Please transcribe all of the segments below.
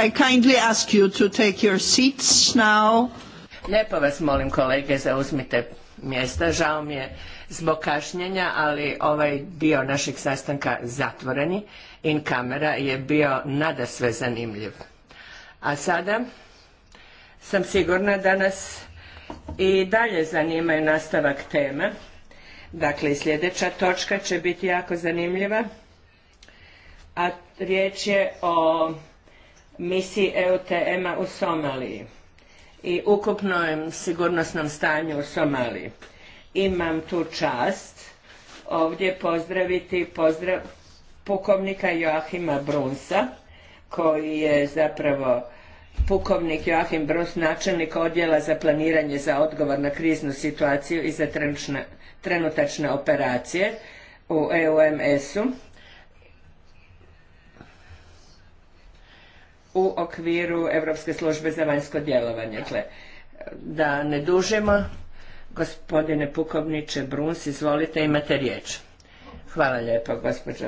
I kindly ask you to take your now. Lijepo vas molim kolege, zauzmite mjesta. Žao mi je zbog kašnjenja, ali ovaj dio našeg sastanka zatvoreni in kamera je bio nada sve zanimljiv. A sada sam sigurna da nas i dalje zanima nastavak tema. Dakle, sljedeća točka će biti jako zanimljiva a riječ je o misiji EUTM-a u Somaliji i ukupnom sigurnosnom stanju u Somaliji. Imam tu čast ovdje pozdraviti pozdrav pukovnika Joachima Brunsa koji je zapravo pukovnik Joachim Bruns, načelnik odjela za planiranje za odgovor na kriznu situaciju i za trenutačne operacije u EUMS-u u okviru Europske službe za vanjsko djelovanje. Dakle, da ne dužimo, gospodine pukovniče Bruns, izvolite, imate riječ. Hvala lijepo, gospođo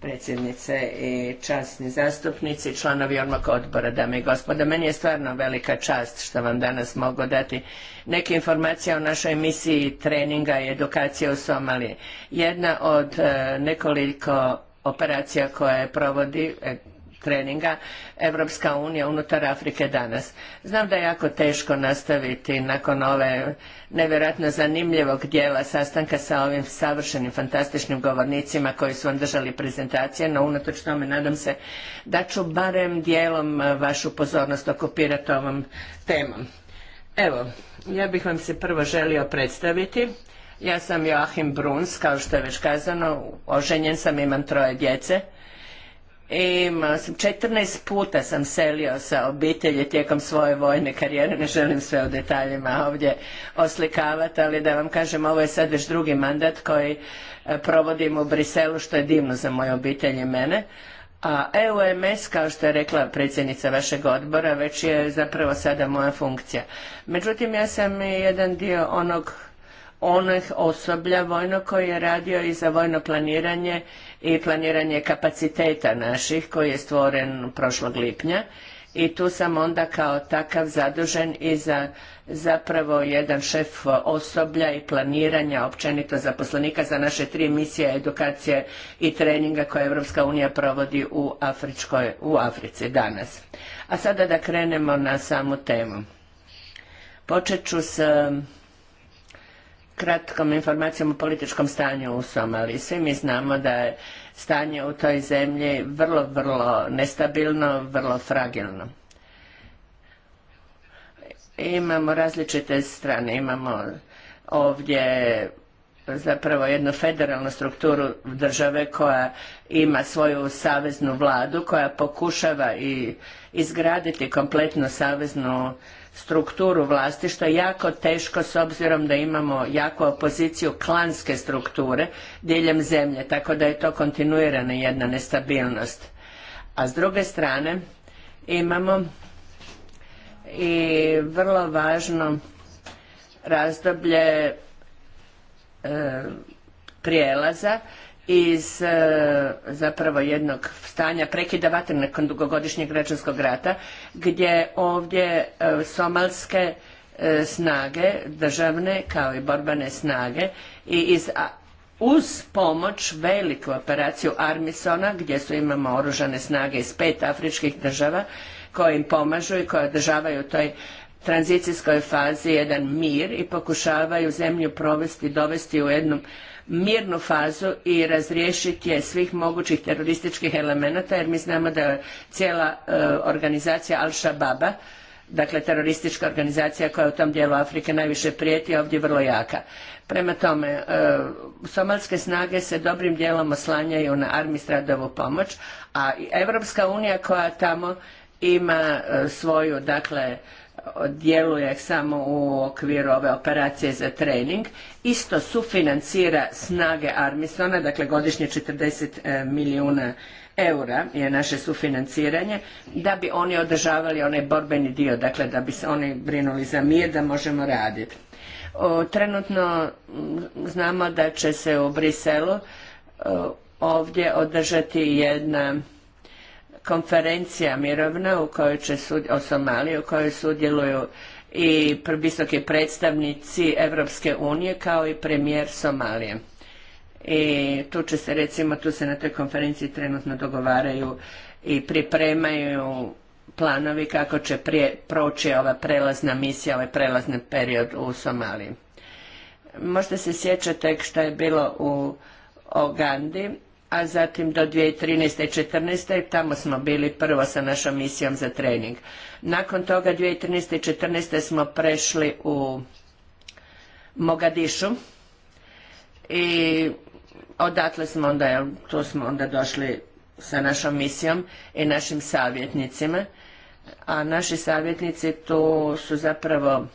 predsjednice i časni zastupnici, članovi onog odbora, dame i gospodo. Meni je stvarno velika čast što vam danas mogu dati neke informacije o našoj misiji treninga i edukacije u Somaliji. Jedna od e, nekoliko operacija koje provodi e, treninga Evropska unija unutar Afrike danas. Znam da je jako teško nastaviti nakon ove nevjerojatno zanimljivog dijela sastanka sa ovim savršenim, fantastičnim govornicima koji su vam držali prezentacije, no unatoč tome nadam se da ću barem dijelom e, vašu pozornost okupirati ovom temom. Evo, ja bih vam se prvo želio predstaviti. Ja sam Joachim Bruns, kao što je već kazano, oženjen sam, imam troje djece i sam 14 puta sam selio sa obitelji tijekom svoje vojne karijere, ne želim sve o detaljima ovdje oslikavati, ali da vam kažem ovo je sad već drugi mandat koji e, provodim u Briselu što je divno za moju obitelj i mene. A EUMS, kao što je rekla predsjednica vašeg odbora, već je zapravo sada moja funkcija. Međutim, ja sam jedan dio onog onih osoblja vojno koji je radio i za vojno planiranje i planiranje kapaciteta naših koji je stvoren prošlog lipnja i tu sam onda kao takav zadužen i za zapravo jedan šef osoblja i planiranja općenito zaposlenika za naše tri misije edukacije i treninga koje Europska unija provodi u, Afričkoj, u Africi danas. A sada da krenemo na samu temu. Počet ću s kratkom informacijom o političkom stanju u Somaliji. Svi mi znamo da je stanje u toj zemlji vrlo, vrlo nestabilno, vrlo fragilno. Imamo različite strane, imamo ovdje zapravo jednu federalnu strukturu države koja ima svoju saveznu vladu koja pokušava i izgraditi kompletno saveznu strukturu vlasti što je jako teško s obzirom da imamo jaku opoziciju klanske strukture diljem zemlje tako da je to kontinuirana jedna nestabilnost. A s druge strane imamo i vrlo važno razdoblje e, prijelaza iz e, zapravo jednog stanja prekida vatre nakon dugogodišnjeg građanskog rata gdje ovdje e, somalske e, snage državne kao i borbane snage i iz uz pomoć veliku operaciju Armisona gdje su imamo oružane snage iz pet afričkih država koje im pomažu i koje održavaju toj tranzicijskoj fazi jedan mir i pokušavaju zemlju provesti, dovesti u jednu mirnu fazu i razriješiti je svih mogućih terorističkih elemenata jer mi znamo da je cijela e, organizacija Al-Shababa dakle teroristička organizacija koja u tom dijelu Afrike najviše prijeti, ovdje vrlo jaka. Prema tome, e, somalske snage se dobrim dijelom oslanjaju na Armistradovu pomoć, a Europska unija koja tamo ima e, svoju, dakle, djeluje samo u okviru ove operacije za trening, isto sufinancira snage Armisona, dakle godišnje 40 e, milijuna eura je naše sufinanciranje, da bi oni održavali onaj borbeni dio, dakle da bi se oni brinuli za mir, da možemo raditi. Trenutno znamo da će se u Briselu e, ovdje održati jedna konferencija mirovna u kojoj će sud, o Somaliji u kojoj sudjeluju i visoki predstavnici Europske unije kao i premijer Somalije. I tu će se recimo, tu se na toj konferenciji trenutno dogovaraju i pripremaju planovi kako će prije proći ova prelazna misija, ovaj prelazni period u Somaliji. Možda se sjećate što je bilo u Ogandi a zatim do 2013. i tamo smo bili prvo sa našom misijom za trening. Nakon toga 2013. i smo prešli u Mogadišu i odatle smo onda, tu smo onda došli sa našom misijom i našim savjetnicima, a naši savjetnici tu su zapravo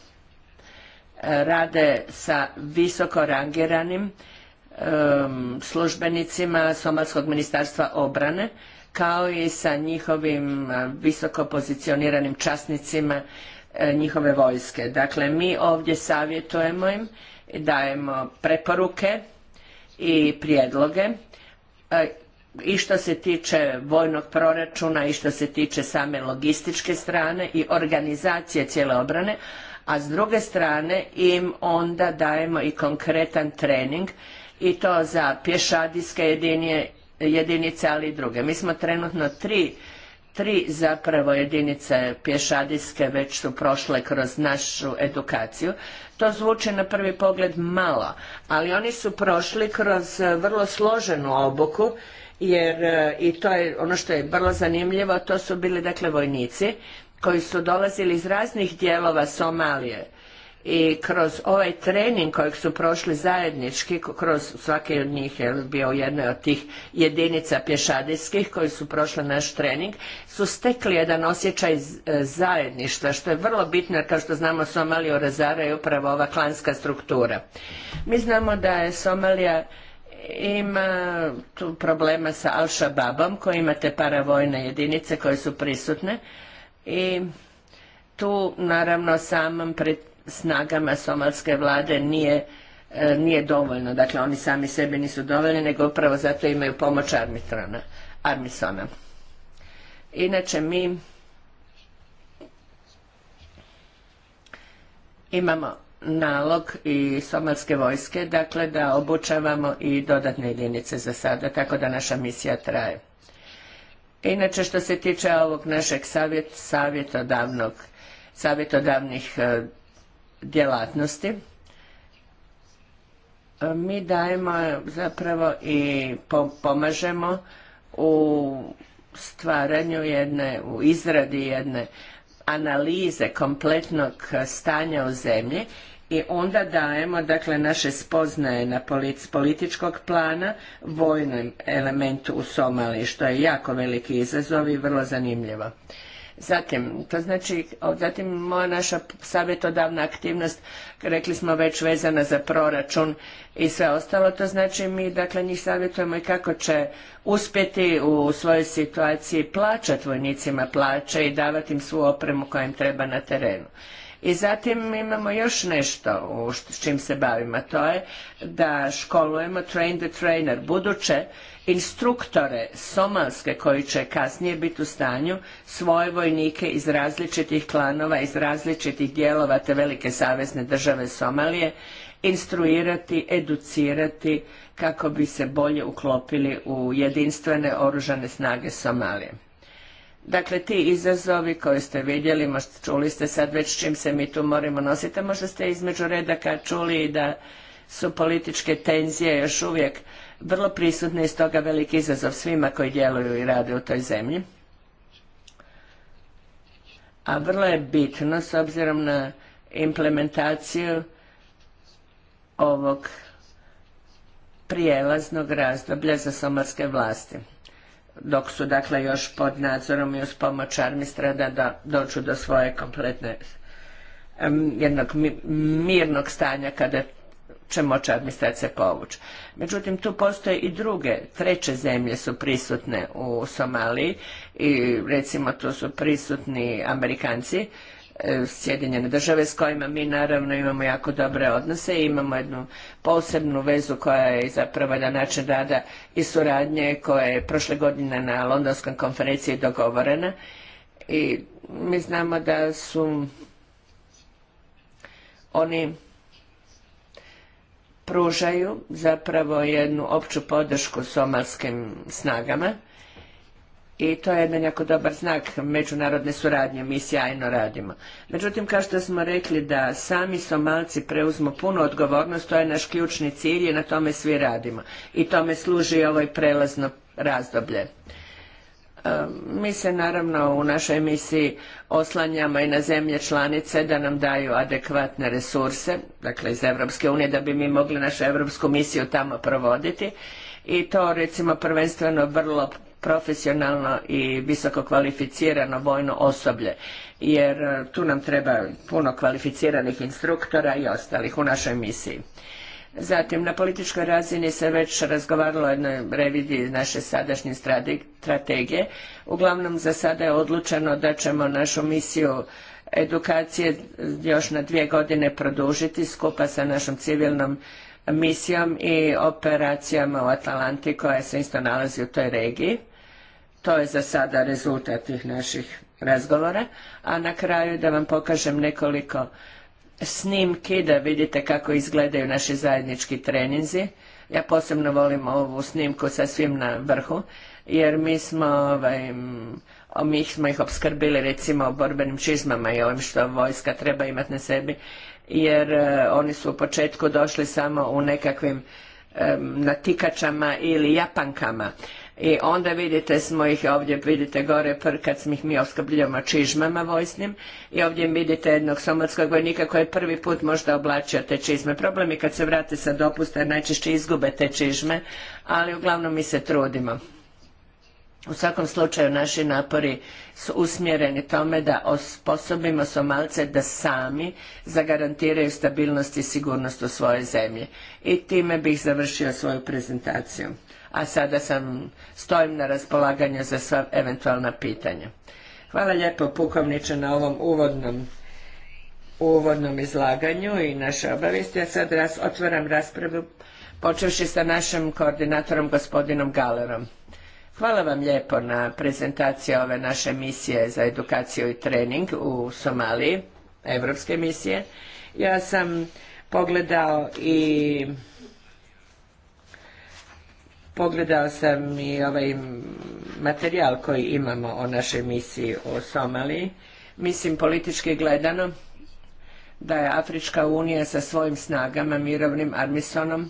e, rade sa visoko rangiranim službenicima Somalskog ministarstva obrane kao i sa njihovim visoko pozicioniranim časnicima e, njihove vojske. Dakle, mi ovdje savjetujemo im, dajemo preporuke i prijedloge e, i što se tiče vojnog proračuna i što se tiče same logističke strane i organizacije cijele obrane, a s druge strane im onda dajemo i konkretan trening i to za pješadijske jedinice, ali i druge. Mi smo trenutno tri, tri zapravo jedinice pješadijske već su prošle kroz našu edukaciju. To zvuči na prvi pogled malo, ali oni su prošli kroz e, vrlo složenu obuku jer e, i to je ono što je vrlo zanimljivo, to su bili dakle vojnici koji su dolazili iz raznih dijelova Somalije i kroz ovaj trening kojeg su prošli zajednički, kroz svaki od njih je bio jedna od tih jedinica pješadijskih koji su prošli naš trening, su stekli jedan osjećaj e, zajedništva, što je vrlo bitno jer kao što znamo Somaliju razaraju upravo ova klanska struktura. Mi znamo da je Somalija ima tu problema sa Al-Shababom koji imate paravojne jedinice koje su prisutne i tu naravno samom pred snagama somalske vlade e, nije, dovoljno. Dakle, oni sami sebi nisu dovoljni, nego upravo zato imaju pomoć Armisona. Inače, mi imamo nalog i somalske vojske, dakle da obučavamo i dodatne jedinice za sada, tako da naša misija traje. Inače što se tiče ovog našeg savjet, savjetodavnog, savjetodavnih e, djelatnosti, e, mi dajemo zapravo i pomažemo u stvaranju jedne, u izradi jedne analize kompletnog stanja u zemlji i onda dajemo dakle naše spoznaje na političkog plana vojnom elementu u Somaliji što je jako veliki izazov i vrlo zanimljivo. Zatim, to znači, zatim moja naša savjetodavna aktivnost, rekli smo već vezana za proračun i sve ostalo, to znači mi dakle njih savjetujemo i kako će uspjeti u svojoj situaciji plaćati vojnicima plaće i davati im svu opremu koja im treba na terenu. I zatim imamo još nešto s čim se bavimo, to je da školujemo train the trainer, buduće instruktore somalske koji će kasnije biti u stanju svoje vojnike iz različitih klanova, iz različitih dijelova te velike savezne države Somalije instruirati, educirati kako bi se bolje uklopili u jedinstvene oružane snage Somalije. Dakle, ti izazovi koje ste vidjeli, možda čuli ste sad već čim se mi tu moramo nositi, a možda ste između redaka čuli i da su političke tenzije još uvijek vrlo prisutne i stoga veliki izazov svima koji djeluju i rade u toj zemlji. A vrlo je bitno, s obzirom na implementaciju ovog prijelaznog razdoblja za somarske vlasti dok su dakle još pod nadzorom i uz pomoć Armistrada da dođu do svoje kompletne jednog mirnog stanja kada će moći administracija povući. Međutim, tu postoje i druge, treće zemlje su prisutne u Somaliji i recimo tu su prisutni Amerikanci E, Sjedinjene države s kojima mi naravno imamo jako dobre odnose i imamo jednu posebnu vezu koja je zapravo jedan način rada i suradnje koja je prošle godine na londonskoj konferenciji dogovorena i mi znamo da su oni pružaju zapravo jednu opću podršku somalskim snagama i to je jedan jako dobar znak međunarodne suradnje, mi sjajno radimo. Međutim, kao što smo rekli da sami Somalci preuzmu punu odgovornost, to je naš ključni cilj i na tome svi radimo. I tome služi ovo ovaj prelazno razdoblje. E, mi se naravno u našoj emisiji oslanjamo i na zemlje članice da nam daju adekvatne resurse, dakle iz Evropske unije, da bi mi mogli našu europsku misiju tamo provoditi i to recimo prvenstveno vrlo profesionalno i visoko kvalificirano vojno osoblje jer e, tu nam treba puno kvalificiranih instruktora i ostalih u našoj misiji. Zatim, na političkoj razini se već razgovaralo o jednoj reviziji naše sadašnje strategije. Uglavnom, za sada je odlučeno da ćemo našu misiju edukacije još na dvije godine produžiti skupa sa našom civilnom misijom i operacijama u Atalanti koja se isto nalazi u toj regiji to je za sada rezultat tih naših razgovora. A na kraju da vam pokažem nekoliko snimki da vidite kako izgledaju naši zajednički treninzi. Ja posebno volim ovu snimku sa svim na vrhu, jer mi smo, ovaj, mi smo ih obskrbili recimo borbenim čizmama i ovim što vojska treba imati na sebi, jer e, oni su u početku došli samo u nekakvim natikačama ili japankama i onda vidite smo ih ovdje, vidite gore kad smo ih mi oskrbljamo čižmama vojsnim i ovdje vidite jednog somalskog vojnika koji je prvi put možda oblačio te čizme. Problem je kad se vrate sa dopusta jer najčešće izgube te čižme, ali uglavnom mi se trudimo. U svakom slučaju naši napori su usmjereni tome da osposobimo Somalce da sami zagarantiraju stabilnost i sigurnost u svojoj zemlji. I time bih završio svoju prezentaciju a sada sam, stojim na raspolaganju za sva eventualna pitanja. Hvala lijepo pukovniče na ovom uvodnom uvodnom izlaganju i naše obavijesti. Ja sad raz, otvaram raspravu počevši sa našim koordinatorom gospodinom Galerom. Hvala vam lijepo na prezentaciji ove naše misije za edukaciju i trening u Somaliji, evropske misije. Ja sam pogledao i Pogledao sam i ovaj materijal koji imamo o našoj misiji u Somaliji. Mislim, politički gledano, da je Afrička unija sa svojim snagama, mirovnim armisonom,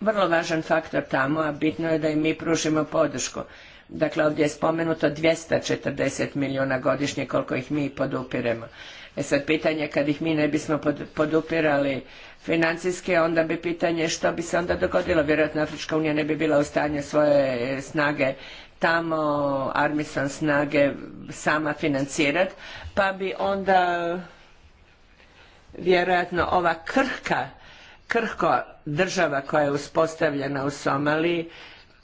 vrlo važan faktor tamo, a bitno je da i mi pružimo podršku. Dakle, ovdje je spomenuto 240 milijuna godišnje koliko ih mi podupiremo. E sad, pitanje kad ih mi ne bismo podupirali financijske, onda bi pitanje što bi se onda dogodilo. Vjerojatno Afrička unija ne bi bila u stanju svoje snage tamo, armisan snage sama financirati, pa bi onda vjerojatno ova krhka, krhko država koja je uspostavljena u Somaliji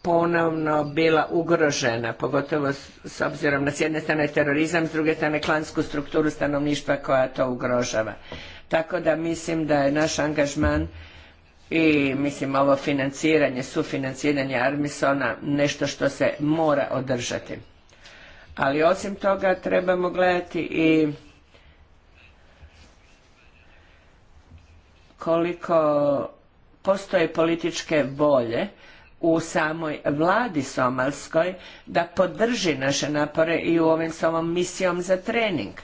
ponovno bila ugrožena, pogotovo s obzirom na s jedne strane terorizam, s druge strane klansku strukturu stanovništva koja to ugrožava. Tako da mislim da je naš angažman i mislim ovo financiranje, sufinanciranje Armisona nešto što se mora održati. Ali osim toga trebamo gledati i koliko postoje političke volje u samoj vladi somalskoj da podrži naše napore i u ovim samom misijom za trening.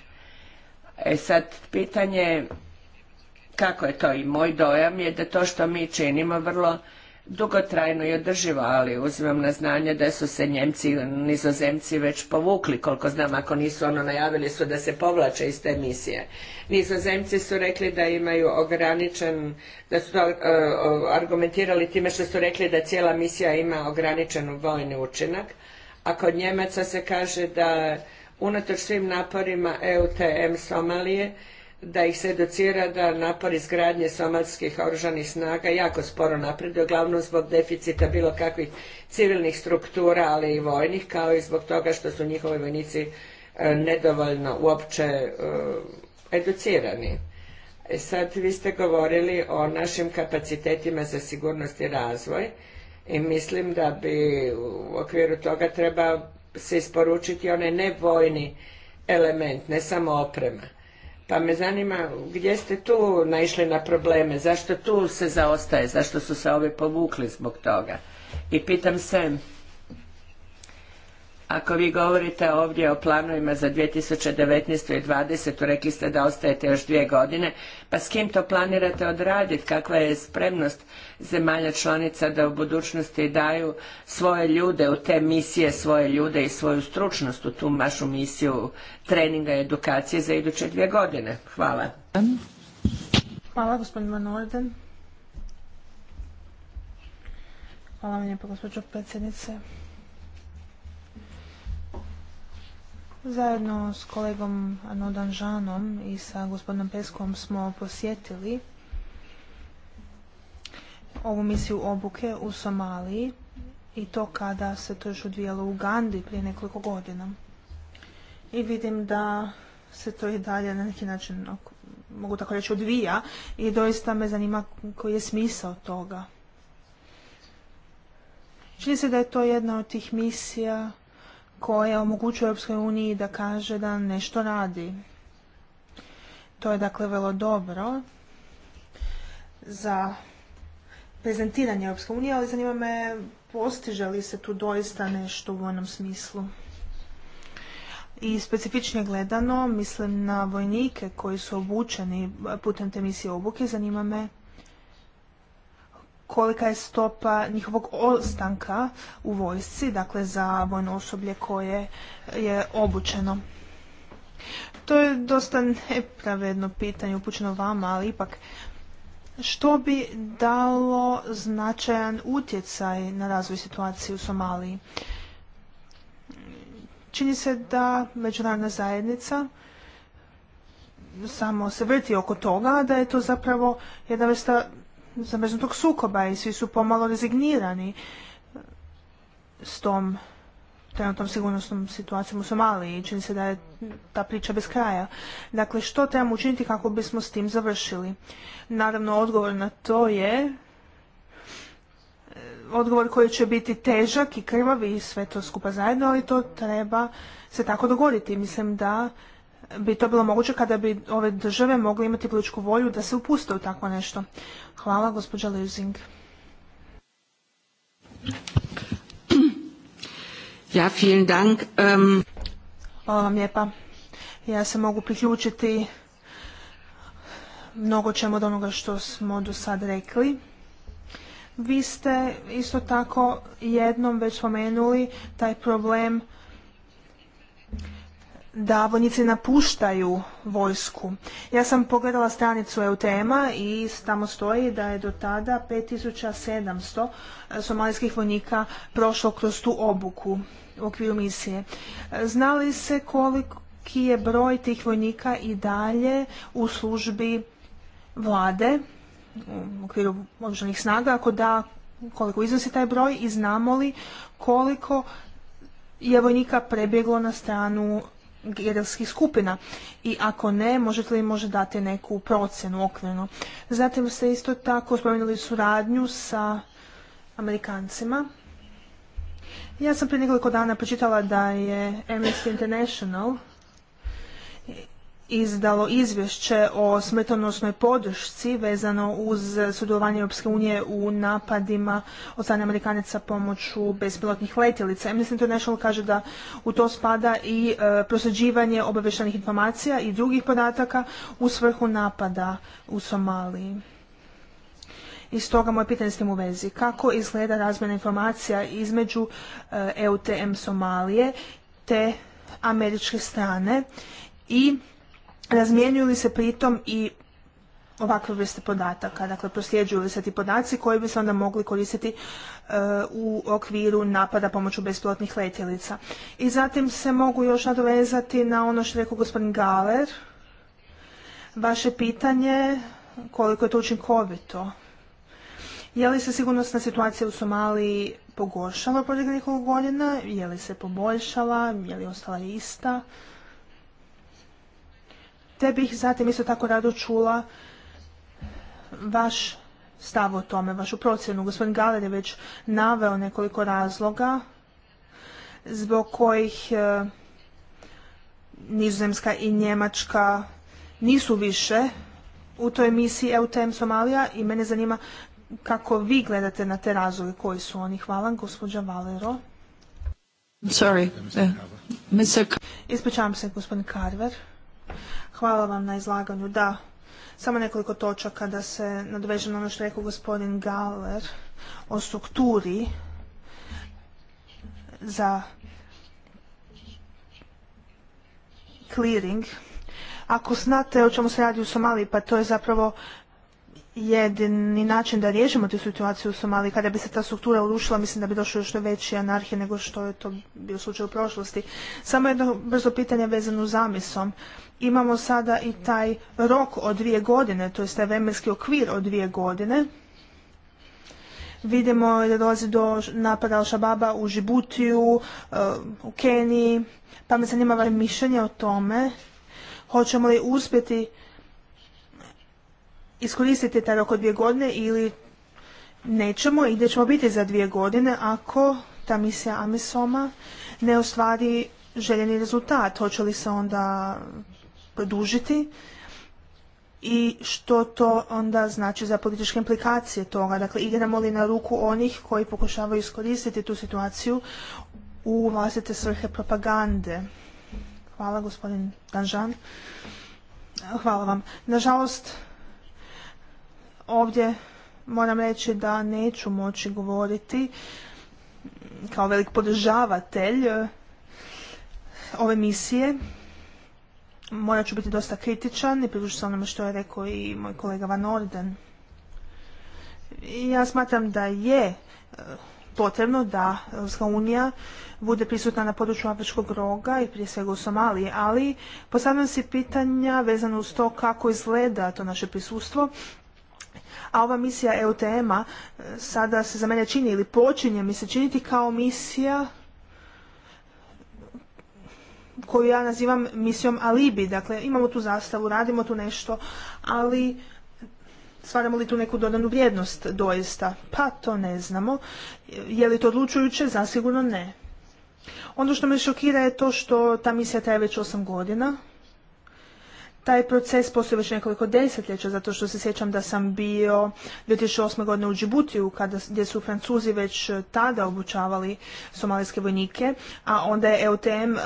E sad, pitanje kako je to i moj dojam je da to što mi činimo vrlo dugotrajno i održivo, ali uzimam na znanje da su se Njemci i Nizozemci već povukli, koliko znam, ako nisu ono najavili su da se povlače iz te misije. Nizozemci su rekli da imaju ograničen, da su to e, argumentirali time što su rekli da cijela misija ima ograničen vojni učinak, a kod Njemaca se kaže da unatoč svim naporima EUTM Somalije da ih se educira da napor izgradnje somalskih oružanih snaga jako sporo napreduje, uglavnom zbog deficita bilo kakvih civilnih struktura, ali i vojnih, kao i zbog toga što su njihovi vojnici e, nedovoljno uopće e, educirani. E, sad, vi ste govorili o našim kapacitetima za sigurnost i razvoj i mislim da bi u okviru toga treba se isporučiti onaj nevojni element, ne samo oprema pa me zanima gdje ste tu naišli na probleme, zašto tu se zaostaje, zašto su se ovi povukli zbog toga. I pitam se, ako vi govorite ovdje o planovima za 2019. i 2020. rekli ste da ostajete još dvije godine, pa s kim to planirate odraditi, kakva je spremnost zemalja članica da u budućnosti daju svoje ljude u te misije, svoje ljude i svoju stručnost u tu našu misiju treninga i edukacije za iduće dvije godine. Hvala. Hvala gospodin Van Hvala vam lijepo gospođo predsjednice. Zajedno s kolegom Anodan Žanom i sa gospodinom Peskom smo posjetili ovu misiju obuke u Somaliji i to kada se to još odvijalo u Gandhi prije nekoliko godina. I vidim da se to i dalje na neki način, mogu tako reći, odvija i doista me zanima koji je smisao toga. Čini se da je to jedna od tih misija koja omogućuje Europskoj uniji da kaže da nešto radi. To je dakle vrlo dobro za prezentiranje Europske unije, ali zanima me postiže li se tu doista nešto u onom smislu. I specifičnije gledano, mislim na vojnike koji su obučeni putem te misije obuke, zanima me kolika je stopa njihovog ostanka u vojsci, dakle za vojno osoblje koje je obučeno. To je dosta nepravedno pitanje upućeno vama, ali ipak što bi dalo značajan utjecaj na razvoj situacije u Somaliji. Čini se da međunarodna zajednica samo se vrti oko toga, da je to zapravo jedna vrsta zamrznutog sukoba i svi su pomalo rezignirani s tom trenutnom sigurnosnom situacijom u Somaliji i čini se da je ta priča bez kraja. Dakle, što trebamo učiniti kako bismo s tim završili? Naravno, odgovor na to je eh, odgovor koji će biti težak i krvavi i sve to skupa zajedno, ali to treba se tako dogoditi. Mislim da bi to bilo moguće kada bi ove države mogle imati političku volju da se upuste u takvo nešto. Hvala, gospođa Lusing. Ja, ähm, Hvala vam lijepa. Ja se mogu priključiti mnogo čemu od onoga što smo do sad rekli. Vi ste isto tako jednom već spomenuli taj problem da vojnici napuštaju vojsku. Ja sam pogledala stranicu EUTM-a i tamo stoji da je do tada 5700 e, somalijskih vojnika prošlo kroz tu obuku u okviru misije. Zna li se koliki je broj tih vojnika i dalje u službi vlade u okviru oružanih snaga, ako da koliko iznosi taj broj i znamo li koliko je vojnika prebjeglo na stranu jedelskih skupina i ako ne, možete li možda dati neku procjenu okvirno. Zatim ste isto tako spomenuli suradnju sa Amerikancima. Ja sam prije nekoliko dana pročitala da je Amnesty International izdalo izvješće o smrtonosnoj podršci vezano uz sudjelovanje Europske unije u napadima od strane Amerikanaca pomoću bespilotnih letjelica. Amnesty International kaže da u to spada i e, prosljeđivanje obavještajnih informacija i drugih podataka u svrhu napada u Somaliji. I stoga moje pitanje s tim u vezi. Kako izgleda razmjena informacija između EUTM e Somalije te američke strane i razmjenjuju li se pritom i ovakve vrste podataka, dakle prosljeđuju li se ti podaci koji bi se onda mogli koristiti e, u okviru napada pomoću besplatnih letjelica. I zatim se mogu još nadovezati na ono što je rekao gospodin Galer, vaše pitanje koliko je to učinkovito. Je li se sigurnosna situacija u Somaliji pogoršala posljednjih nekoliko godina, je li se poboljšala, je li ostala ista? te bih zatim isto tako rado čula vaš stav o tome, vašu procjenu. Gospodin Galer je već naveo nekoliko razloga zbog kojih e, Nizozemska i Njemačka nisu više u toj misiji EUTM Somalija i mene zanima kako vi gledate na te razloge koji su oni. Hvala, gospođa Valero. Sorry. Ispričavam se, gospodin Carver. Hvala vam na izlaganju. Da, samo nekoliko točaka da se nadovežem na ono što je rekao gospodin Galer o strukturi za clearing. Ako znate o čemu se radi u Somaliji, pa to je zapravo jedini način da riješimo tu situaciju u Somaliji. Kada bi se ta struktura urušila, mislim da bi došlo još veće anarhije nego što je to bio slučaj u prošlosti. Samo jedno brzo pitanje vezano uz zamisom Imamo sada i taj rok od dvije godine, to je taj vremenski okvir od dvije godine. Vidimo da dolazi do napada Al-Shababa u Žibutiju, eh, u Keniji, pa me zanima vaše mišljenje o tome. Hoćemo li uspjeti iskoristiti taj rok od dvije godine ili nećemo i gdje ćemo biti za dvije godine ako ta misija Amisoma ne ostvari željeni rezultat. Hoće li se onda produžiti i što to onda znači za političke implikacije toga. Dakle, idemo li na ruku onih koji pokušavaju iskoristiti tu situaciju u vlastite svrhe propagande. Hvala gospodin Danžan. Hvala vam. Nažalost, Ovdje moram reći da neću moći govoriti kao velik podržavatelj e, ove misije. Morat ću biti dosta kritičan i pridružiti se onome što je rekao i moj kolega Van Orden. Ja smatram da je e, potrebno da Europska unija bude prisutna na području Afričkog roga i prije svega u Somaliji, ali postavljam si pitanja vezano uz to kako izgleda to naše prisustvo a ova misija EUTM-a e, sada se za mene čini ili počinje mi se činiti kao misija koju ja nazivam misijom alibi. Dakle, imamo tu zastavu, radimo tu nešto, ali stvaramo li tu neku dodanu vrijednost doista? Pa to ne znamo. Je li to odlučujuće? Zasigurno ne. Ono što me šokira je to što ta misija traje već 8 godina taj proces postoji već nekoliko desetljeća, zato što se sjećam da sam bio 2008. godine u Džibutiju, kada, gdje su Francuzi već e, tada obučavali somalijske vojnike, a onda je EUTM e,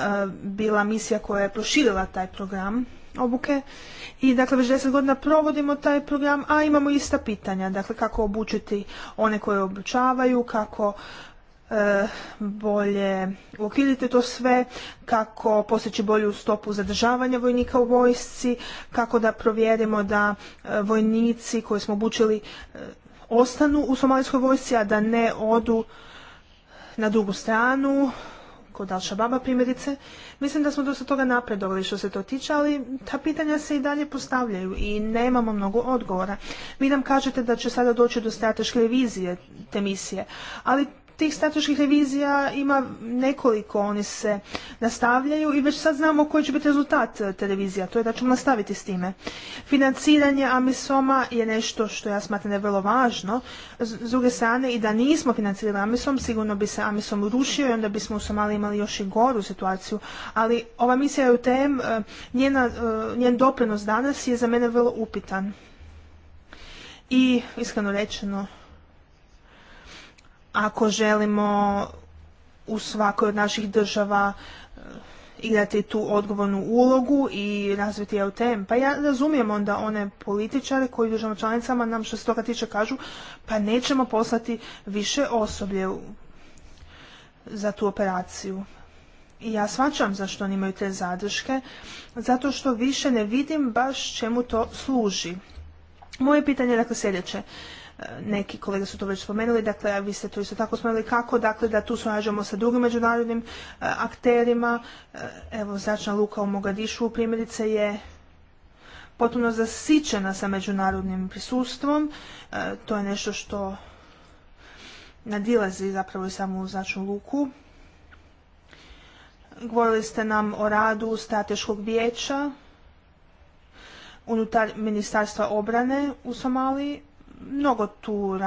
bila misija koja je proširila taj program obuke. I dakle, već deset godina provodimo taj program, a imamo ista pitanja. Dakle, kako obučiti one koje obučavaju, kako bolje uokvirite to sve, kako postići bolju stopu zadržavanja vojnika u vojsci, kako da provjerimo da e, vojnici koje smo obučili e, ostanu u somalijskoj vojsci, a da ne odu na drugu stranu, kod al baba primjerice. Mislim da smo dosta toga napredovali što se to tiče, ali ta pitanja se i dalje postavljaju i nemamo mnogo odgovora. Vi nam kažete da će sada doći do strateške revizije te misije, ali tih strateških revizija ima nekoliko, oni se nastavljaju i već sad znamo koji će biti rezultat e, te to je da ćemo nastaviti s time. Financiranje Amisoma je nešto što ja smatram je vrlo važno. S druge strane, i da nismo financirali Amisom, sigurno bi se Amisom rušio i onda bismo u Somaliji imali još i goru situaciju. Ali ova misija je u e, njena, e, njen doprinos danas je za mene vrlo upitan. I iskreno rečeno, ako želimo u svakoj od naših država e, igrati tu odgovornu ulogu i razviti EUTM. Pa ja razumijem onda one političare koji državama članicama nam što se toga tiče kažu pa nećemo poslati više osoblje za tu operaciju. I ja svačam zašto oni imaju te zadrške, zato što više ne vidim baš čemu to služi. Moje pitanje je dakle sljedeće neki kolege su to već spomenuli, dakle a vi ste to isto tako spomenuli kako, dakle da tu surađujemo sa drugim međunarodnim e, akterima. E, evo zračna luka u Mogadišu primjerice je potpuno zasičena sa međunarodnim prisustvom. E, to je nešto što nadilazi zapravo i samu zračnu luku. Govorili ste nam o radu strateškog vijeća unutar Ministarstva obrane u Somaliji mnogo tu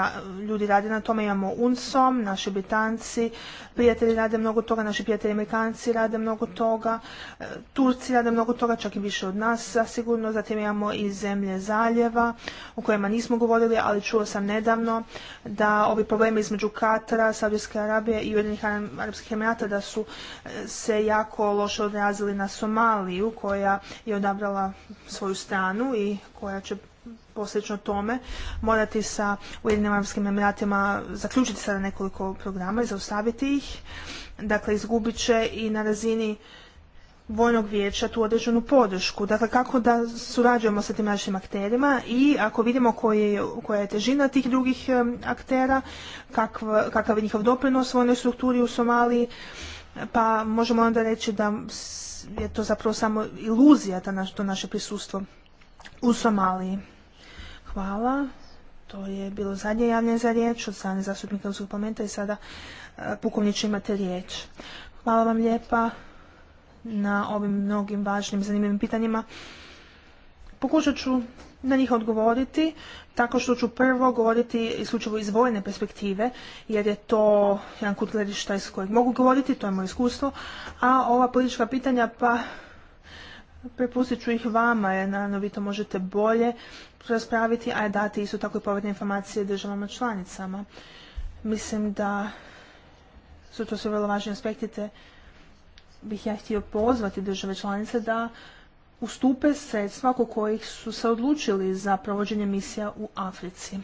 ljudi radi na tome, imamo UNSOM, naši Britanci, prijatelji rade mnogo toga, naši prijatelji Amerikanci rade mnogo toga, e, Turci rade mnogo toga, čak i više od nas sigurno, zatim imamo i zemlje zaljeva o kojima nismo govorili, ali čuo sam nedavno da ovi problemi između Katara, Saudijske Arabije i Ujedinih Arabskih Emirata da su e, se jako loše odrazili na Somaliju koja je odabrala svoju stranu i koja će posljedično tome morati sa Ujedinim Arabskim Emiratima zaključiti sada nekoliko programa i zaustaviti ih. Dakle, izgubit će i na razini vojnog vijeća tu određenu podršku. Dakle, kako da surađujemo sa tim našim akterima i ako vidimo koja je težina tih drugih aktera, kakav je njihov doprinos vojnoj strukturi u Somaliji, pa možemo onda reći da je to zapravo samo iluzija to naše prisustvo u Somaliji. Hvala. To je bilo zadnje javljanje za riječ od strane zastupnika u parlamenta i sada e, pukovniče imate riječ. Hvala vam lijepa na ovim mnogim važnim zanimljivim pitanjima. Pokušat ću na njih odgovoriti tako što ću prvo govoriti isključivo iz vojne perspektive jer je to jedan kut gledišta iz kojeg mogu govoriti, to je moje iskustvo, a ova politička pitanja pa prepustit ću ih vama, jer naravno vi to možete bolje raspraviti, a dati isto tako i povedne informacije državama članicama. Mislim da su to sve vrlo važni aspekti, te bih ja htio pozvati države članice da ustupe sredstva oko kojih su se odlučili za provođenje misija u Africi.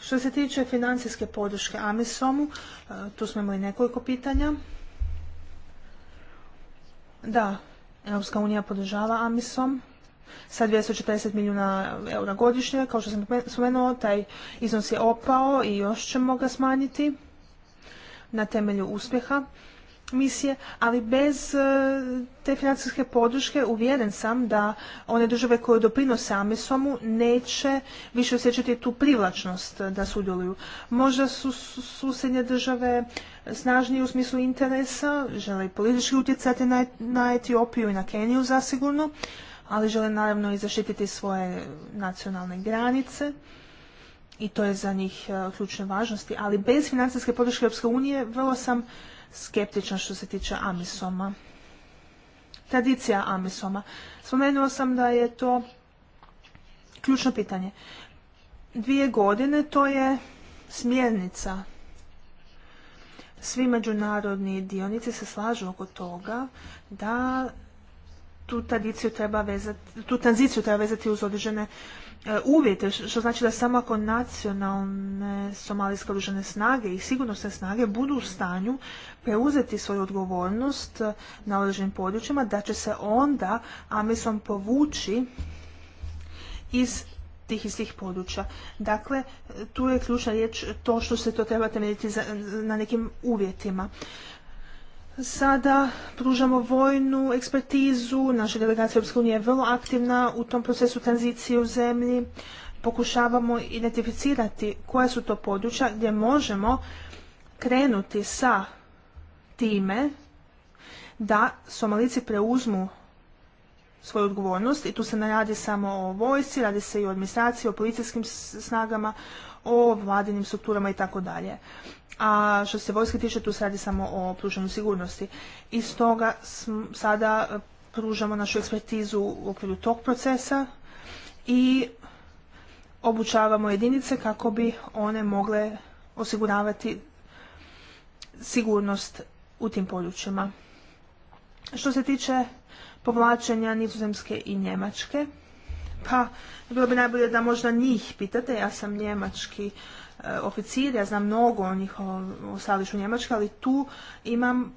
Što se tiče financijske podrške Amisomu, eh, tu smo imali nekoliko pitanja. Da, Europska unija podržava AMISom sa 240 milijuna eura godišnje. Kao što sam spomenuo, taj iznos je opao i još ćemo ga smanjiti na temelju uspjeha misije, ali bez e, te financijske podrške uvjeren sam da one države koje doprinose Amisomu neće više osjećati tu privlačnost da sudjeluju. Možda su susjedne države snažnije u smislu interesa, žele i politički utjecati na, na Etiopiju i na Keniju zasigurno, ali žele naravno i zaštititi svoje nacionalne granice i to je za njih e, ključne važnosti, ali bez financijske podrške Europske unije vrlo sam skeptičan što se tiče Amisoma. Tradicija Amisoma. Spomenuo sam da je to ključno pitanje. Dvije godine to je smjernica. Svi međunarodni dionici se slažu oko toga da tu, tradiciju treba vezati, tu tranziciju treba vezati uz određene e, uvjete, što znači da samo ako nacionalne somalijske oružane snage i sigurnosne snage budu u stanju preuzeti svoju odgovornost e, na određenim područjima, da će se onda Amisom povući iz tih istih područja. Dakle, tu je ključna riječ to što se to treba temeljiti na nekim uvjetima sada pružamo vojnu ekspertizu, naša delegacija Europske unije je vrlo aktivna u tom procesu tranzicije u zemlji, pokušavamo identificirati koja su to područja gdje možemo krenuti sa time da Somalici preuzmu svoju odgovornost i tu se ne radi samo o vojsci, radi se i o administraciji, o policijskim snagama, o vladinim strukturama i tako dalje. A što se vojske tiče, tu se radi samo o pružanju sigurnosti. I stoga sada e, pružamo našu ekspertizu u okviru tog procesa i obučavamo jedinice kako bi one mogle osiguravati sigurnost u tim područjima. Što se tiče povlačenja Nizozemske i Njemačke, pa, bilo bi najbolje da možda njih pitate, ja sam njemački e, oficir, ja znam mnogo o njihovom stališu Njemačka, ali tu imam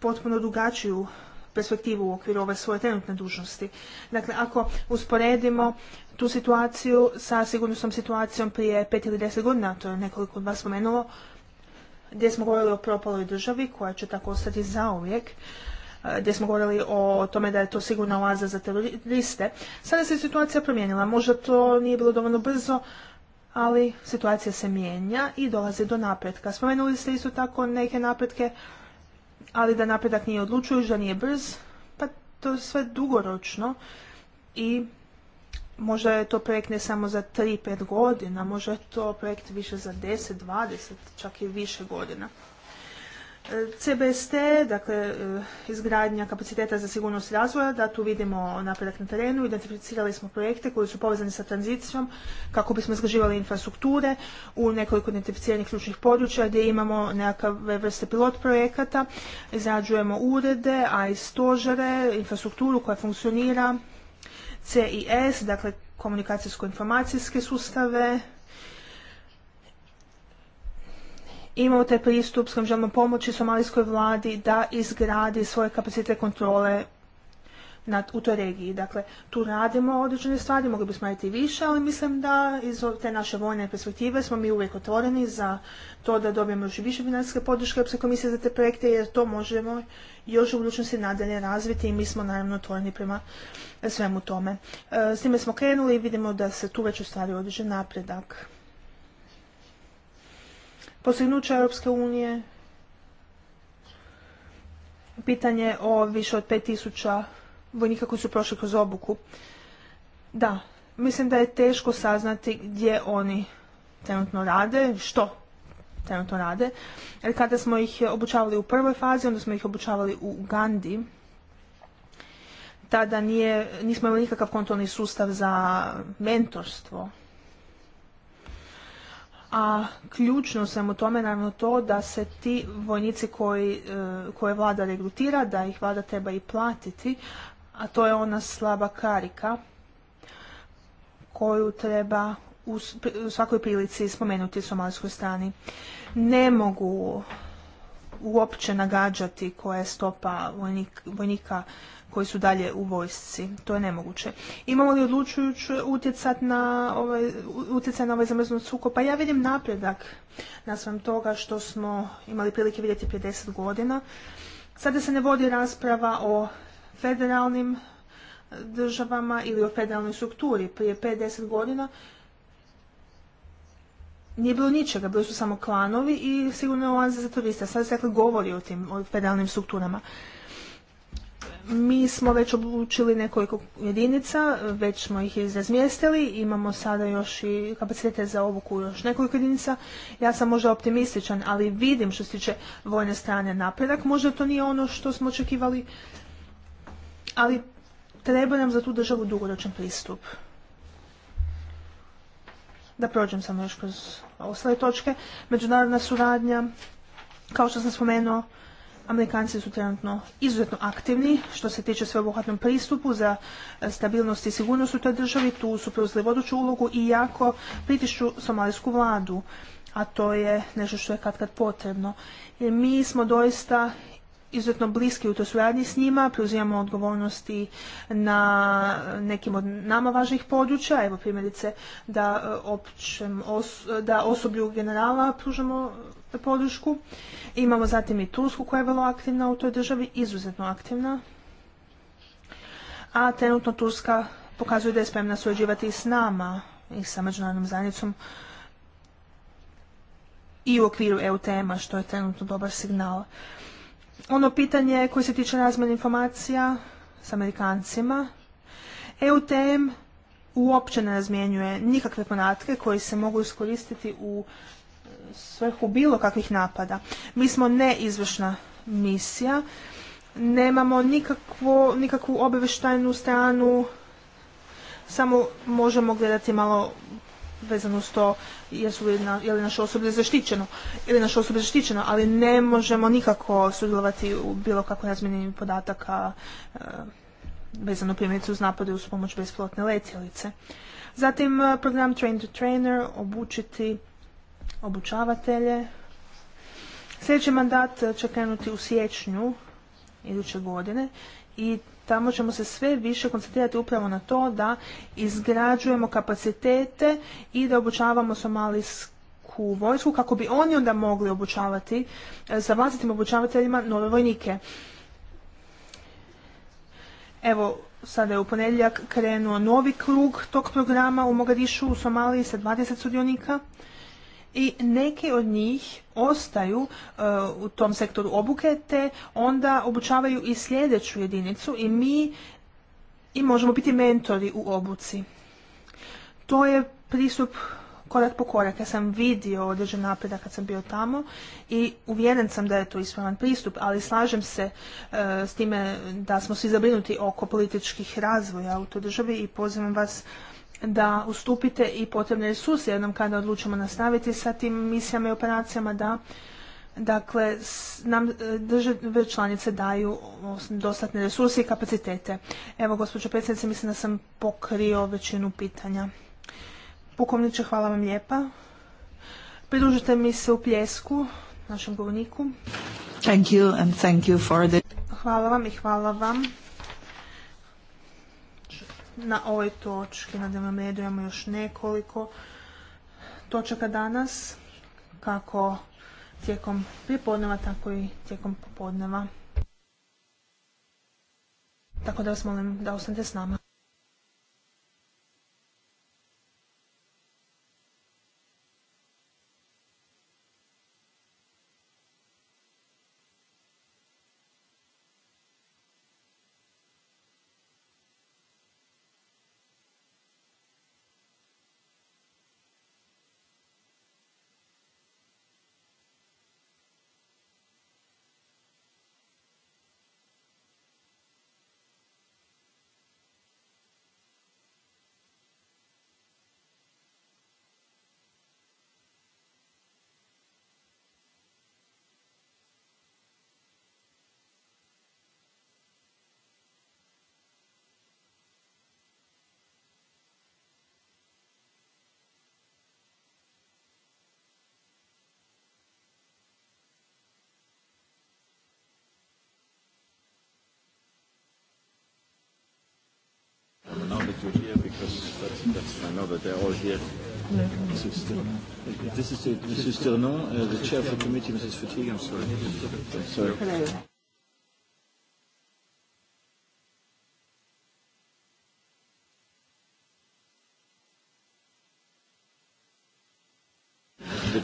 potpuno drugačiju perspektivu u okviru ove svoje trenutne dužnosti. Dakle, ako usporedimo tu situaciju sa sigurnosnom situacijom prije pet ili deset godina, to je nekoliko od vas spomenulo, gdje smo govorili o propaloj državi koja će tako ostati zauvijek, E, gdje smo govorili o tome da je to sigurna oaza za teroriste. Sada se situacija promijenila. Možda to nije bilo dovoljno brzo, ali situacija se mijenja i dolazi do napretka. Spomenuli ste isto tako neke napretke, ali da napredak nije odlučujući, da nije brz, pa to je sve dugoročno i možda je to projekt ne samo za 3-5 godina, možda je to projekt više za 10, 20, čak i više godina. CBST, dakle eh, izgradnja kapaciteta za sigurnost razvoja, da tu vidimo napredak na terenu, identificirali smo projekte koji su povezani sa tranzicijom kako bismo izgrađivali infrastrukture u nekoliko identificiranih ključnih područja gdje imamo nekakve vrste pilot projekata, izrađujemo urede, a i stožere, infrastrukturu koja funkcionira, CIS, dakle komunikacijsko-informacijske sustave, imamo taj pristup s kojim želimo pomoći somalijskoj vladi da izgradi svoje kapacitete kontrole nad, u toj regiji. Dakle, tu radimo određene stvari, mogli bismo raditi više, ali mislim da iz te naše vojne perspektive smo mi uvijek otvoreni za to da dobijemo još više financijske podrške Europske komisije za te projekte, jer to možemo još u budućnosti nadalje razviti i mi smo naravno otvoreni prema svemu tome. E, s time smo krenuli i vidimo da se tu već ostvario određen napredak postignuća Europske unije, pitanje o više od 5000 vojnika koji su prošli kroz obuku. Da, mislim da je teško saznati gdje oni trenutno rade, što trenutno rade. Jer kada smo ih obučavali u prvoj fazi, onda smo ih obučavali u Gandi, tada nije, nismo imali nikakav kontrolni sustav za mentorstvo a ključno sam u tome naravno to da se ti vojnici e, koje vlada regrutira, da ih vlada treba i platiti, a to je ona slaba karika koju treba u svakoj prilici spomenuti somalijskoj strani. Ne mogu uopće nagađati koja je stopa vojnika koji su dalje u vojsci. To je nemoguće. Imamo li odlučujući utjecat na ovaj, utjecaj na ovaj zamrznut sukob? Pa ja vidim napredak svem toga što smo imali prilike vidjeti prije deset godina. Sada se ne vodi rasprava o federalnim e, državama ili o federalnoj strukturi. Prije deset godina nije bilo ničega, bili su samo klanovi i sigurno je oaze za turista. Sada se dakle govori o tim o federalnim strukturama. Mi smo već obučili nekoliko jedinica, već smo ih izrazmjestili, imamo sada još i kapacitete za obuku još nekoliko jedinica. Ja sam možda optimističan, ali vidim što se tiče vojne strane napredak. Možda to nije ono što smo očekivali, ali treba nam za tu državu dugoročan pristup. Da prođem samo još kroz ostale točke. Međunarodna suradnja, kao što sam spomenuo, Amerikanci su trenutno izuzetno aktivni što se tiče sveobuhvatnom pristupu za e, stabilnost i sigurnost u toj državi. Tu su preuzeli voduću ulogu i jako pritišću somalijsku vladu, a to je nešto što je kad kad potrebno. E, mi smo doista izuzetno bliski u toj suradnji s njima, preuzimamo odgovornosti na nekim od nama važnih područja, evo primjerice da, e, da osoblju generala pružamo podršku. Imamo zatim i Tursku koja je vrlo aktivna u toj državi, izuzetno aktivna. A trenutno Turska pokazuje da je spremna surađivati i s nama i sa međunarodnom zajednicom i u okviru EU tema, što je trenutno dobar signal. Ono pitanje koje se tiče razmjene informacija s Amerikancima, EU-Tem uopće ne razmjenjuje nikakve podatke koji se mogu iskoristiti u svrhu bilo kakvih napada. Mi smo neizvršna misija, nemamo nikakvu obavještajnu stranu, samo možemo gledati malo vezano s to na, je li naše osoblje zaštićeno ili naše osoblje zaštićeno, ali ne možemo nikako sudjelovati u bilo kakvoj razmjeni podataka e, vezano primjerice uz napade uz pomoć besplatne letjelice. Zatim e, program Train to Trainer obučiti obučavatelje. Sljedeći mandat eh, će krenuti u siječnju iduće godine i tamo ćemo se sve više koncentrirati upravo na to da izgrađujemo kapacitete i da obučavamo somalijsku vojsku kako bi oni onda mogli obučavati eh, sa vlastitim obučavateljima nove vojnike. Evo, sada je u ponedjeljak krenuo novi krug tog programa u Mogadišu u Somaliji sa 20 sudionika i neki od njih ostaju e, u tom sektoru obuke te onda obučavaju i sljedeću jedinicu i mi i možemo biti mentori u obuci. To je pristup korak po korak. Ja sam vidio određen napredak kad sam bio tamo i uvjeren sam da je to ispravan pristup, ali slažem se e, s time da smo svi zabrinuti oko političkih razvoja u toj državi i pozivam vas da ustupite i potrebne resurse jednom kada odlučimo nastaviti sa tim misijama i operacijama da dakle nam e, države članice daju dostatne resurse i kapacitete. Evo gospođo predsjednice mislim da sam pokrio većinu pitanja. Pukovniče hvala vam lijepa. Pridružite mi se u pljesku našem govorniku. Thank Hvala vam i hvala vam na ovoj točki na dnevnom redu imamo još nekoliko točaka danas, kako tijekom prijepodneva, tako i tijekom popodneva. Tako da vas molim da ostanete s nama. This is Mrs. Sternon, uh, the chair of the committee, Mrs. Fatigue, I'm sorry. sorry. Hello.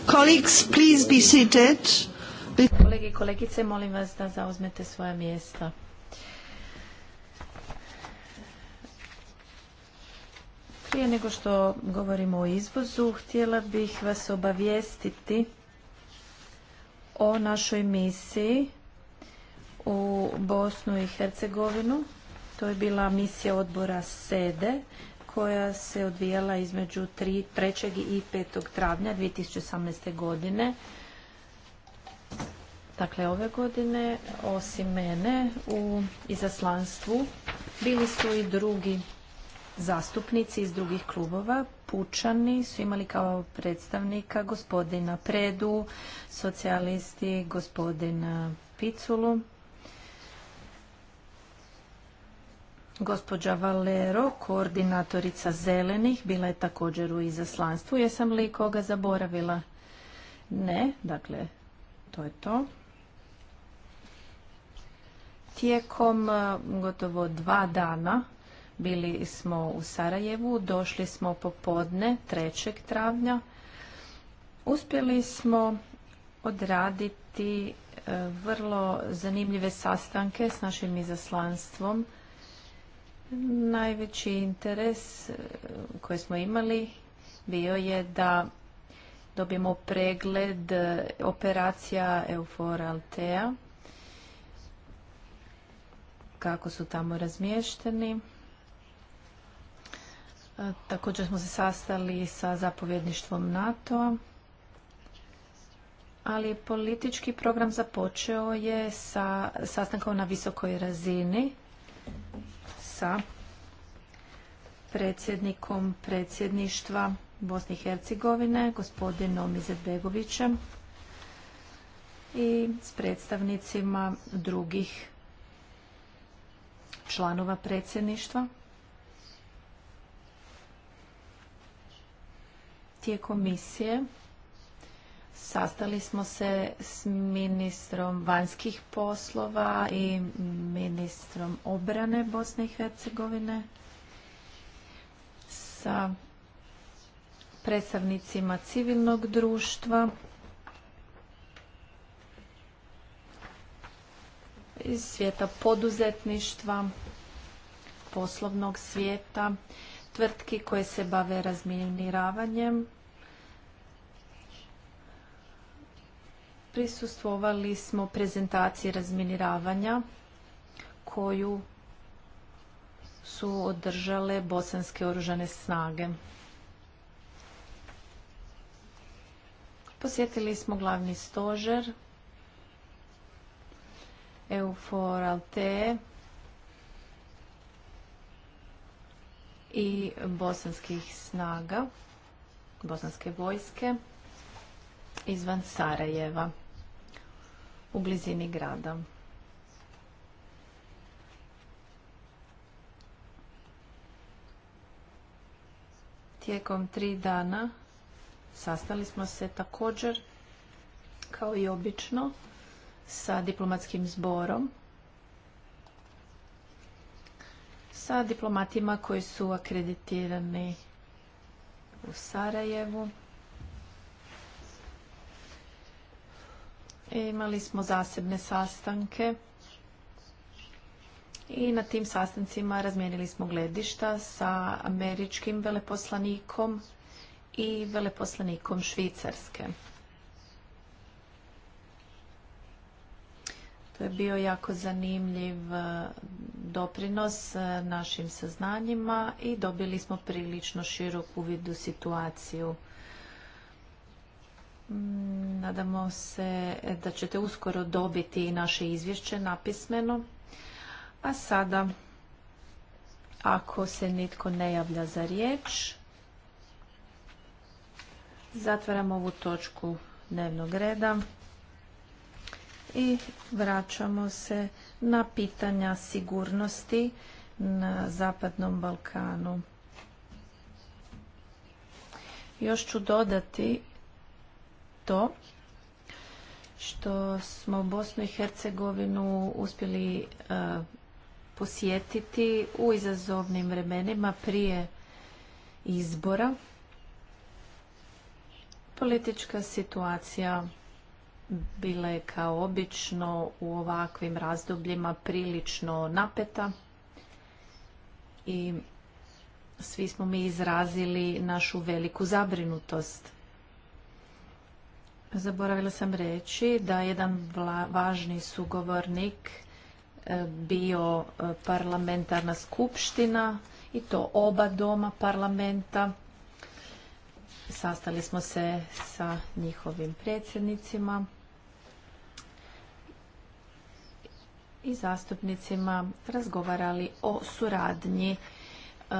Colleagues, please be seated. Kolege i kolegice, molim vas da zauzmete svoja mjesta. Prije nego što govorimo o izvozu, htjela bih vas obavijestiti o našoj misiji u Bosnu i Hercegovinu. To je bila misija odbora SEDE koja se odvijala između 3, 3. i 5. travnja 2018. godine. Dakle, ove godine, osim mene, u izaslanstvu bili su i drugi zastupnici iz drugih klubova, pučani su imali kao predstavnika gospodina Predu, socijalisti gospodina Piculu, Gospođa Valero, koordinatorica zelenih, bila je također u izaslanstvu. Jesam li koga zaboravila? Ne, dakle, to je to. Tijekom eh, gotovo dva dana bili smo u Sarajevu, došli smo popodne 3. travnja. Uspjeli smo odraditi e, vrlo zanimljive sastanke s našim izaslanstvom. Najveći interes e, koji smo imali bio je da dobijemo pregled operacija Eufor Altea, kako su tamo razmješteni. E, također smo se sastali sa zapovjedništvom nato ali politički program započeo je sa sastankom na visokoj razini sa predsjednikom predsjedništva Bosne i Hercegovine, gospodinom Izetbegovićem i s predstavnicima drugih članova predsjedništva. komisije sastali smo se s ministrom vanjskih poslova i ministrom obrane Bosne i Hercegovine sa predstavnicima civilnog društva iz svijeta poduzetništva, poslovnog svijeta, tvrtki koje se bave razminiravanjem prisustvovali smo prezentaciji razminiravanja koju su održale bosanske oružane snage. Posjetili smo glavni stožer Eufor Alte i bosanskih snaga, bosanske vojske izvan Sarajeva u blizini grada. Tijekom tri dana sastali smo se također kao i obično sa diplomatskim zborom sa diplomatima koji su akreditirani u Sarajevu E, imali smo zasebne sastanke i na tim sastancima razmijenili smo gledišta sa američkim veleposlanikom i veleposlanikom Švicarske. To je bio jako zanimljiv e, doprinos e, našim saznanjima i dobili smo prilično širok uvid u situaciju. Mm, nadamo se da ćete uskoro dobiti naše izvješće napismeno. A sada, ako se nitko ne javlja za riječ, zatvaramo ovu točku dnevnog reda i vraćamo se na pitanja sigurnosti na Zapadnom Balkanu. Još ću dodati to što smo Bosnu i Hercegovinu uspjeli e, posjetiti u izazovnim vremenima prije izbora. Politička situacija bila je kao obično u ovakvim razdobljima prilično napeta i svi smo mi izrazili našu veliku zabrinutost. Zaboravila sam reći da jedan vla, važni sugovornik e, bio e, parlamentarna skupština i to oba doma parlamenta. Sastali smo se sa njihovim predsjednicima i zastupnicima razgovarali o suradnji E,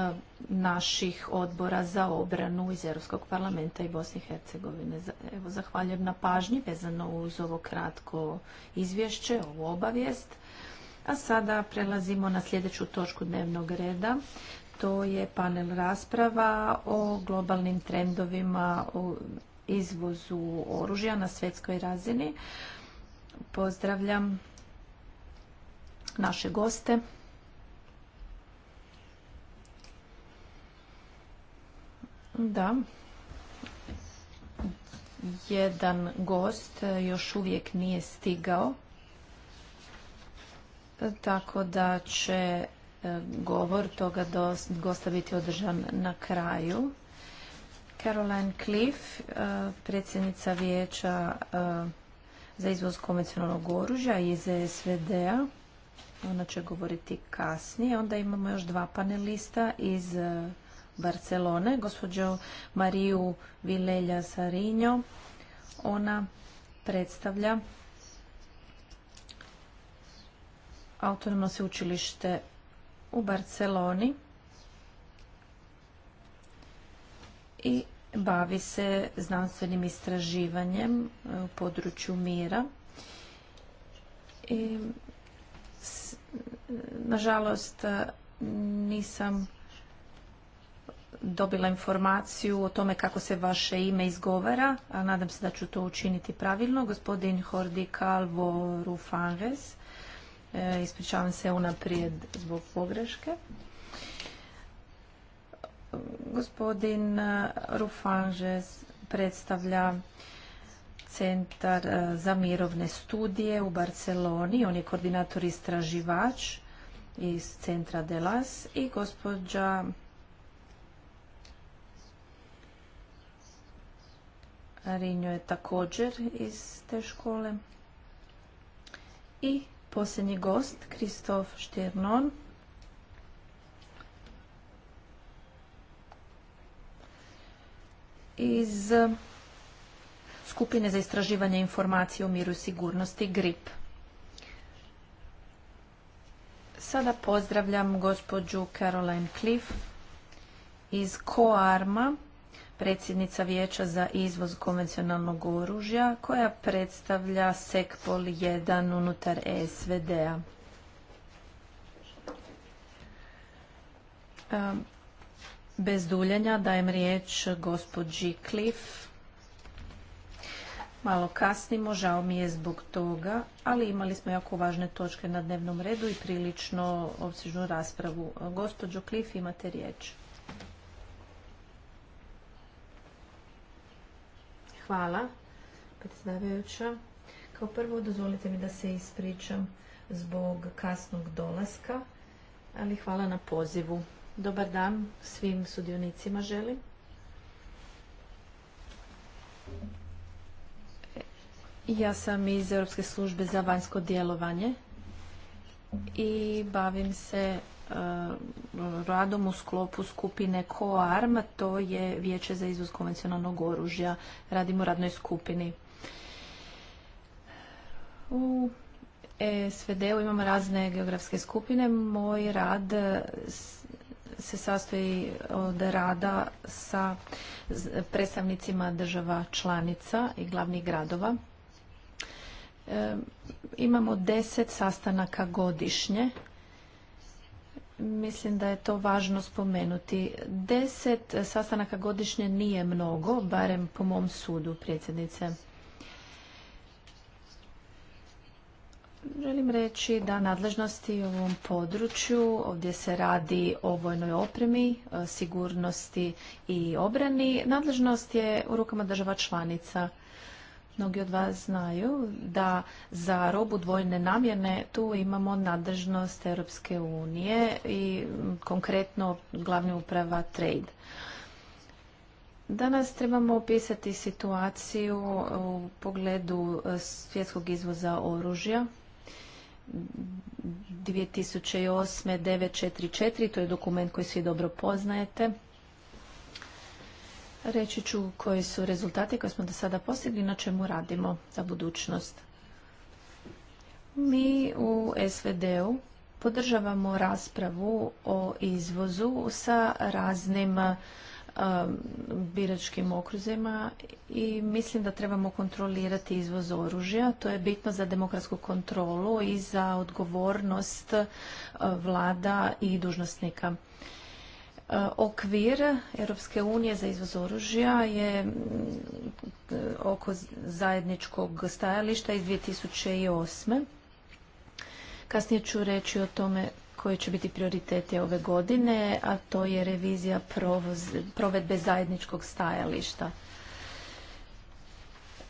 naših odbora za obranu iz Europskog parlamenta i Bosne i Hercegovine. Evo, zahvaljujem na pažnji vezano uz ovo kratko izvješće, ovu obavijest. A sada prelazimo na sljedeću točku dnevnog reda. To je panel rasprava o globalnim trendovima u izvozu oružja na svjetskoj razini. Pozdravljam naše goste. Da. Jedan gost još uvijek nije stigao, tako da će e, govor toga gosta biti održan na kraju. Caroline Cliff, e, predsjednica vijeća e, za izvoz konvencionalnog oružja iz SVD-a. Ona će govoriti kasnije. Onda imamo još dva panelista iz Barcelone, gospođo Mariju Vilelja Sarinjo. Ona predstavlja autonomno sveučilište u Barceloni i bavi se znanstvenim istraživanjem e, u području mira. I, nažalost, e, nisam dobila informaciju o tome kako se vaše ime izgovara, a nadam se da ću to učiniti pravilno. Gospodin Hordi Calvo Rufanges, eh, ispričavam se unaprijed zbog pogreške. Gospodin Rufanges predstavlja Centar eh, za mirovne studije u Barceloni. On je koordinator istraživač iz centra Delas i gospođa Rinjo je također iz te škole. I posljednji gost, Kristof Štirnon. Iz skupine za istraživanje informacije o miru i sigurnosti GRIP. Sada pozdravljam gospođu Caroline Cliff iz Koarma predsjednica Vijeća za izvoz konvencionalnog oružja koja predstavlja Sekpol 1 unutar e SVD-a. Bez duljenja dajem riječ gospođi Cliff. Malo kasnimo, žao mi je zbog toga, ali imali smo jako važne točke na dnevnom redu i prilično opsežnu raspravu. Gospođo Cliff, imate riječ. Hvala, predsjedavajuća. Kao prvo, dozvolite mi da se ispričam zbog kasnog dolaska, ali hvala na pozivu. Dobar dan svim sudionicima želim. Ja sam iz Europske službe za vanjsko djelovanje i bavim se Eh, radom u sklopu skupine COARM, to je Vijeće za izvoz konvencionalnog oružja. Radimo u radnoj skupini. U e SVD-u imamo razne geografske skupine. Moj rad se sastoji od rada sa predstavnicima država članica i glavnih gradova. Eh, imamo deset sastanaka godišnje Mislim da je to važno spomenuti. Deset sastanaka godišnje nije mnogo, barem po mom sudu, predsjednice. Želim reći da nadležnosti u ovom području, ovdje se radi o vojnoj opremi, e, sigurnosti i obrani, nadležnost je u rukama država članica. Mnogi od vas znaju da za robu dvojne namjene tu imamo nadležnost Europske unije i konkretno glavna uprava Trade. Danas trebamo opisati situaciju u pogledu e, svjetskog izvoza oružja. 2008. 944, to je dokument koji svi dobro poznajete. Reći ću koji su rezultati koje smo do sada postigli, na čemu radimo za budućnost. Mi u SVD-u podržavamo raspravu o izvozu sa raznim um, biračkim okruzima i mislim da trebamo kontrolirati izvoz oružja. To je bitno za demokratsku kontrolu i za odgovornost uh, vlada i dužnosnika. E, okvir Europske unije za izvoz oružja je oko zajedničkog stajališta iz 2008. Kasnije ću reći o tome koji će biti prioritete ove godine, a to je revizija provedbe zajedničkog stajališta.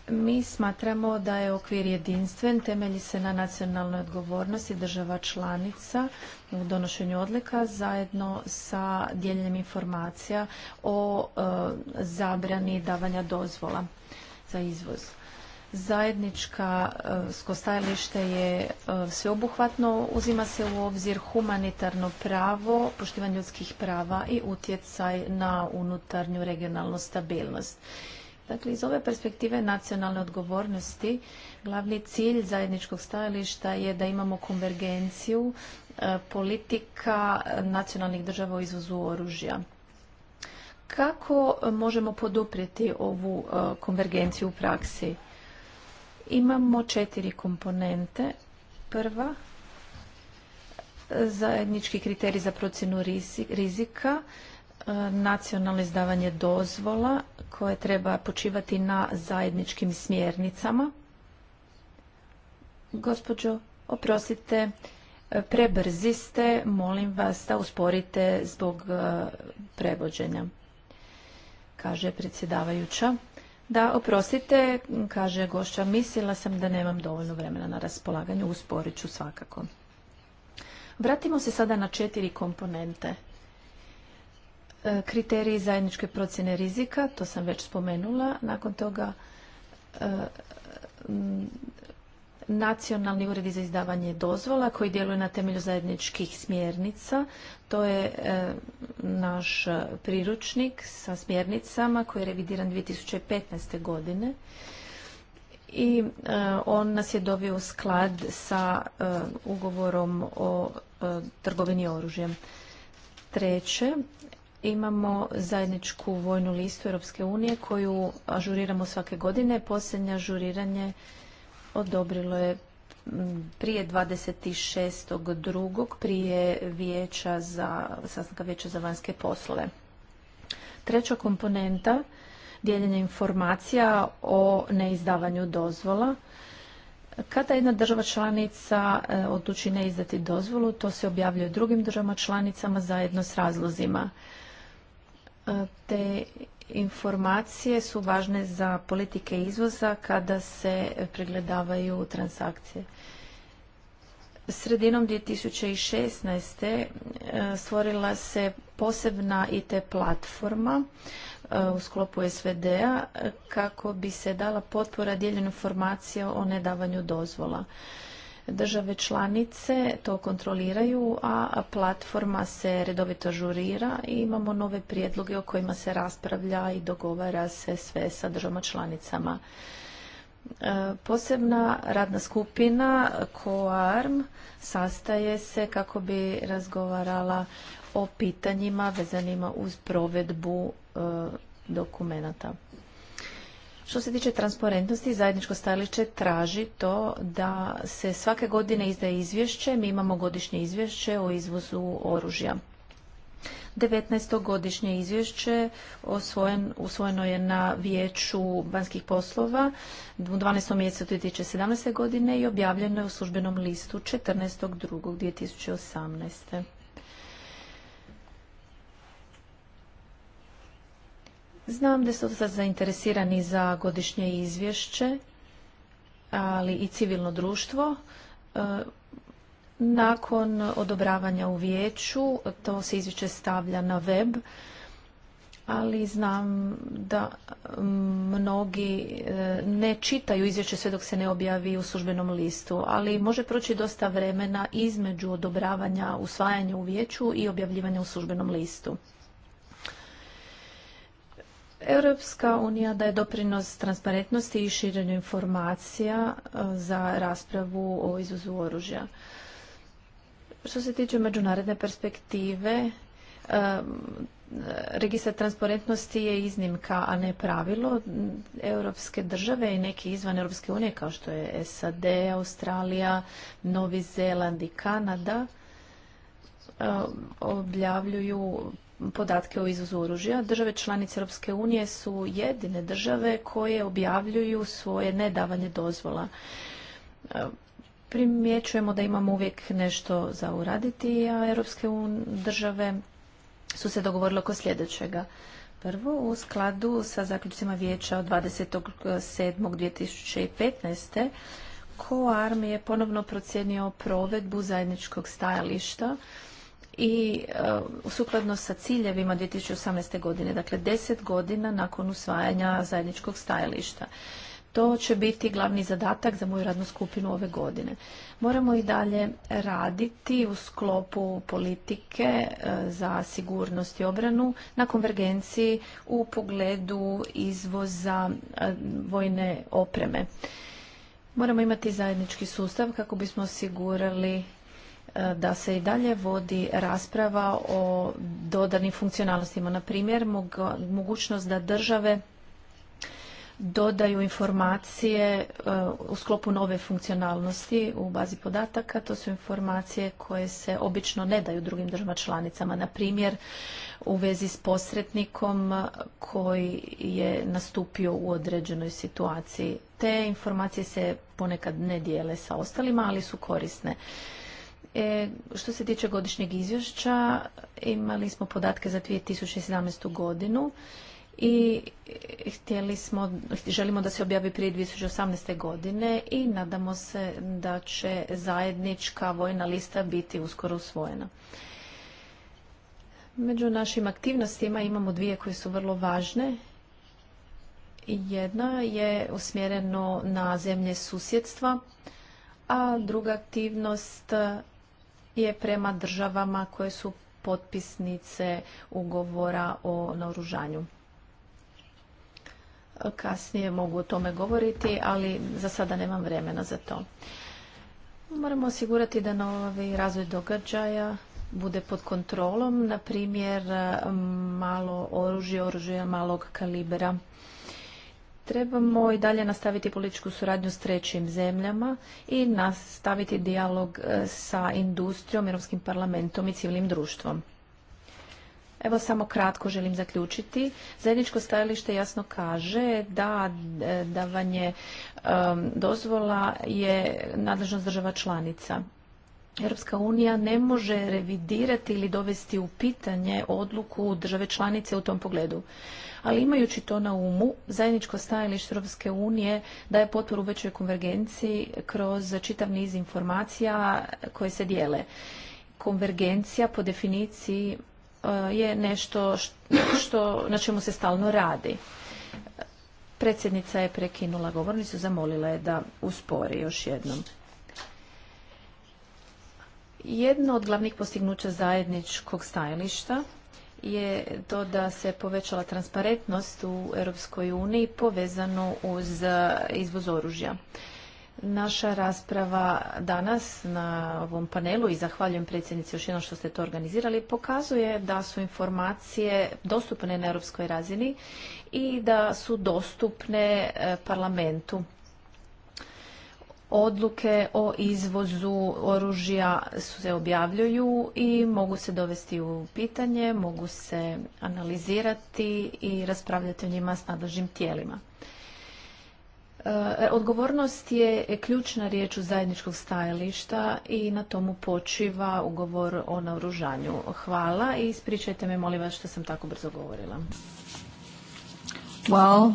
Mi smatramo da je okvir jedinstven, temelji se na nacionalnoj odgovornosti država članica u donošenju odlika zajedno sa dijeljenjem informacija o e, zabrani davanja dozvola za izvoz. Zajednička e, je e, sveobuhvatno, uzima se u obzir humanitarno pravo, poštivanje ljudskih prava i utjecaj na unutarnju regionalnu stabilnost. Dakle, iz ove perspektive nacionalne odgovornosti glavni cilj zajedničkog stajališta je da imamo konvergenciju e, politika nacionalnih država u izvozu oružja. Kako možemo poduprijeti ovu e, konvergenciju u praksi? Imamo četiri komponente. Prva, zajednički kriterij za procjenu rizika, E, nacionalno izdavanje dozvola koje treba počivati na zajedničkim smjernicama. Gospođo, oprostite, e, prebrzi ste, molim vas da usporite zbog e, prevođenja, kaže predsjedavajuća. Da, oprostite, kaže gošća, mislila sam da nemam dovoljno vremena na raspolaganju, usporit ću svakako. Vratimo se sada na četiri komponente E, kriteriji zajedničke procjene rizika, to sam već spomenula, nakon toga e, nacionalni ured za izdavanje dozvola koji djeluje na temelju zajedničkih smjernica. To je e, naš priručnik sa smjernicama koji je revidiran 2015. godine i on nas je dovio u sklad sa ugovorom o trgovini oružjem. Treće, Imamo zajedničku vojnu listu Europske unije koju ažuriramo svake godine. Posljednje ažuriranje odobrilo je prije 26.2. prije vijeća za, sastanka vijeća za vanjske poslove. Treća komponenta dijeljenje informacija o neizdavanju dozvola. Kada jedna država članica e, odluči ne izdati dozvolu, to se objavljuje drugim državama članicama zajedno s razlozima. Te informacije su važne za politike izvoza kada se pregledavaju transakcije. Sredinom 2016. E, stvorila se posebna IT platforma e, u sklopu SVD-a kako bi se dala potpora dijeljenju informacija o nedavanju dozvola. Države članice to kontroliraju, a platforma se redovito žurira i imamo nove prijedloge o kojima se raspravlja i dogovara se sve sa državama članicama. E, posebna radna skupina COARM sastaje se kako bi razgovarala o pitanjima vezanima uz provedbu e, dokumenata. Što se tiče transparentnosti, zajedničko stajalište traži to da se svake godine izdaje izvješće. Mi imamo godišnje izvješće o izvozu oružja. 19-godišnje izvješće usvojeno je na vijeću vanjskih poslova u 12. mjesecu 2017. godine i objavljeno je u službenom listu 14.2.2018. Znam da su sad zainteresirani za godišnje izvješće, ali i civilno društvo. E, nakon odobravanja u vijeću to se izvješće stavlja na web, ali znam da mnogi e, ne čitaju izvješće sve dok se ne objavi u službenom listu, ali može proći dosta vremena između odobravanja usvajanja u vijeću i objavljivanja u službenom listu. Europska unija daje doprinos transparentnosti i širenju informacija e, za raspravu o izuzu oružja. Što se tiče međunarodne perspektive, e, registar transparentnosti je iznimka, a ne pravilo. Europske države i neki izvan Europske unije, kao što je SAD, Australija, Novi Zeland i Kanada, e, objavljuju podatke o izvozu oružja. Države članice Europske unije su jedine države koje objavljuju svoje nedavanje dozvola. Primjećujemo da imamo uvijek nešto za uraditi, a europske države su se dogovorile oko sljedećega. Prvo, u skladu sa zaključcima vijeća od 27.2015. Ko je ponovno procijenio provedbu zajedničkog stajališta i e, sukladno sa ciljevima 2018. godine, dakle 10 godina nakon usvajanja zajedničkog stajališta. To će biti glavni zadatak za moju radnu skupinu ove godine. Moramo i dalje raditi u sklopu politike e, za sigurnost i obranu na konvergenciji u pogledu izvoza e, vojne opreme. Moramo imati zajednički sustav kako bismo osigurali E, da se i dalje vodi rasprava o dodanim funkcionalnostima. Na primjer, mogućnost da države dodaju informacije e, u sklopu nove funkcionalnosti u bazi podataka. To su informacije koje se obično ne daju drugim državama članicama. Na primjer, u vezi s posretnikom koji je nastupio u određenoj situaciji. Te informacije se ponekad ne dijele sa ostalima, ali su korisne. E, što se tiče godišnjeg izvješća, imali smo podatke za 2017. godinu i htjeli smo, želimo da se objavi prije 2018. godine i nadamo se da će zajednička vojna lista biti uskoro usvojena. Među našim aktivnostima imamo dvije koje su vrlo važne. Jedna je usmjereno na zemlje susjedstva, a druga aktivnost je prema državama koje su potpisnice ugovora o naoružanju. Kasnije mogu o tome govoriti, ali za sada nemam vremena za to. Moramo osigurati da novi razvoj događaja bude pod kontrolom, na primjer malo oružje, oružja malog kalibera Trebamo i dalje nastaviti političku suradnju s trećim zemljama i nastaviti dijalog e, sa industrijom, Europskim parlamentom i civilnim društvom. Evo samo kratko želim zaključiti. Zajedničko stajalište jasno kaže da e, davanje dozvola je nadležnost država članica. Europska unija ne može revidirati ili dovesti u pitanje odluku države članice u tom pogledu ali imajući to na umu, zajedničko stajalište Europske unije daje potporu većoj konvergenciji kroz čitav niz informacija koje se dijele. Konvergencija po definiciji e, je nešto što, na čemu se stalno radi. Predsjednica je prekinula govornicu, zamolila je da uspori još jednom. Jedno od glavnih postignuća zajedničkog stajališta je to da se povećala transparentnost u Europskoj uniji povezano uz e, izvoz oružja. Naša rasprava danas na ovom panelu i zahvaljujem predsjednici još jednom što ste to organizirali pokazuje da su informacije dostupne na europskoj razini i da su dostupne e, parlamentu Odluke o izvozu oružja se objavljuju i mogu se dovesti u pitanje, mogu se analizirati i raspravljati o njima s nadležnim tijelima. E, odgovornost je ključna riječ u zajedničkog stajališta i na tomu počiva ugovor o naoružanju. Hvala i ispričajte me molim vas što sam tako brzo govorila. Well,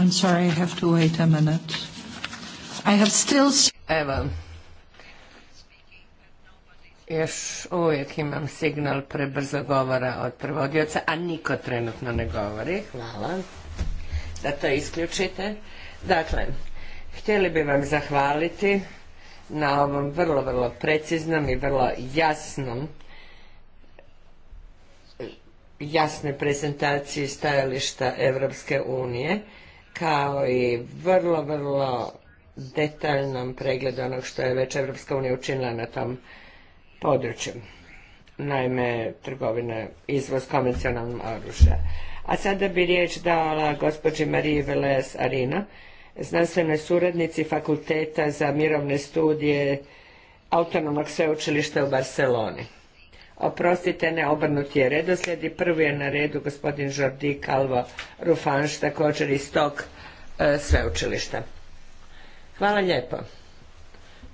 I'm sorry, I have to wait a minute. I have still... Evo, još uvijek imam signal prebrzo govora od prevodioca, a niko trenutno ne govori. Hvala da to isključite. Dakle, htjeli bi vam zahvaliti na ovom vrlo, vrlo preciznom i vrlo jasnom jasne prezentaciji stajališta Evropske unije kao i vrlo, vrlo detaljnom pregledu onog što je već Evropska unija učinila na tom području. Naime, trgovine, izvoz konvencionalnog oružja. A sada bi riječ dala gospođi Mariji Veles Arina, znanstvenoj suradnici Fakulteta za mirovne studije Autonomnog sveučilišta u Barceloni. Oprostite, ne obrnut je redoslijed i prvi je na redu gospodin Jordi Alvo Rufanš, također iz tog e, sveučilišta. Hvala lijepo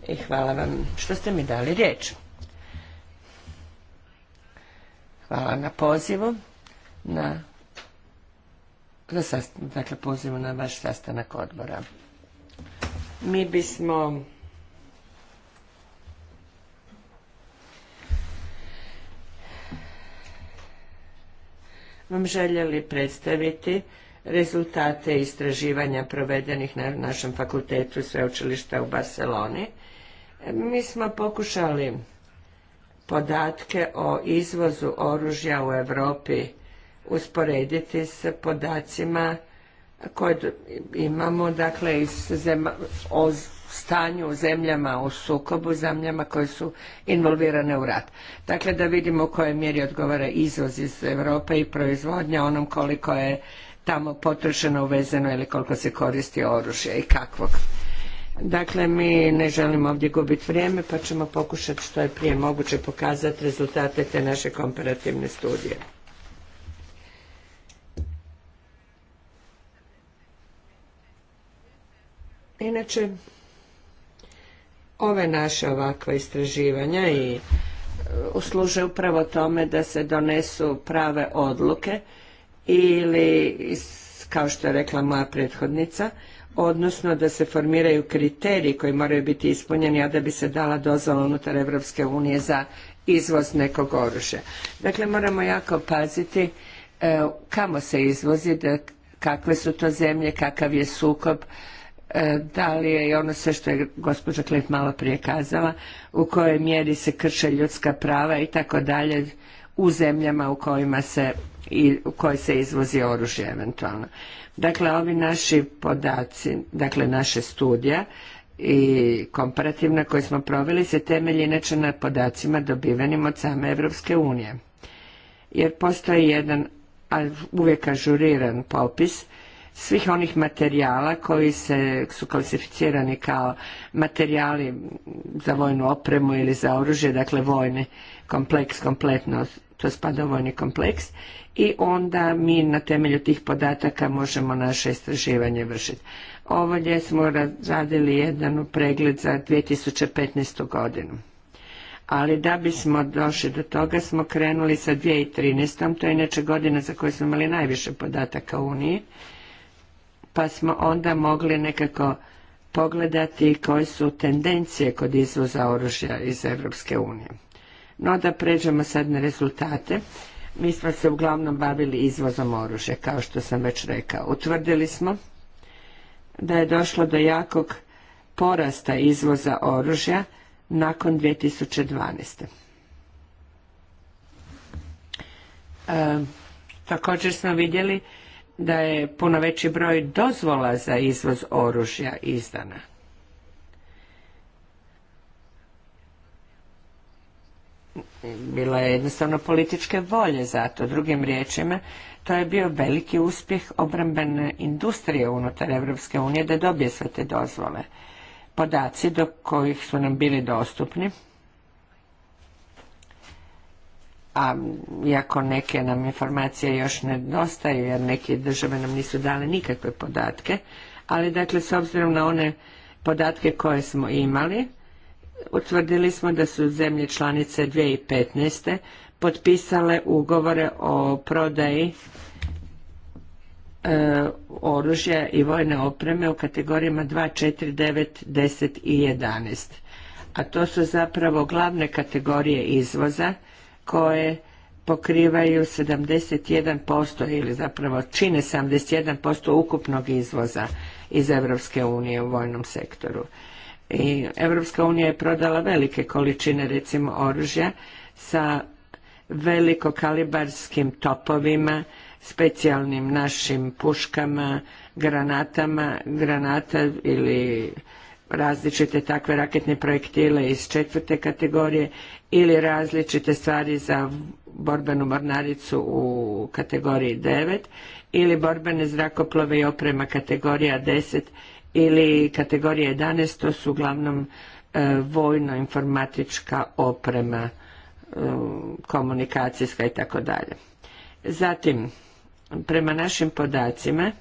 i hvala vam što ste mi dali riječ. Hvala na pozivu, na, dakle pozivu na vaš sastanak odbora. Mi bismo željeli predstaviti rezultate istraživanja provedenih na našem fakultetu sveučilišta u Barceloni. Mi smo pokušali podatke o izvozu oružja u Europi usporediti s podacima koje imamo dakle iz stanju u zemljama u sukobu, zemljama koje su involvirane u rat. Dakle, da vidimo u kojoj mjeri odgovara izvoz iz Europe i proizvodnja onom koliko je tamo potrošeno, uvezeno ili koliko se koristi oružje i kakvog. Dakle, mi ne želimo ovdje gubiti vrijeme, pa ćemo pokušati što je prije moguće pokazati rezultate te naše komparativne studije. Inače, ove naše ovakve istraživanja i e, usluže upravo tome da se donesu prave odluke ili, kao što je rekla moja prethodnica, odnosno da se formiraju kriteriji koji moraju biti ispunjeni, a da bi se dala dozvola unutar Europske unije za izvoz nekog oružja. Dakle, moramo jako paziti e, kamo se izvozi, da, kakve su to zemlje, kakav je sukob, E, da li je i ono sve što je gospođa Klef malo prije kazala, u kojoj mjeri se krše ljudska prava i tako dalje u zemljama u kojima se i u kojoj se izvozi oružje eventualno. Dakle, ovi naši podaci, dakle naše studija i komparativna koje smo proveli se temelji inače na podacima dobivenim od same Evropske unije. Jer postoji jedan uvijek ažuriran popis svih onih materijala koji se, su klasificirani kao materijali za vojnu opremu ili za oružje, dakle vojni kompleks kompletno, to spada u vojni kompleks i onda mi na temelju tih podataka možemo naše istraživanje vršiti. Ovdje smo radili jedan pregled za 2015. godinu. Ali da bismo došli do toga smo krenuli sa 2013. To je inače godina za koju smo imali najviše podataka u Uniji pa smo onda mogli nekako pogledati koje su tendencije kod izvoza oružja iz Europske unije. No da pređemo sad na rezultate. Mi smo se uglavnom bavili izvozom oružja, kao što sam već rekao. Utvrdili smo da je došlo do jakog porasta izvoza oružja nakon 2012. E, također smo vidjeli da je puno veći broj dozvola za izvoz oružja izdana. Bilo je jednostavno političke volje za to. Drugim riječima, to je bio veliki uspjeh obrambene industrije unutar Evropske unije da dobije sve te dozvole. Podaci do kojih su nam bili dostupni a iako neke nam informacije još nedostaju jer neke države nam nisu dale nikakve podatke, ali dakle s obzirom na one podatke koje smo imali, utvrdili smo da su zemlje članice 2015. potpisale ugovore o prodaji e, oružja i vojne opreme u kategorijama 2, 4, 9, 10 i 11. A to su zapravo glavne kategorije izvoza koje pokrivaju 71% ili zapravo čine 71% ukupnog izvoza iz Europske unije u vojnom sektoru. I Europska unija je prodala velike količine recimo oružja sa velikokalibarskim topovima, specijalnim našim puškama, granatama, granata ili različite takve raketne projektile iz četvrte kategorije ili različite stvari za borbenu mornaricu u kategoriji 9 ili borbene zrakoplove i oprema kategorija 10 ili kategorija 11, to su uglavnom e, vojno-informatička oprema, e, komunikacijska i tako dalje. Zatim, prema našim podacima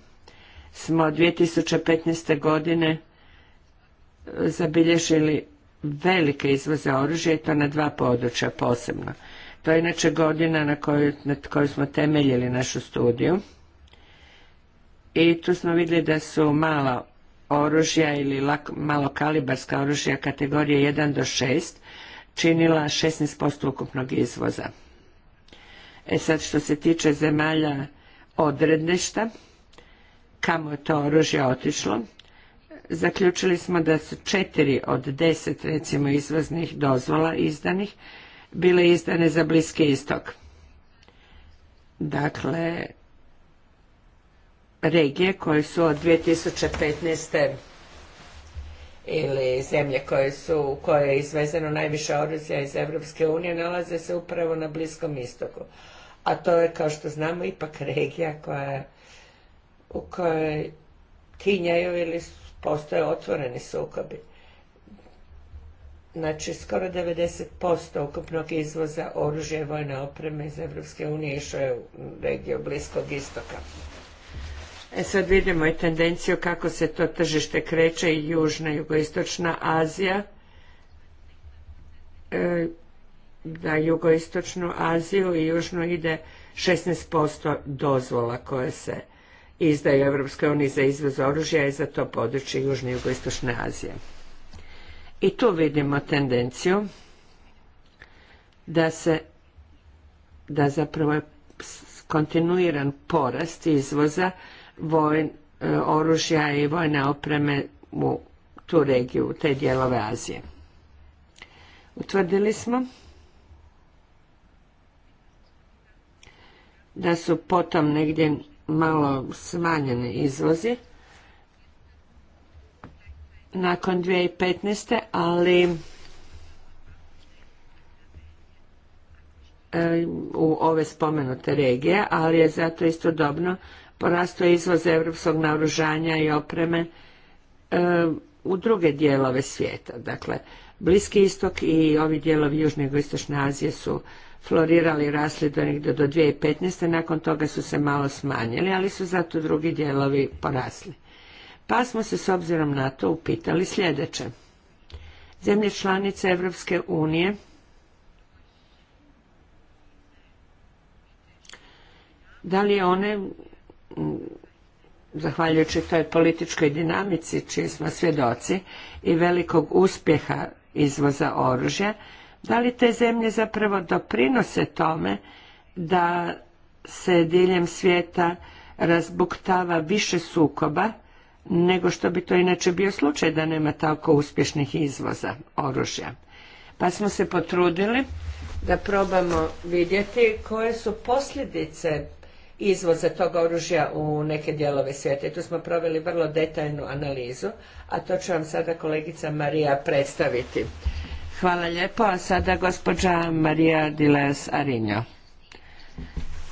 smo 2015. godine zabilježili velike izvoze oružja i to na dva područja posebno. To je inače godina na kojoj smo temeljili našu studiju i tu smo vidjeli da su mala oružja ili malo kalibarska oružja kategorije 1 do 6 činila 16% ukupnog izvoza. E sad što se tiče zemalja odredništa, kamo je to oružje otišlo, zaključili smo da su četiri od deset recimo izvoznih dozvola izdanih bile izdane za Bliski istok. Dakle, regije koje su od 2015. ili zemlje koje su, koje je izvezeno najviše oružja iz Europske unije nalaze se upravo na Bliskom istoku. A to je, kao što znamo, ipak regija koja, u kojoj tinjaju ili postoje otvoreni sukobi. Znači, skoro 90% ukupnog izvoza oružja i vojne opreme iz Evropske unije išao je u regiju Bliskog istoka. E sad vidimo i tendenciju kako se to tržište kreće i južna i jugoistočna Azija. E, da jugoistočnu Aziju i južnu ide 16% dozvola koje se izdaju Evropske unije za izvoz oružja i za to područje Južne i Jugoistočne Azije. I tu vidimo tendenciju da se da zapravo je kontinuiran porast izvoza vojn, e, oružja i vojne opreme u tu regiju, u te dijelove Azije. Utvrdili smo da su potom negdje malo smanjeni izvozi nakon 2015. ali e, u ove spomenute regije, ali je zato istodobno porastao izvoz europskog naoružanja i opreme e, u druge dijelove svijeta. Dakle, Bliski istok i ovi dijelovi Južne i Istočne Azije su florirali rasli do negdje do 2015. Nakon toga su se malo smanjili, ali su zato drugi dijelovi porasli. Pa smo se s obzirom na to upitali sljedeće. Zemlje članice Evropske unije da li one zahvaljujući toj političkoj dinamici čiji smo svjedoci i velikog uspjeha izvoza oružja da li te zemlje zapravo doprinose tome da se diljem svijeta razbuktava više sukoba nego što bi to inače bio slučaj da nema tako uspješnih izvoza oružja. Pa smo se potrudili da probamo vidjeti koje su posljedice izvoza tog oružja u neke dijelove svijeta. I tu smo proveli vrlo detaljnu analizu, a to će vam sada kolegica Marija predstaviti. Hvala lijepo, a sada gospođa Marija Diles Arinjo.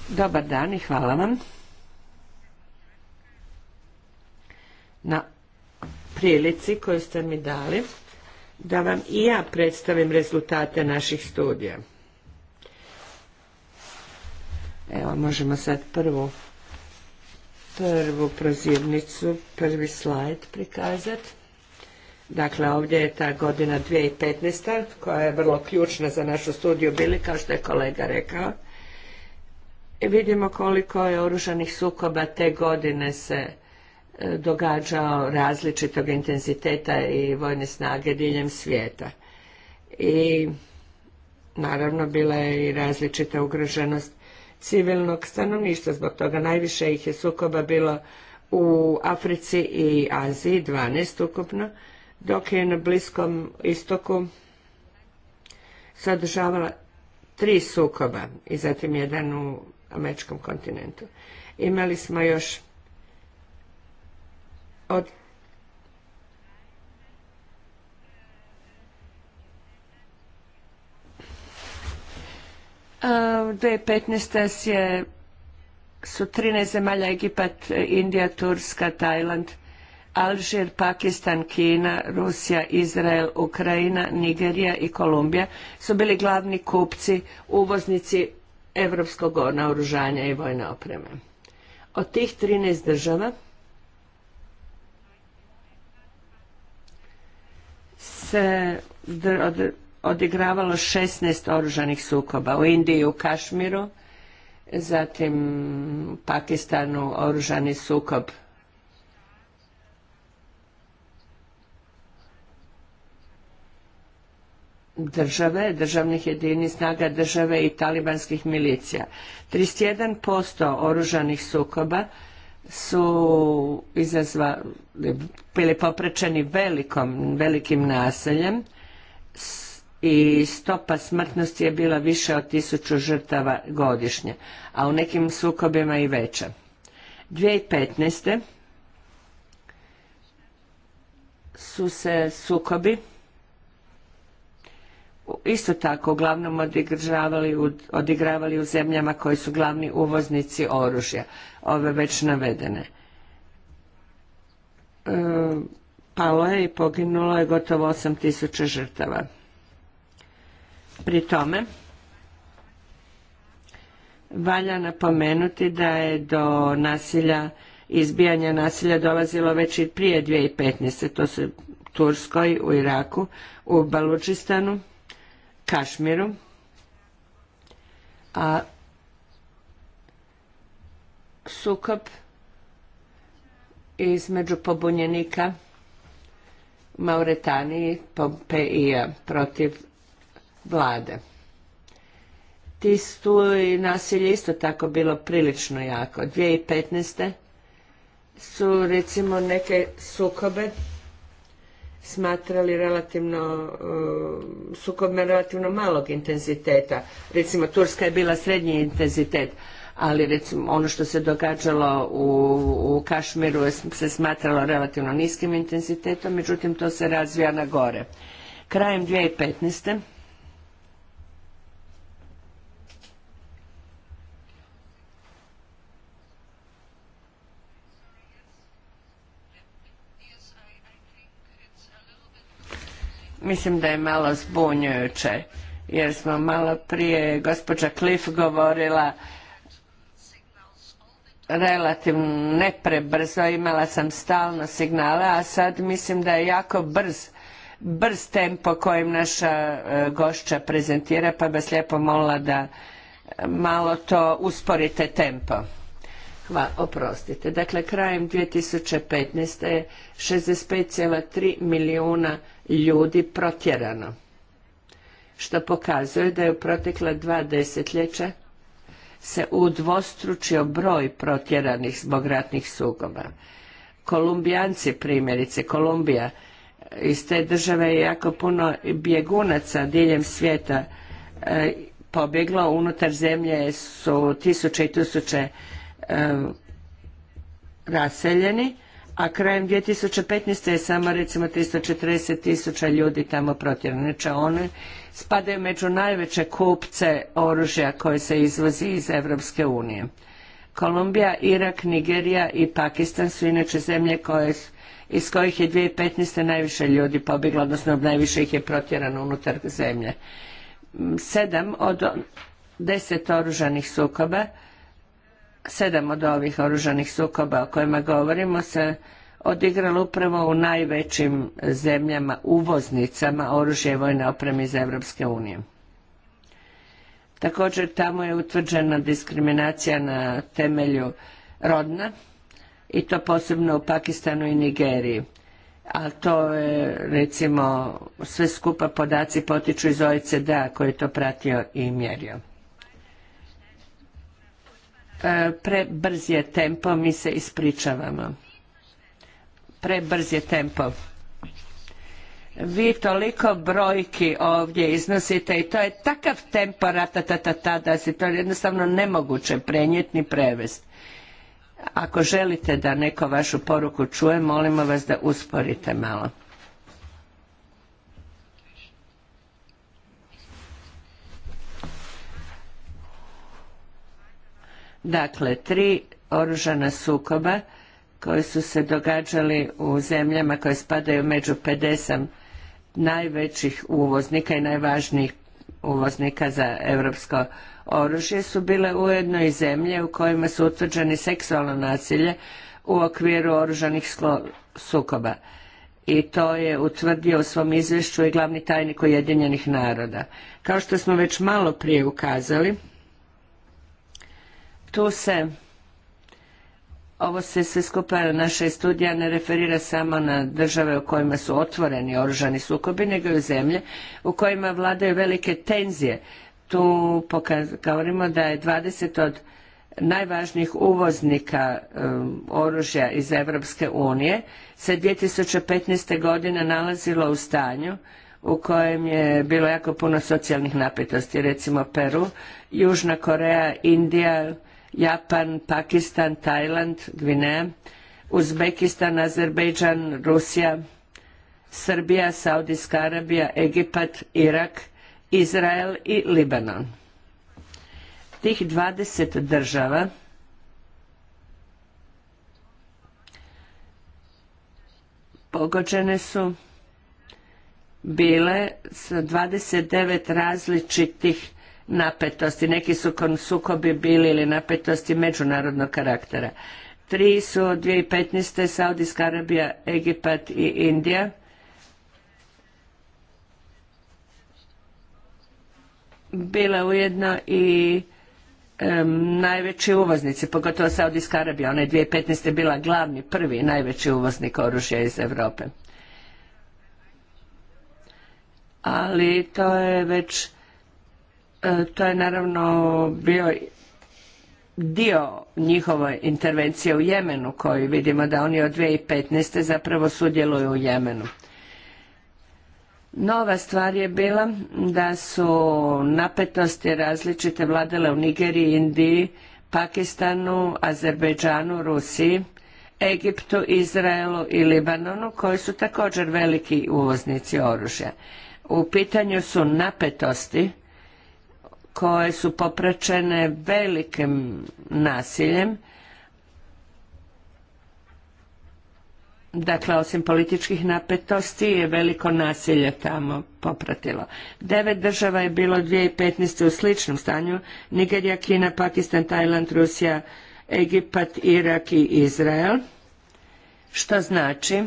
Dobar dan i hvala vam. Na prilici koju ste mi dali da vam i ja predstavim rezultate naših studija. Evo, možemo sad prvu prvu prozirnicu, prvi slajd prikazati. Dakle, ovdje je ta godina 2015. koja je vrlo ključna za našu studiju bili, kao što je kolega rekao. I vidimo koliko je oružanih sukoba te godine se e, događao različitog intenziteta i vojne snage diljem svijeta. I naravno bila je i različita ugroženost civilnog stanovništva, zbog toga najviše ih je sukoba bilo u Africi i Aziji, 12 ukupno, dok je na Bliskom istoku sadržavala tri sukoba i zatim jedan u američkom kontinentu. Imali smo još od U 2015. su 13 zemalja Egipat, Indija, Turska, Tajland Alžir, Pakistan, Kina, Rusija, Izrael, Ukrajina, Nigerija i Kolumbija su bili glavni kupci, uvoznici evropskog naoružanja i vojne opreme. Od tih 13 država se odigravalo 16 oružanih sukoba u Indiji, u Kašmiru, zatim Pakistanu oružani sukob države, državnih jedini snaga države i talibanskih milicija. 31% oružanih sukoba su izazvali, bili poprečeni velikom, velikim naseljem i stopa smrtnosti je bila više od tisuću žrtava godišnje, a u nekim sukobima i veća. 2015. su se sukobi isto tako uglavnom odigravali u, odigravali u zemljama koji su glavni uvoznici oružja, ove već navedene. E, palo je i poginulo je gotovo 8000 žrtava. Pri tome, valja napomenuti da je do nasilja, izbijanja nasilja dolazilo već i prije 2015. To su Turskoj, u Iraku, u Balučistanu Kašmiru, a sukob između pobunjenika Mauretaniji Pompeija protiv vlade. ti tu i nasilje isto tako bilo prilično jako. 2015. su recimo neke sukobe smatrali relativno e, relativno malog intenziteta. Recimo Turska je bila srednji intenzitet, ali recimo ono što se događalo u, u Kašmiru se smatralo relativno niskim intenzitetom, međutim to se razvija na gore. Krajem 2015. mislim da je malo zbunjujuće jer smo malo prije gospođa Cliff govorila relativno neprebrzo, imala sam stalno signale, a sad mislim da je jako brz, brz tempo kojim naša e, gošća prezentira, pa bi vas lijepo molila da malo to usporite tempo oprostite. Dakle, krajem 2015. je 65,3 milijuna ljudi protjerano, što pokazuje da je u protekla dva desetljeća se udvostručio broj protjeranih zbog ratnih sugova. Kolumbijanci primjerice, Kolumbija, iz te države je jako puno bjegunaca diljem svijeta e, pobjeglo, unutar zemlje su tisuće i tisuće E, raseljeni, a krajem 2015. je samo recimo 340 tisuća ljudi tamo protjerano. one spadaju među najveće kupce oružja koje se izvozi iz Europske unije. Kolumbija, Irak, Nigerija i Pakistan su inače zemlje iz kojih je 2015. najviše ljudi pobjeglo, odnosno najviše ih je protjerano unutar zemlje. Sedam od deset oružanih sukoba sedam od ovih oružanih sukoba o kojima govorimo se odigralo upravo u najvećim zemljama uvoznicama oružja i vojne opreme iz Europske unije. Također tamo je utvrđena diskriminacija na temelju rodna i to posebno u Pakistanu i Nigeriji. A to je recimo sve skupa podaci potiču iz OECD-a koji je to pratio i mjerio prebrz je tempo, mi se ispričavamo. Prebrz je tempo. Vi toliko brojki ovdje iznosite i to je takav tempo ratatatata da se to jednostavno nemoguće prenijeti ni prevesti. Ako želite da neko vašu poruku čuje, molimo vas da usporite malo. Dakle, tri oružana sukoba koji su se događali u zemljama koje spadaju među 50 najvećih uvoznika i najvažnijih uvoznika za europsko oružje su bile ujedno i zemlje u kojima su utvrđeni seksualno nasilje u okviru oružanih sukoba. I to je utvrdio u svom izvješću i glavni tajnik Ujedinjenih naroda. Kao što smo već malo prije ukazali, tu se ovo se sve skupa naša studija ne referira samo na države u kojima su otvoreni oružani sukobi, nego i zemlje u kojima vladaju velike tenzije. Tu govorimo da je 20 od najvažnijih uvoznika um, oružja iz Europske unije se 2015. godine nalazilo u stanju u kojem je bilo jako puno socijalnih napetosti, recimo Peru, Južna Koreja, Indija, Japan, Pakistan, Tajland, Gvineja, Uzbekistan, Azerbejdžan, Rusija, Srbija, Saudijska Arabija, Egipat, Irak, Izrael i Libanon. Tih 20 država pogođene su bile sa 29 različitih napetosti, neki su sukobi bili ili napetosti međunarodnog karaktera. Tri su 2015. Saudijska Arabija, Egipat i Indija. Bila ujedno i najveći uvoznici, pogotovo Saudijska Arabija. Ona je 2015. bila glavni, prvi, najveći uvoznik oružja iz Europe. Ali to je već E, to je naravno bio dio njihove intervencije u Jemenu koji vidimo da oni od 2015. zapravo sudjeluju u Jemenu. Nova stvar je bila da su napetosti različite vladale u Nigeriji, Indiji, Pakistanu, Azerbejdžanu, Rusiji, Egiptu, Izraelu i Libanonu koji su također veliki uvoznici oružja. U pitanju su napetosti koje su popraćene velikim nasiljem, Dakle, osim političkih napetosti je veliko nasilje tamo popratilo. Devet država je bilo 2015. u sličnom stanju. Nigerija, Kina, Pakistan, Tajland, Rusija, Egipat, Irak i Izrael. Što znači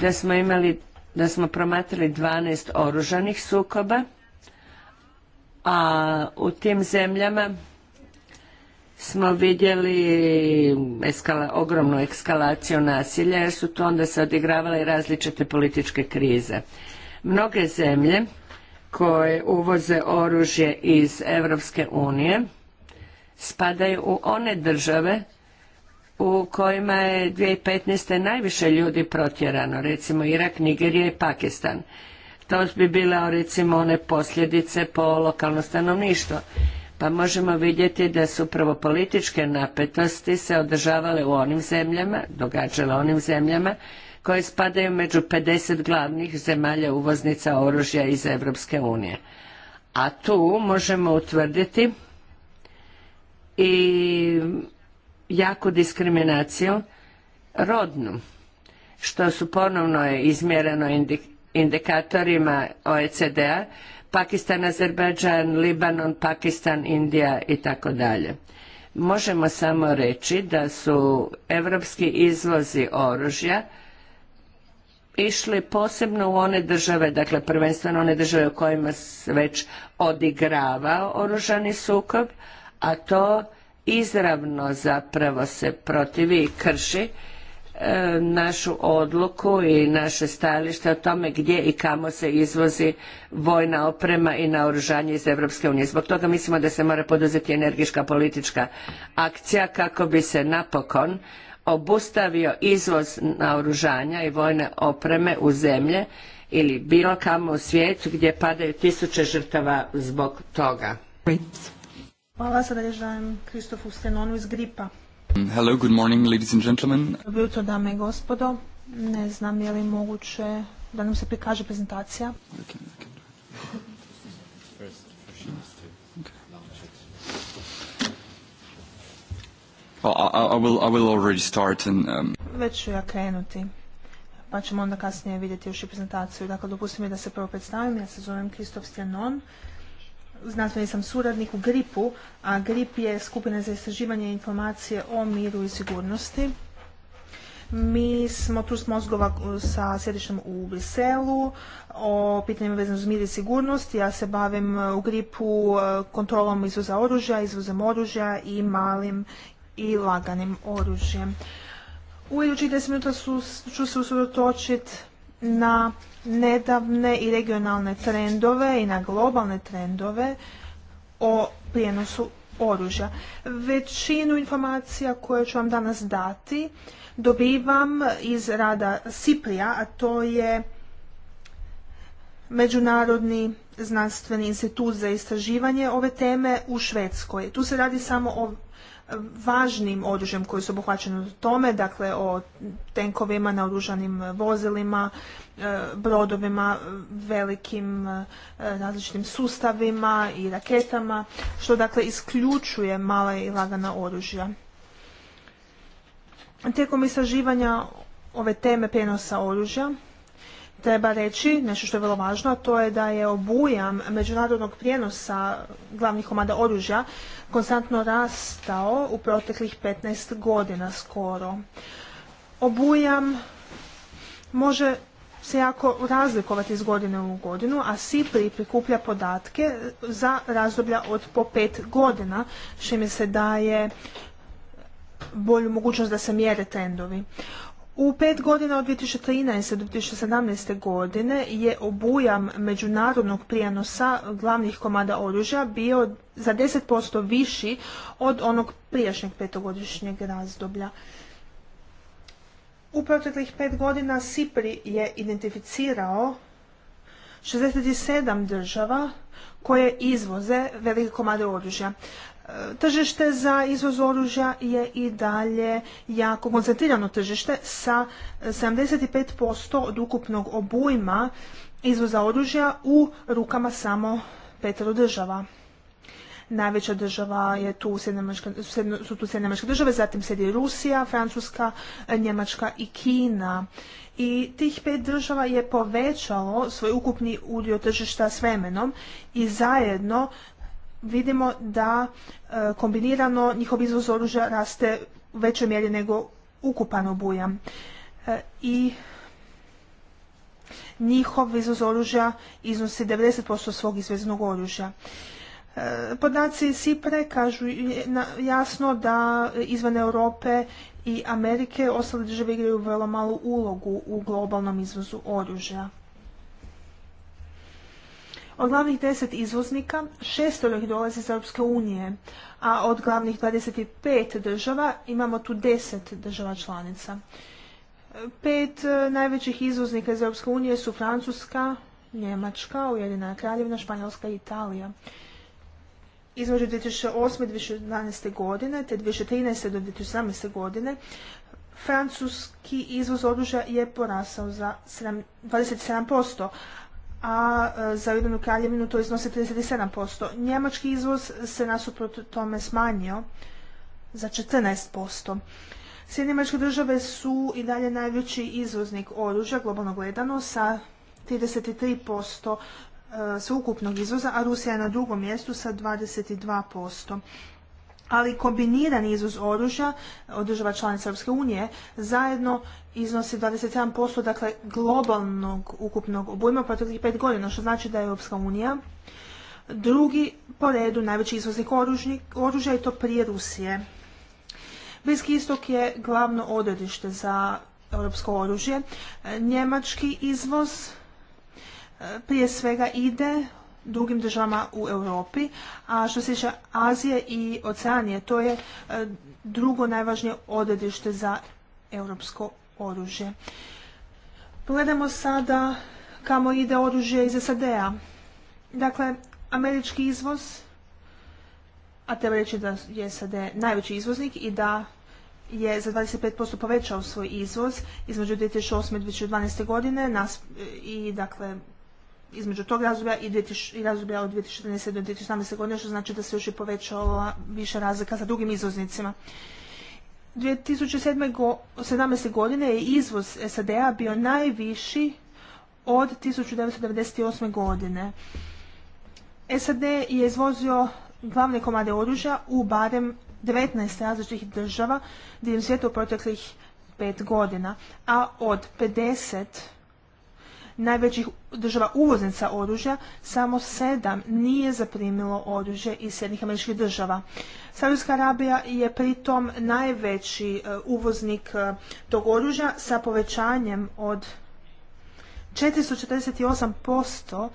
da smo imali, da smo promatrali 12 oružanih sukoba a u tim zemljama smo vidjeli ogromnu ekskalaciju nasilja jer su tu onda se odigravale različite političke krize. Mnoge zemlje koje uvoze oružje iz Europske unije spadaju u one države u kojima je 2015. najviše ljudi protjerano, recimo Irak, Nigerija i Pakistan. To bi bile recimo one posljedice po lokalno stanovništvo. Pa možemo vidjeti da su upravo političke napetosti se održavale u onim zemljama, događale u onim zemljama koje spadaju među 50 glavnih zemalja uvoznica oružja iz Evropske unije. A tu možemo utvrditi i jaku diskriminaciju rodnu, što su ponovno je izmjereno indikatorima OECD-a, Pakistan, Azerbajdžan, Libanon, Pakistan, Indija i tako dalje. Možemo samo reći da su evropski izvozi oružja išli posebno u one države, dakle prvenstveno one države u kojima se već odigrava oružani sukob, a to izravno zapravo se protivi i krši E, našu odluku i naše stajalište o tome gdje i kamo se izvozi vojna oprema i naoružanje iz Europske unije. Zbog toga mislimo da se mora poduzeti energička politička akcija kako bi se napokon obustavio izvoz naoružanja i vojne opreme u zemlje ili bilo kamo u svijetu gdje padaju tisuće žrtava zbog toga. Hvala Kristofu iz Gripa. Hello, good morning, Dobro jutro, dame i gospodo. Ne znam je li moguće da nam se prikaže prezentacija. Već ću ja krenuti, pa ćemo onda kasnije vidjeti još i prezentaciju. Dakle, dopustim mi da se prvo predstavim. Ja se zovem Kristof Stjanon, znanstveni sam suradnik u GRIPU, a GRIP je skupina za istraživanje informacije o miru i sigurnosti. Mi smo tu s mozgova e, sa sjedištem u Briselu o pitanjima vezanim uz mir i sigurnost. Ja se bavim e, u gripu e, kontrolom izvoza oružja, izvozem oružja i malim i laganim oružjem. U idućih 10 minuta ću se usredotočiti na nedavne i regionalne trendove i na globalne trendove o prijenosu oružja. Većinu informacija koje ću vam danas dati dobivam iz rada Siprija, a to je Međunarodni znanstveni institut za istraživanje ove teme u Švedskoj. Tu se radi samo o važnim oružjem koji su obuhvaćeni u tome, dakle o tenkovima, naoružanim vozilima, e, brodovima, velikim e, različitim sustavima i raketama, što dakle isključuje mala i lagana oružja. Tijekom istraživanja ove teme prijenosa oružja treba reći nešto što je vrlo važno, a to je da je obujam međunarodnog prijenosa glavnih komada oružja konstantno rastao u proteklih 15 godina skoro. Obujam može se jako razlikovati iz godine u godinu, a SIPRI prikuplja podatke za razdoblja od po pet godina, mi se daje bolju mogućnost da se mjere trendovi. U pet godina od 2013. do 2017. godine je obujam međunarodnog prijenosa glavnih komada oružja bio za 10% viši od onog prijašnjeg petogodišnjeg razdoblja. U proteklih pet godina SIPRI je identificirao 67 država koje izvoze velike komade oružja tržište za izvoz oružja je i dalje jako koncentrirano tržište sa 75% od ukupnog obujma izvoza oružja u rukama samo petero država. Najveća država je tu su tu Sjedinjamačke države, zatim sedi Rusija, Francuska, Njemačka i Kina. I tih pet država je povećalo svoj ukupni udio tržišta s vremenom i zajedno vidimo da e, kombinirano njihov izvoz oružja raste u većoj mjeri nego ukupan obujam. E, I njihov izvoz oružja iznosi 90% svog izveznog oružja. E, podaci SIPRE kažu jasno da izvan Europe i Amerike ostale države igraju vrlo malu ulogu u globalnom izvozu oružja. Od glavnih 10 izvoznika, šestor ih dolazi iz Europske unije, a od glavnih 25 država imamo tu 10 država članica. Pet e, najvećih izvoznika iz Europske unije su Francuska, Njemačka, Ujedinjena Kraljevina, Španjolska i Italija. Između 2008. i 2012. godine te 2013. do 2017. godine francuski izvoz oružja je porasao za 27%, a e, za Ujedinu kraljevinu to iznosi 37%. Njemački izvoz se nasuprot tome smanjio za 14%. Sjedinje američke države su i dalje najveći izvoznik oružja globalno gledano sa 33% e, sveukupnog izvoza, a Rusija je na drugom mjestu sa 22%. Ali kombinirani izvoz oružja od država članica Europske unije zajedno iznosi 27% dakle globalnog ukupnog obujma proteklih pet godina, što znači da je Europska unija drugi po redu najveći izvoznik oružja i to prije Rusije. Bliski istok je glavno odredište za europsko oružje. Njemački izvoz e, prije svega ide drugim državama u Europi, a što se tiče Azije i Oceanije, to je e, drugo najvažnije odredište za europsko oružje. gledamo sada kamo ide oružje iz SAD-a. Dakle, američki izvoz, a treba reći da je SAD najveći izvoznik i da je za 25% povećao svoj izvoz između 2008. i 2012. godine i dakle između tog razdoblja i, i razdoblja od 2014. do 2018. godine, što znači da se još i povećala više razlika sa drugim izvoznicima. 2017. godine je izvoz SAD-a bio najviši od 1998. godine. SAD je izvozio glavne komade oružja u barem 19 različitih država diljem svijeta u proteklih 5 godina, a od 50 najvećih država uvoznica oružja samo 7 nije zaprimilo oružje iz Sjednih američkih država. Saudijska Arabija je pritom najveći e, uvoznik e, tog oružja sa povećanjem od 448%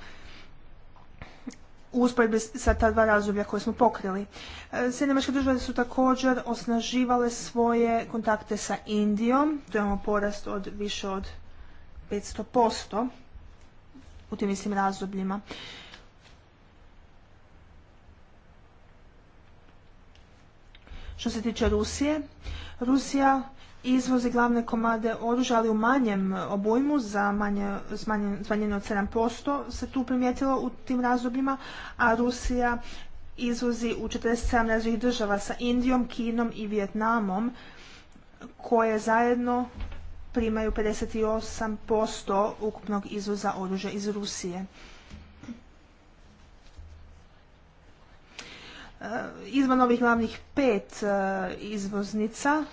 u usporedbi sa ta dva razdoblja koje smo pokrili. E, Sjedinjene države su također osnaživale svoje kontakte sa Indijom, tu imamo porast od više od 500% u tim istim razdobljima. Što se tiče Rusije, Rusija izvozi glavne komade oružja, ali u manjem obujmu, za manje, smanjeno od 7% se tu primijetilo u tim razdobljima, a Rusija izvozi u 47 različitih država sa Indijom, Kinom i Vjetnamom, koje zajedno primaju 58% ukupnog izvoza oružja iz Rusije. Eh, izvan ovih glavnih pet eh, izvoznica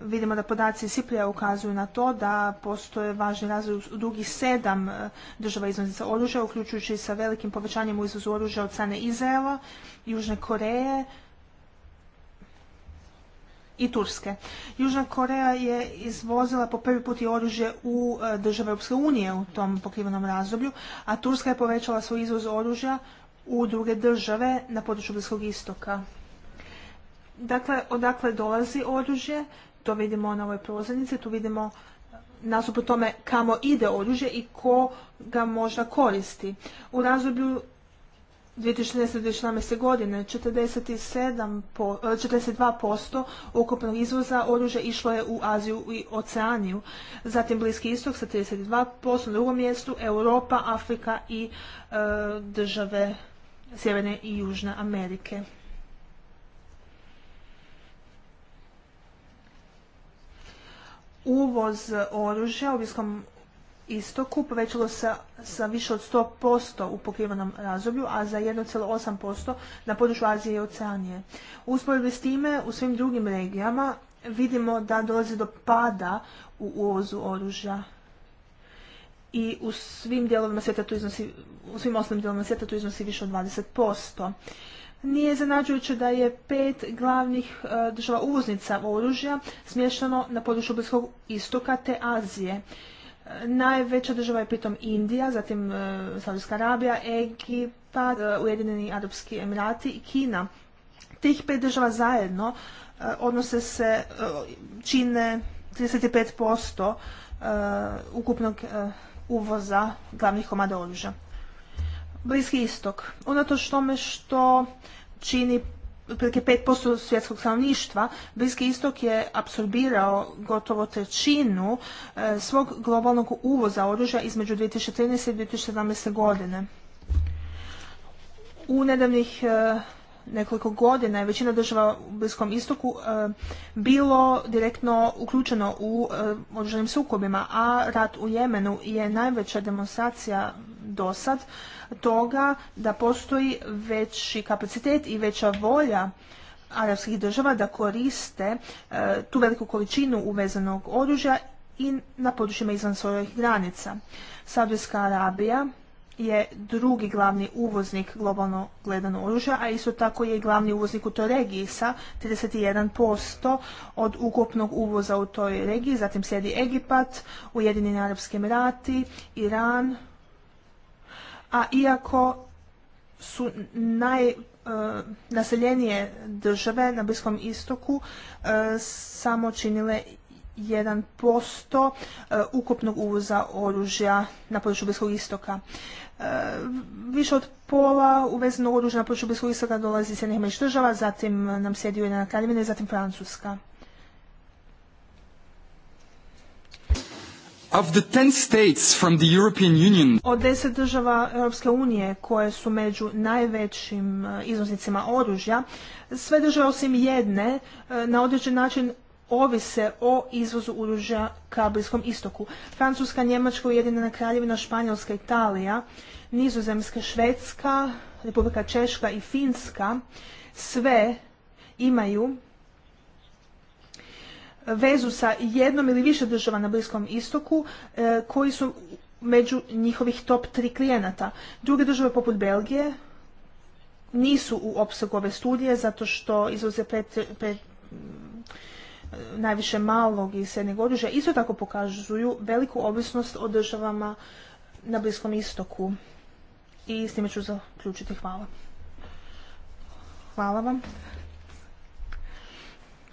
vidimo da podaci Siprija ukazuju na to da postoje važni razvoj u drugih sedam eh, država izvoznica oružja, uključujući sa velikim povećanjem u izvozu oružja od strane Izraela, Južne Koreje, i Turske. Južna Koreja je izvozila po prvi put i oružje u države Europske unije u tom pokrivenom razdoblju, a Turska je povećala svoj izvoz oružja u druge države na području Bliskog istoka. Dakle, odakle dolazi oružje, to vidimo na ovoj prozornici. tu vidimo nasup tome kamo ide oružje i ko ga možda koristi. U razdoblju tisuće 2017 godine 47 po, 42% e, ukupnog izvoza oružja išlo je u Aziju i Oceaniju, zatim Bliski istok sa 32%, na drugom mjestu Europa, Afrika i e, države Sjeverne i Južne Amerike. Uvoz oružja u Bliskom istoku povećalo se sa više od 100% u pokrivenom razdoblju, a za 1,8% na području Azije i Oceanije. U usporedbi s time u svim drugim regijama vidimo da dolazi do pada u uvozu oružja i u svim dijelovima svijeta tu iznosi, u svim osnovnim dijelovima svijeta tu iznosi više od 20%. Nije zanađujuće da je pet glavnih e, država uvoznica oružja smješteno na području Bliskog istoka te Azije. E, najveća država je pritom Indija, zatim e, Saudijska Arabija, Egipa, Ujedinjeni Arabski Emirati i Kina. Tih pet država zajedno odnose se, čine 35% ukupnog uvoza glavnih komada oružja. Bliski istok. Unatoč tome što čini otprilike 5% svjetskog stanovništva, Bliski istok je apsorbirao gotovo trećinu e, svog globalnog uvoza oružja između 2013. i 2017. godine. U nedavnih e, nekoliko godina je većina država u Bliskom istoku e, bilo direktno uključeno u e, oružanim sukobima, a rat u Jemenu je najveća demonstracija dosad toga da postoji veći kapacitet i veća volja arapskih država da koriste e, tu veliku količinu uvezanog oružja i na područjima izvan svojih granica. Saudijska Arabija je drugi glavni uvoznik globalno gledano oružja, a isto tako je i glavni uvoznik u toj regiji sa 31% od ukupnog uvoza u toj regiji. Zatim slijedi Egipat, Ujedinjeni arapski Emirati, Iran, a iako su najnaseljenije e, države na Bliskom istoku e, samo činile 1% e, ukupnog uvoza oružja na području Bliskog istoka. E, više od pola uvezenog oružja na području Bliskog istoka dolazi iz jednih među država, zatim nam sjedi jedna kraljevina zatim Francuska. Of the states from the European Union. Od deset država Europske unije koje su među najvećim e, iznosnicima oružja, sve države osim jedne na određen način ovise o izvozu oružja ka Bliskom istoku. Francuska, Njemačka, Ujedinjena kraljevina, Španjolska, Italija, Nizozemska, Švedska, Republika Češka i Finska sve imaju vezu sa jednom ili više država na Bliskom istoku e, koji su među njihovih top tri klijenata. Druge države poput Belgije nisu u opsegu ove studije zato što izvoze pet najviše malog i srednjeg oružja isto tako pokazuju veliku ovisnost o državama na Bliskom istoku. I s time ću zaključiti. Hvala. Hvala vam.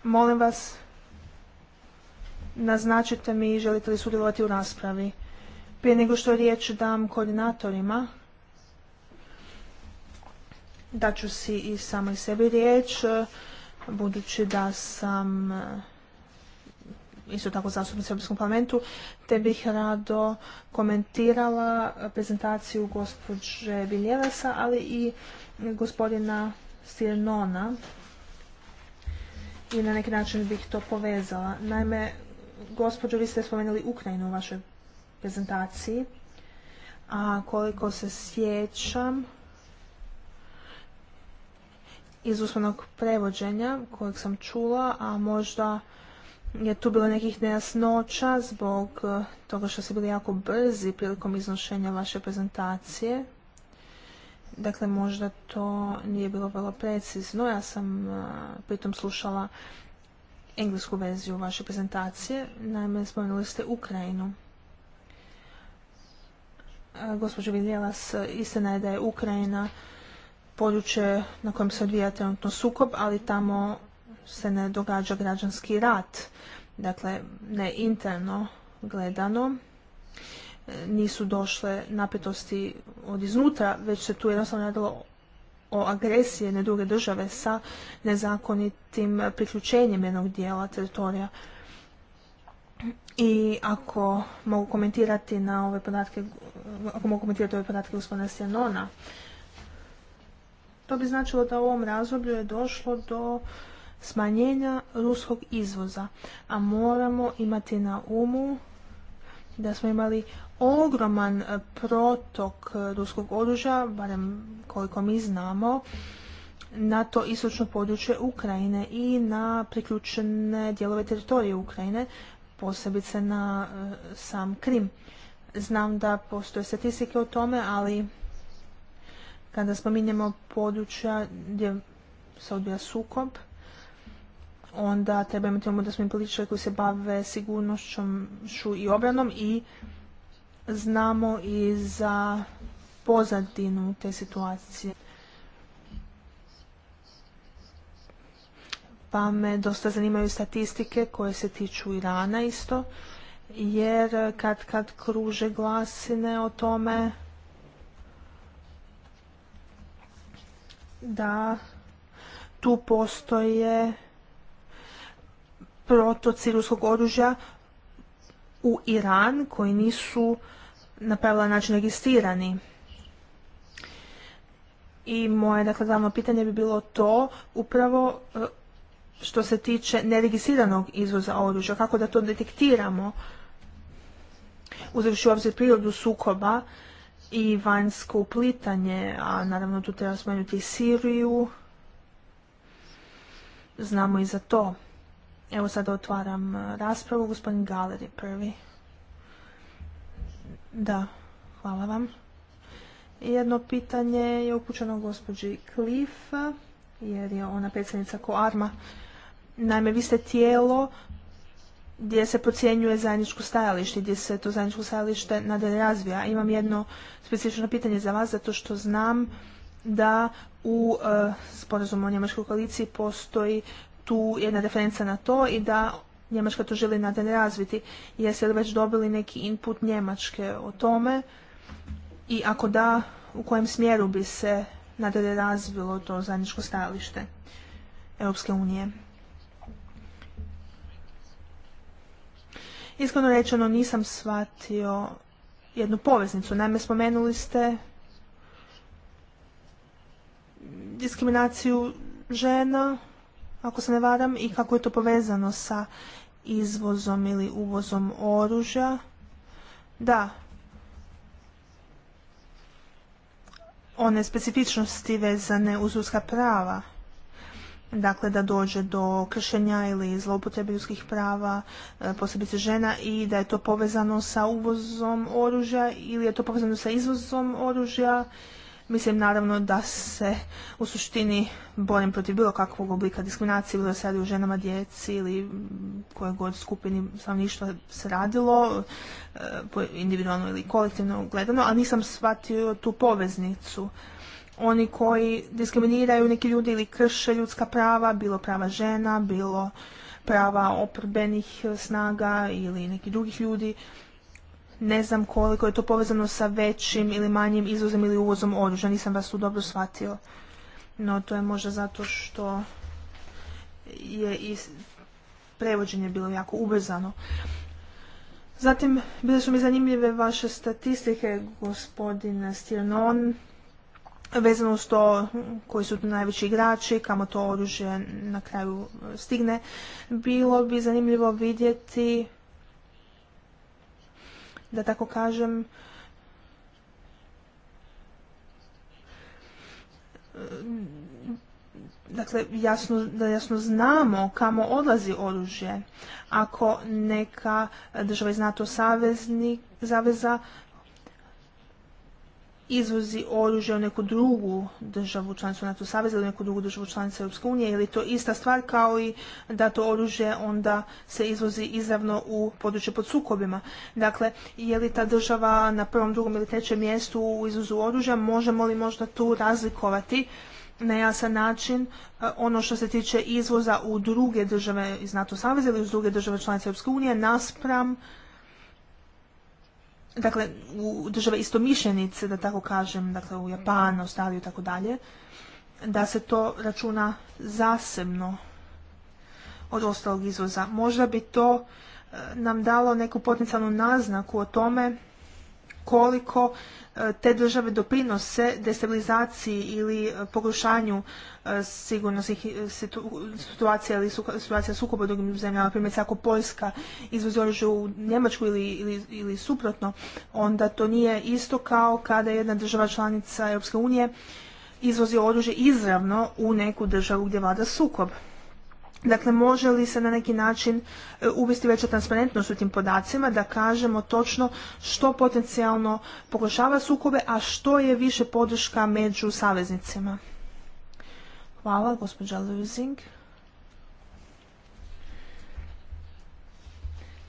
Molim vas, naznačite mi želite li sudjelovati u raspravi. Prije nego što riječ dam koordinatorima, daću si i samo i sebi riječ budući da sam eh, isto tako zastupnica u Europskom parlamentu, te bih rado komentirala prezentaciju gospođe Biljevesa, ali i gospodina Sirnona. I na neki način bih to povezala. Naime, gospođo, vi ste spomenuli Ukrajinu u vašoj prezentaciji. A koliko se sjećam, iz prevođenja kojeg sam čula, a možda je tu bilo nekih nejasnoća zbog eh, toga što ste bili jako brzi prilikom iznošenja vaše prezentacije. Dakle, možda to nije bilo vrlo precizno. Ja sam eh, pritom slušala englesku verziju vaše prezentacije. Naime, spomenuli ste Ukrajinu. Eh, gospođo Vidjelas, istina je da je Ukrajina područje na kojem se odvija trenutno sukob, ali tamo se ne događa građanski rat. Dakle, ne interno gledano, e, nisu došle napetosti od iznutra, već se tu jednostavno radilo o agresiji jedne druge države sa nezakonitim priključenjem jednog dijela teritorija. I ako mogu komentirati na ove podatke, ako mogu komentirati ove podatke gospodina Sjanona, to bi značilo da u ovom razdoblju je došlo do smanjenja ruskog izvoza, a moramo imati na umu da smo imali ogroman e, protok e, ruskog oružja, barem koliko mi znamo, na to istočno područje Ukrajine i na priključene dijelove teritorije Ukrajine, posebice na e, sam Krim. Znam da postoje statistike o tome, ali kada spominjemo područja gdje se odvija sukob, onda treba imati da smo političari koji se bave sigurnošću i obranom i znamo i za pozadinu te situacije. Pa me dosta zanimaju statistike koje se tiču Irana isto, jer kad kad kruže glasine o tome da tu postoje protociruskog oružja u Iran koji nisu na pravilan način registrirani. I moje dakle, glavno pitanje bi bilo to upravo e, što se tiče neregistriranog izvoza oružja, kako da to detektiramo, uzevši u obzir prirodu sukoba i vanjsko uplitanje, a naravno tu treba spomenuti i Siriju. Znamo i za to. Evo sad otvaram e, raspravu. Gospodin Galeri prvi. Da, hvala vam. Jedno pitanje je upućeno gospođi Klif, jer je ona predsjednica Koarma. Naime, vi ste tijelo gdje se procjenjuje zajedničko stajalište, gdje se to zajedničko stajalište nadalje razvija. Imam jedno specifično pitanje za vas, zato što znam da u e, sporazumu o njemačkoj koaliciji postoji tu jedna referenca na to i da Njemačka to želi nadalje razviti. Jeste li već dobili neki input Njemačke o tome i ako da, u kojem smjeru bi se nadalje razvilo to zajedničko stajalište Europske unije? Iskreno rečeno nisam shvatio jednu poveznicu. Naime, spomenuli ste diskriminaciju žena, ako se ne varam, i kako je to povezano sa izvozom ili uvozom oružja. Da, one specifičnosti vezane uz ljudska prava dakle da dođe do kršenja ili zloupotrebe ljudskih prava, e, posebice žena i da je to povezano sa uvozom oružja ili je to povezano sa izvozom oružja. Mislim naravno da se u suštini borim protiv bilo kakvog oblika diskriminacije, bilo da se radi o ženama, djeci ili koje god skupini stanovništva se radilo, e, individualno ili kolektivno gledano, a nisam shvatio tu poveznicu oni koji diskriminiraju neki ljudi ili krše ljudska prava, bilo prava žena, bilo prava oprbenih snaga ili nekih drugih ljudi. Ne znam koliko je to povezano sa većim ili manjim izvozom ili uvozom oružja, nisam vas tu dobro shvatio. No to je možda zato što je i prevođenje bilo jako ubrzano. Zatim, bile su mi zanimljive vaše statistike, gospodin Stjernon vezano uz to koji su tu najveći igrači, kamo to oružje na kraju e, stigne, bilo bi zanimljivo vidjeti, da tako kažem, e, dakle jasno, da jasno znamo kamo odlazi oružje. Ako neka država iz NATO saveznik, zaveza izvozi oružje u neku drugu državu članicu NATO saveza ili neku drugu državu članicu Europske unije, je li to ista stvar kao i da to oružje onda se izvozi izravno u područje pod sukobima. Dakle, je li ta država na prvom, drugom ili trećem mjestu u izvozu oružja, možemo li možda tu razlikovati na jasan način e, ono što se tiče izvoza u druge države iz NATO saveza ili u druge države članice Europske unije naspram dakle, u države istomišljenice, da tako kažem, dakle u Japanu, mhm. Australiju i tako dalje, da se to računa zasebno od ostalog izvoza. Možda bi to eh, nam dalo neku potencijalnu naznaku o tome koliko e, te države doprinose destabilizaciji ili e, pogoršanju e, sigurnosnih situacija ili situacija sukoba u drugim zemljama. Primjer, ako Poljska izvozi oružje u Njemačku ili, suprotno, onda to nije isto kao kada jedna država članica Europske unije izvozi oružje izravno u neku državu gdje vlada sukob. Dakle, može li se na neki način e, uvesti veća transparentnost u tim podacima da kažemo točno što potencijalno pokušava sukobe, a što je više podrška među saveznicima? Hvala, gospođa Luzing.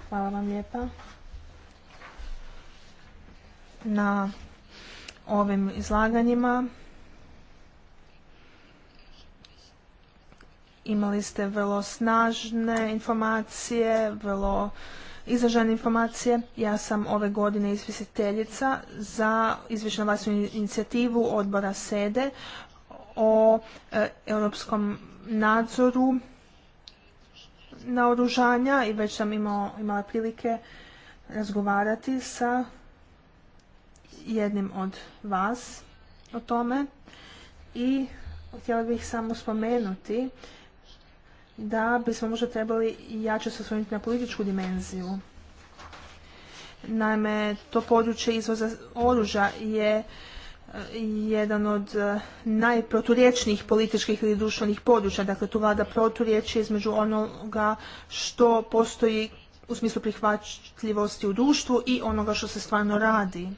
Hvala vam lijepa na ovim izlaganjima. Imali ste vrlo snažne informacije, vrlo izražene informacije. Ja sam ove godine izvjestiteljica za izvješenu vlastnu inicijativu odbora SEDE o e, europskom nadzoru naoružanja i već sam imala prilike razgovarati sa jednim od vas o tome i htjela bih samo spomenuti da bismo možda trebali jače se osvrnuti na političku dimenziju. Naime, to područje izvoza oružja je e, jedan od e, najproturječnijih političkih ili društvenih područja. Dakle, tu vlada proturječje između onoga što postoji u smislu prihvatljivosti u društvu i onoga što se stvarno radi.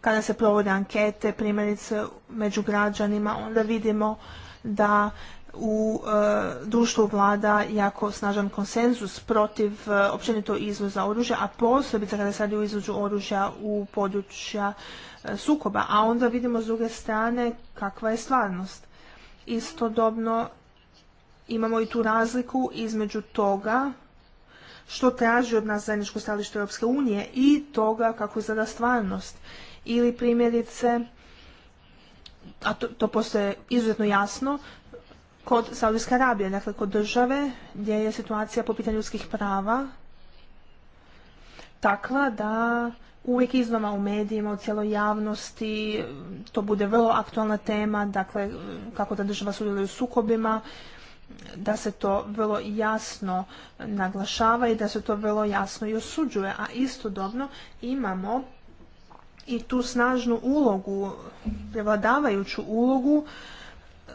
Kada se provode ankete, primjerice među građanima, onda vidimo da u e, društvu vlada jako snažan konsenzus protiv e, općenito izvoza oružja, a posebice kada se radi o izvođu oružja u područja e, sukoba. A onda vidimo s druge strane kakva je stvarnost. Istodobno imamo i tu razliku između toga što traži od nas zajedničko stajalište Europske unije i toga kako izgleda stvarnost ili primjerice, a to, to postoje izuzetno jasno, kod Saudijske Arabije, dakle kod države gdje je situacija po pitanju ljudskih prava takva da uvijek iznova u medijima, u cijeloj javnosti, to bude vrlo aktualna tema, dakle kako da država sudjeluje u sukobima, da se to vrlo jasno naglašava i da se to vrlo jasno i osuđuje, a istodobno imamo i tu snažnu ulogu, prevladavajuću ulogu e,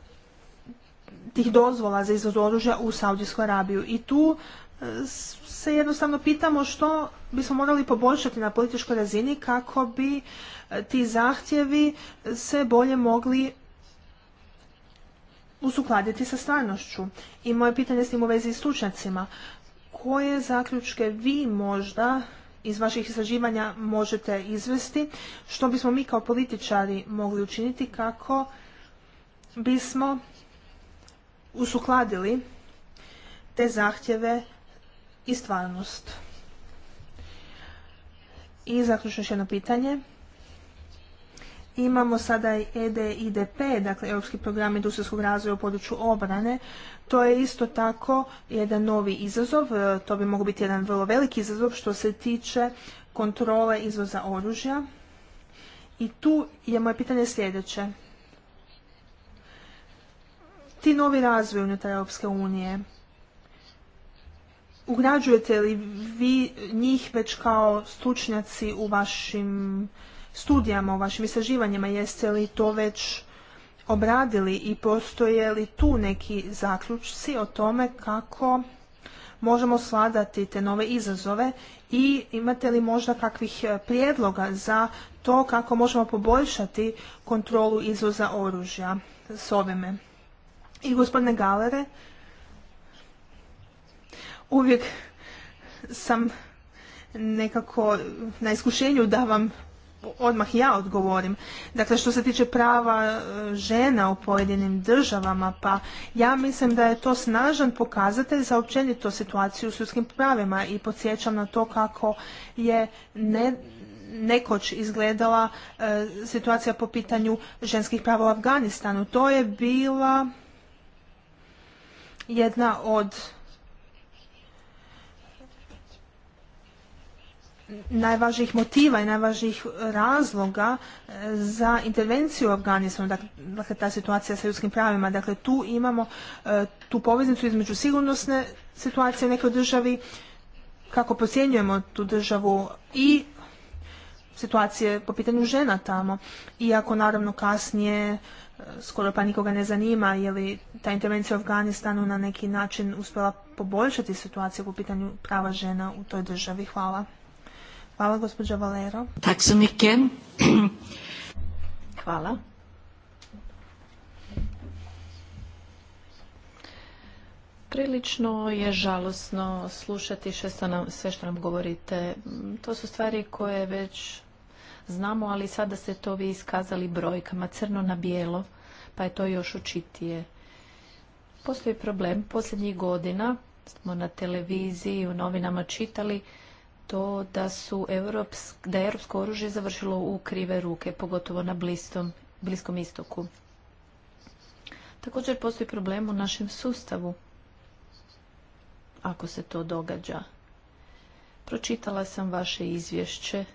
tih dozvola za izvoz oružja u Saudijsku Arabiju. I tu e, se jednostavno pitamo što bismo morali poboljšati na političkoj razini kako bi e, ti zahtjevi se bolje mogli usukladiti sa stvarnošću. I moje pitanje s tim u vezi s stručnjacima. Koje zaključke vi možda iz vaših istraživanja možete izvesti, što bismo mi kao političari mogli učiniti kako bismo usukladili te zahtjeve i stvarnost. I zaključno još jedno pitanje. Imamo sada i EDIDP, dakle Europski program industrijskog razvoja u području obrane. To je isto tako jedan novi izazov, e, to bi mogao biti jedan vrlo veliki izazov što se tiče kontrole izvoza oružja. I tu je moje pitanje sljedeće. Ti novi razvoj unutar Europske unije, ugrađujete li vi njih već kao stručnjaci u vašim studijama, o vašim istraživanjima, jeste li to već obradili i postoje li tu neki zaključci o tome kako možemo sladati te nove izazove i imate li možda kakvih e, prijedloga za to kako možemo poboljšati kontrolu izvoza oružja s ovime. I gospodine Galere, uvijek sam nekako na iskušenju da vam odmah ja odgovorim. Dakle, što se tiče prava e, žena u pojedinim državama, pa ja mislim da je to snažan pokazatelj za općenito situaciju u sudskim pravima i podsjećam na to kako je nekoć izgledala e, situacija po pitanju ženskih prava u Afganistanu. To je bila jedna od najvažnijih motiva i najvažnijih e, razloga e, za intervenciju u Afganistanu, dakle, dakle ta situacija sa ljudskim pravima, dakle tu imamo e, tu poveznicu između sigurnosne situacije u nekoj državi, kako posjenjujemo tu državu i situacije po pitanju žena tamo. Iako naravno kasnije skoro pa nikoga ne zanima je li ta intervencija u Afganistanu na neki način uspjela poboljšati situaciju po pitanju prava žena u toj državi. Hvala. Hvala, gospođa Valero. Tak Hvala. Prilično je žalosno slušati sve što nam govorite. To su stvari koje već znamo, ali sada ste to vi iskazali brojkama, crno na bijelo, pa je to još očitije. Postoji problem. Posljednjih godina smo na televiziji, u novinama čitali to da su Evropsk, da je europsko oružje završilo u krive ruke, pogotovo na blistom, Bliskom istoku. Također postoji problem u našem sustavu, ako se to događa. Pročitala sam vaše izvješće.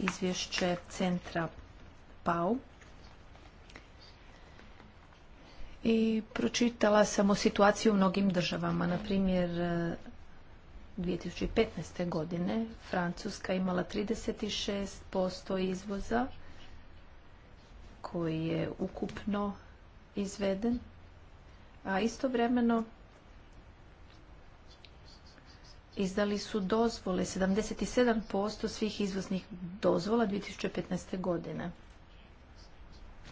Izvješće centra PAU. i pročitala sam o situaciji u mnogim državama. Na primjer, 2015. E, godine Francuska imala 36% izvoza koji je ukupno izveden, a istovremeno izdali su dozvole 77% svih izvoznih dozvola 2015. godine.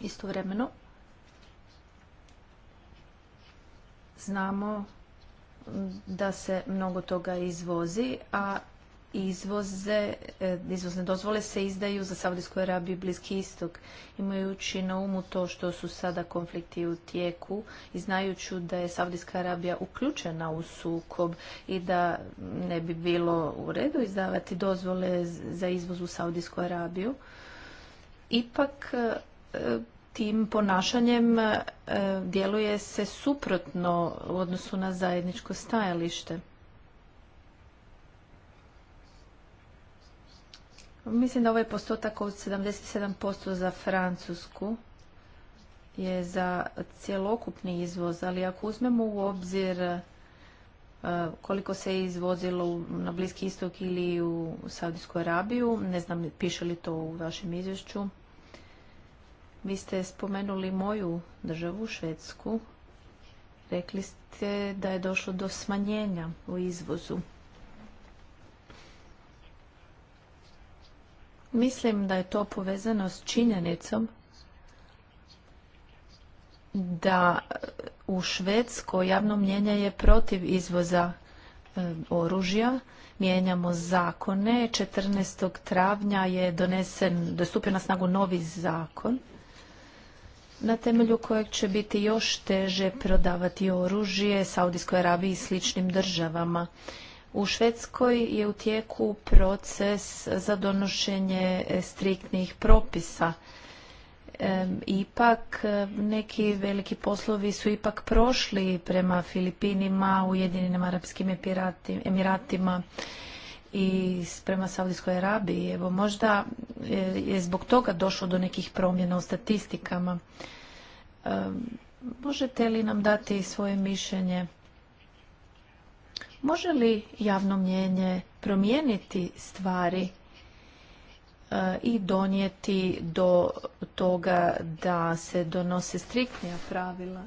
Istovremeno Znamo da se mnogo toga izvozi, a izvoze, e, izvozne dozvole se izdaju za Saudijsku Arabiju i Bliski istok. Imajući na umu to što su sada konflikti u tijeku i znajući da je Saudijska Arabija uključena u sukob i da ne bi bilo u redu izdavati dozvole za izvoz u Saudijsku Arabiju, ipak e, tim ponašanjem e, djeluje se suprotno u odnosu na zajedničko stajalište. Mislim da ovaj postotak od 77% za Francusku je za cjelokupni izvoz, ali ako uzmemo u obzir e, koliko se izvozilo na Bliski istok ili u Saudijsku Arabiju, ne znam piše li to u vašem izvješću, vi ste spomenuli moju državu, Švedsku. Rekli ste da je došlo do smanjenja u izvozu. Mislim da je to povezano s činjenicom da u Švedskoj javno mnjenje je protiv izvoza e, oružja. Mijenjamo zakone. 14. travnja je donesen, dostupio na snagu novi zakon na temelju kojeg će biti još teže prodavati oružje Saudijskoj Arabiji i sličnim državama. U Švedskoj je u tijeku proces za donošenje e, striktnih propisa. ipak e, neki veliki poslovi su ipak prošli prema Filipinima, Ujedinjenim Arabskim Emiratima, i prema Saudijskoj Arabiji. Evo možda je zbog toga došlo do nekih promjena u statistikama. možete li nam dati svoje mišljenje? Može li javno mjenje promijeniti stvari eh, i donijeti do toga da se donose striktnija pravila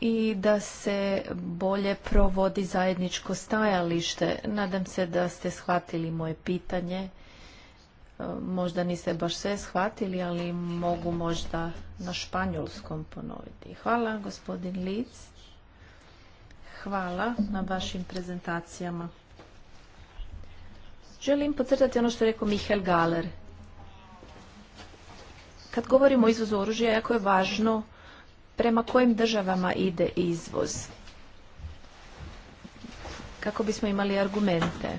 i da se bolje provodi zajedničko stajalište. Nadam se da ste shvatili moje pitanje. E, možda niste baš sve shvatili, ali mogu možda na španjolskom ponoviti. Hvala, gospodin Lic. Hvala na vašim prezentacijama. Želim podcrtati ono što je rekao Mihael Galer. Kad govorimo o izvozu oružja, jako je važno prema kojim državama ide izvoz. Kako bismo imali argumente.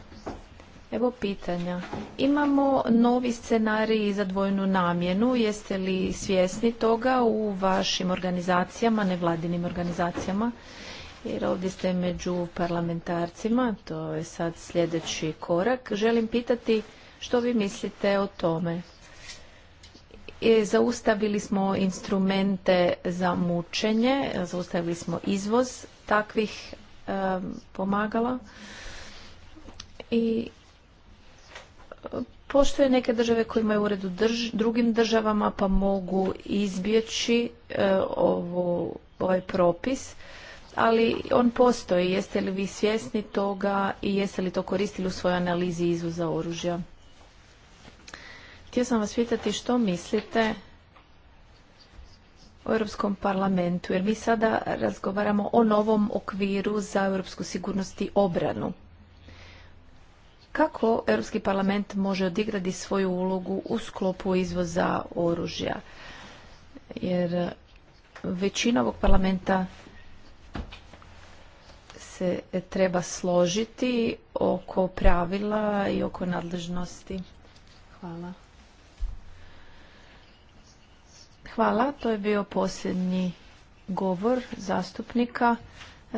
Evo pitanja. Imamo novi scenarij za dvojnu namjenu. Jeste li svjesni toga u vašim organizacijama, nevladinim organizacijama? Jer ovdje ste među parlamentarcima, to je sad sljedeći korak. Želim pitati što vi mislite o tome. E, zaustavili smo instrumente za mučenje, zaustavili smo izvoz takvih e, pomagala i postoje neke države koje imaju ured u drugim državama pa mogu izbjeći e, ovaj propis ali on postoji. Jeste li vi svjesni toga i jeste li to koristili u svojoj analizi izvoza oružja? Htio sam vas pitati što mislite o Europskom parlamentu, jer mi sada razgovaramo o novom okviru za europsku sigurnost i obranu. Kako Europski parlament može odigrati svoju ulogu u sklopu izvoza oružja? Jer većina ovog parlamenta se treba složiti oko pravila i oko nadležnosti. Hvala. Hvala, to je bio posljednji govor zastupnika.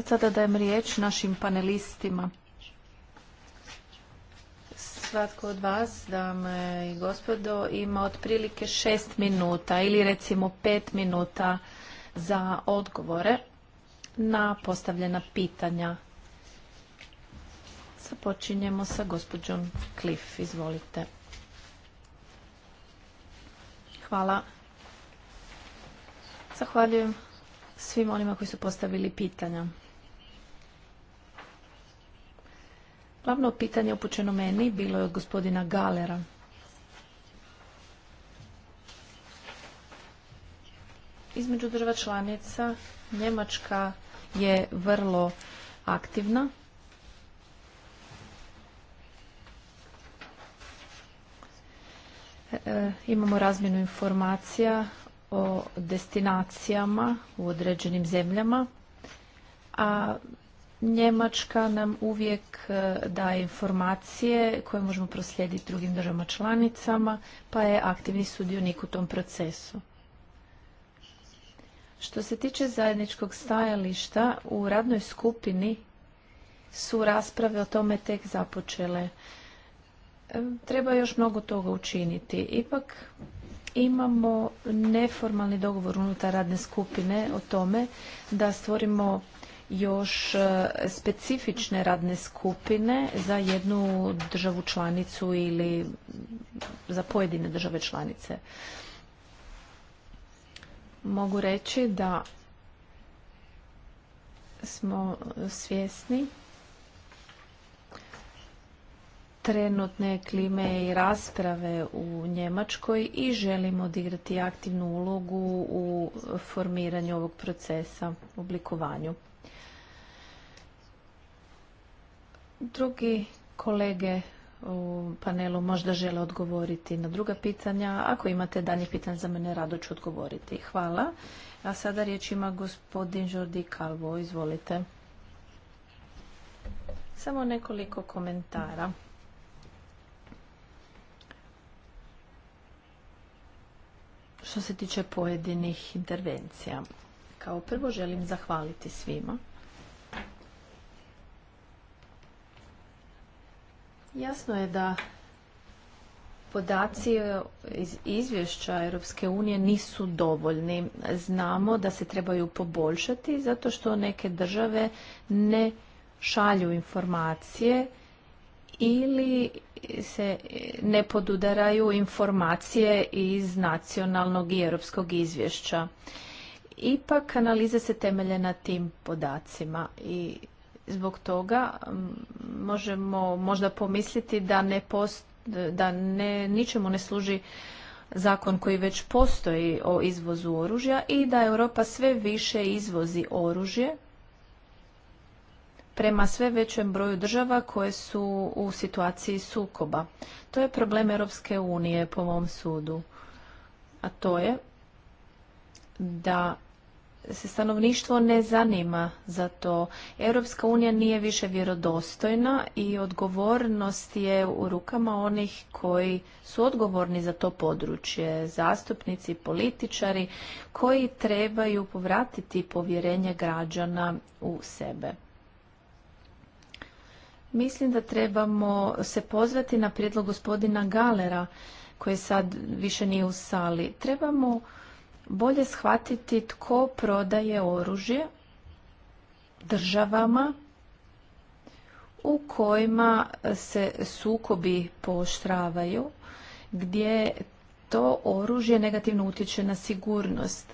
sada dajem riječ našim panelistima. Svatko od vas, dame i gospodo, ima otprilike šest minuta ili recimo pet minuta za odgovore na postavljena pitanja. Započinjemo sa gospođom Klif, Izvolite. Hvala. Zahvaljujem svim onima koji su postavili pitanja. Glavno pitanje upućeno meni bilo je od gospodina Galera. Između država članica Njemačka je vrlo aktivna. E, e, imamo razmjenu informacija o destinacijama u određenim zemljama, a Njemačka nam uvijek e, daje informacije koje možemo proslijediti drugim državama članicama, pa je aktivni sudionik u tom procesu. Što se tiče zajedničkog stajališta, u radnoj skupini su rasprave o tome tek započele. E, treba još mnogo toga učiniti. Ipak imamo neformalni dogovor unutar radne skupine o tome da stvorimo još e, specifične radne skupine za jednu državu članicu ili za pojedine države članice. Mogu reći da smo svjesni trenutne klime i rasprave u Njemačkoj i želimo odigrati aktivnu ulogu u formiranju ovog procesa, oblikovanju. Drugi kolege u panelu možda žele odgovoriti na druga pitanja. Ako imate dalje pitanja za mene, rado ću odgovoriti. Hvala. A sada riječ ima gospodin Jordi Calvo. Izvolite. Samo nekoliko komentara. što se tiče pojedinih intervencija. Kao prvo želim zahvaliti svima. Jasno je da podaci iz izvješća Europske unije nisu dovoljni. Znamo da se trebaju poboljšati zato što neke države ne šalju informacije ili se ne podudaraju informacije iz nacionalnog i europskog izvješća. Ipak analize se temelje na tim podacima i zbog toga možemo možda pomisliti da ne da ne, ničemu ne služi zakon koji već postoji o izvozu oružja i da Europa sve više izvozi oružje prema sve većem broju država koje su u situaciji sukoba. To je problem Europske unije po mom sudu. A to je da se stanovništvo ne zanima za to. Europska unija nije više vjerodostojna i odgovornost je u rukama onih koji su odgovorni za to područje, zastupnici, političari, koji trebaju povratiti povjerenje građana u sebe. Mislim da trebamo se pozvati na prijedlog gospodina Galera, koji sad više nije u sali. Trebamo bolje shvatiti tko prodaje oružje državama u kojima se sukobi poštravaju, gdje to oružje negativno utječe na sigurnost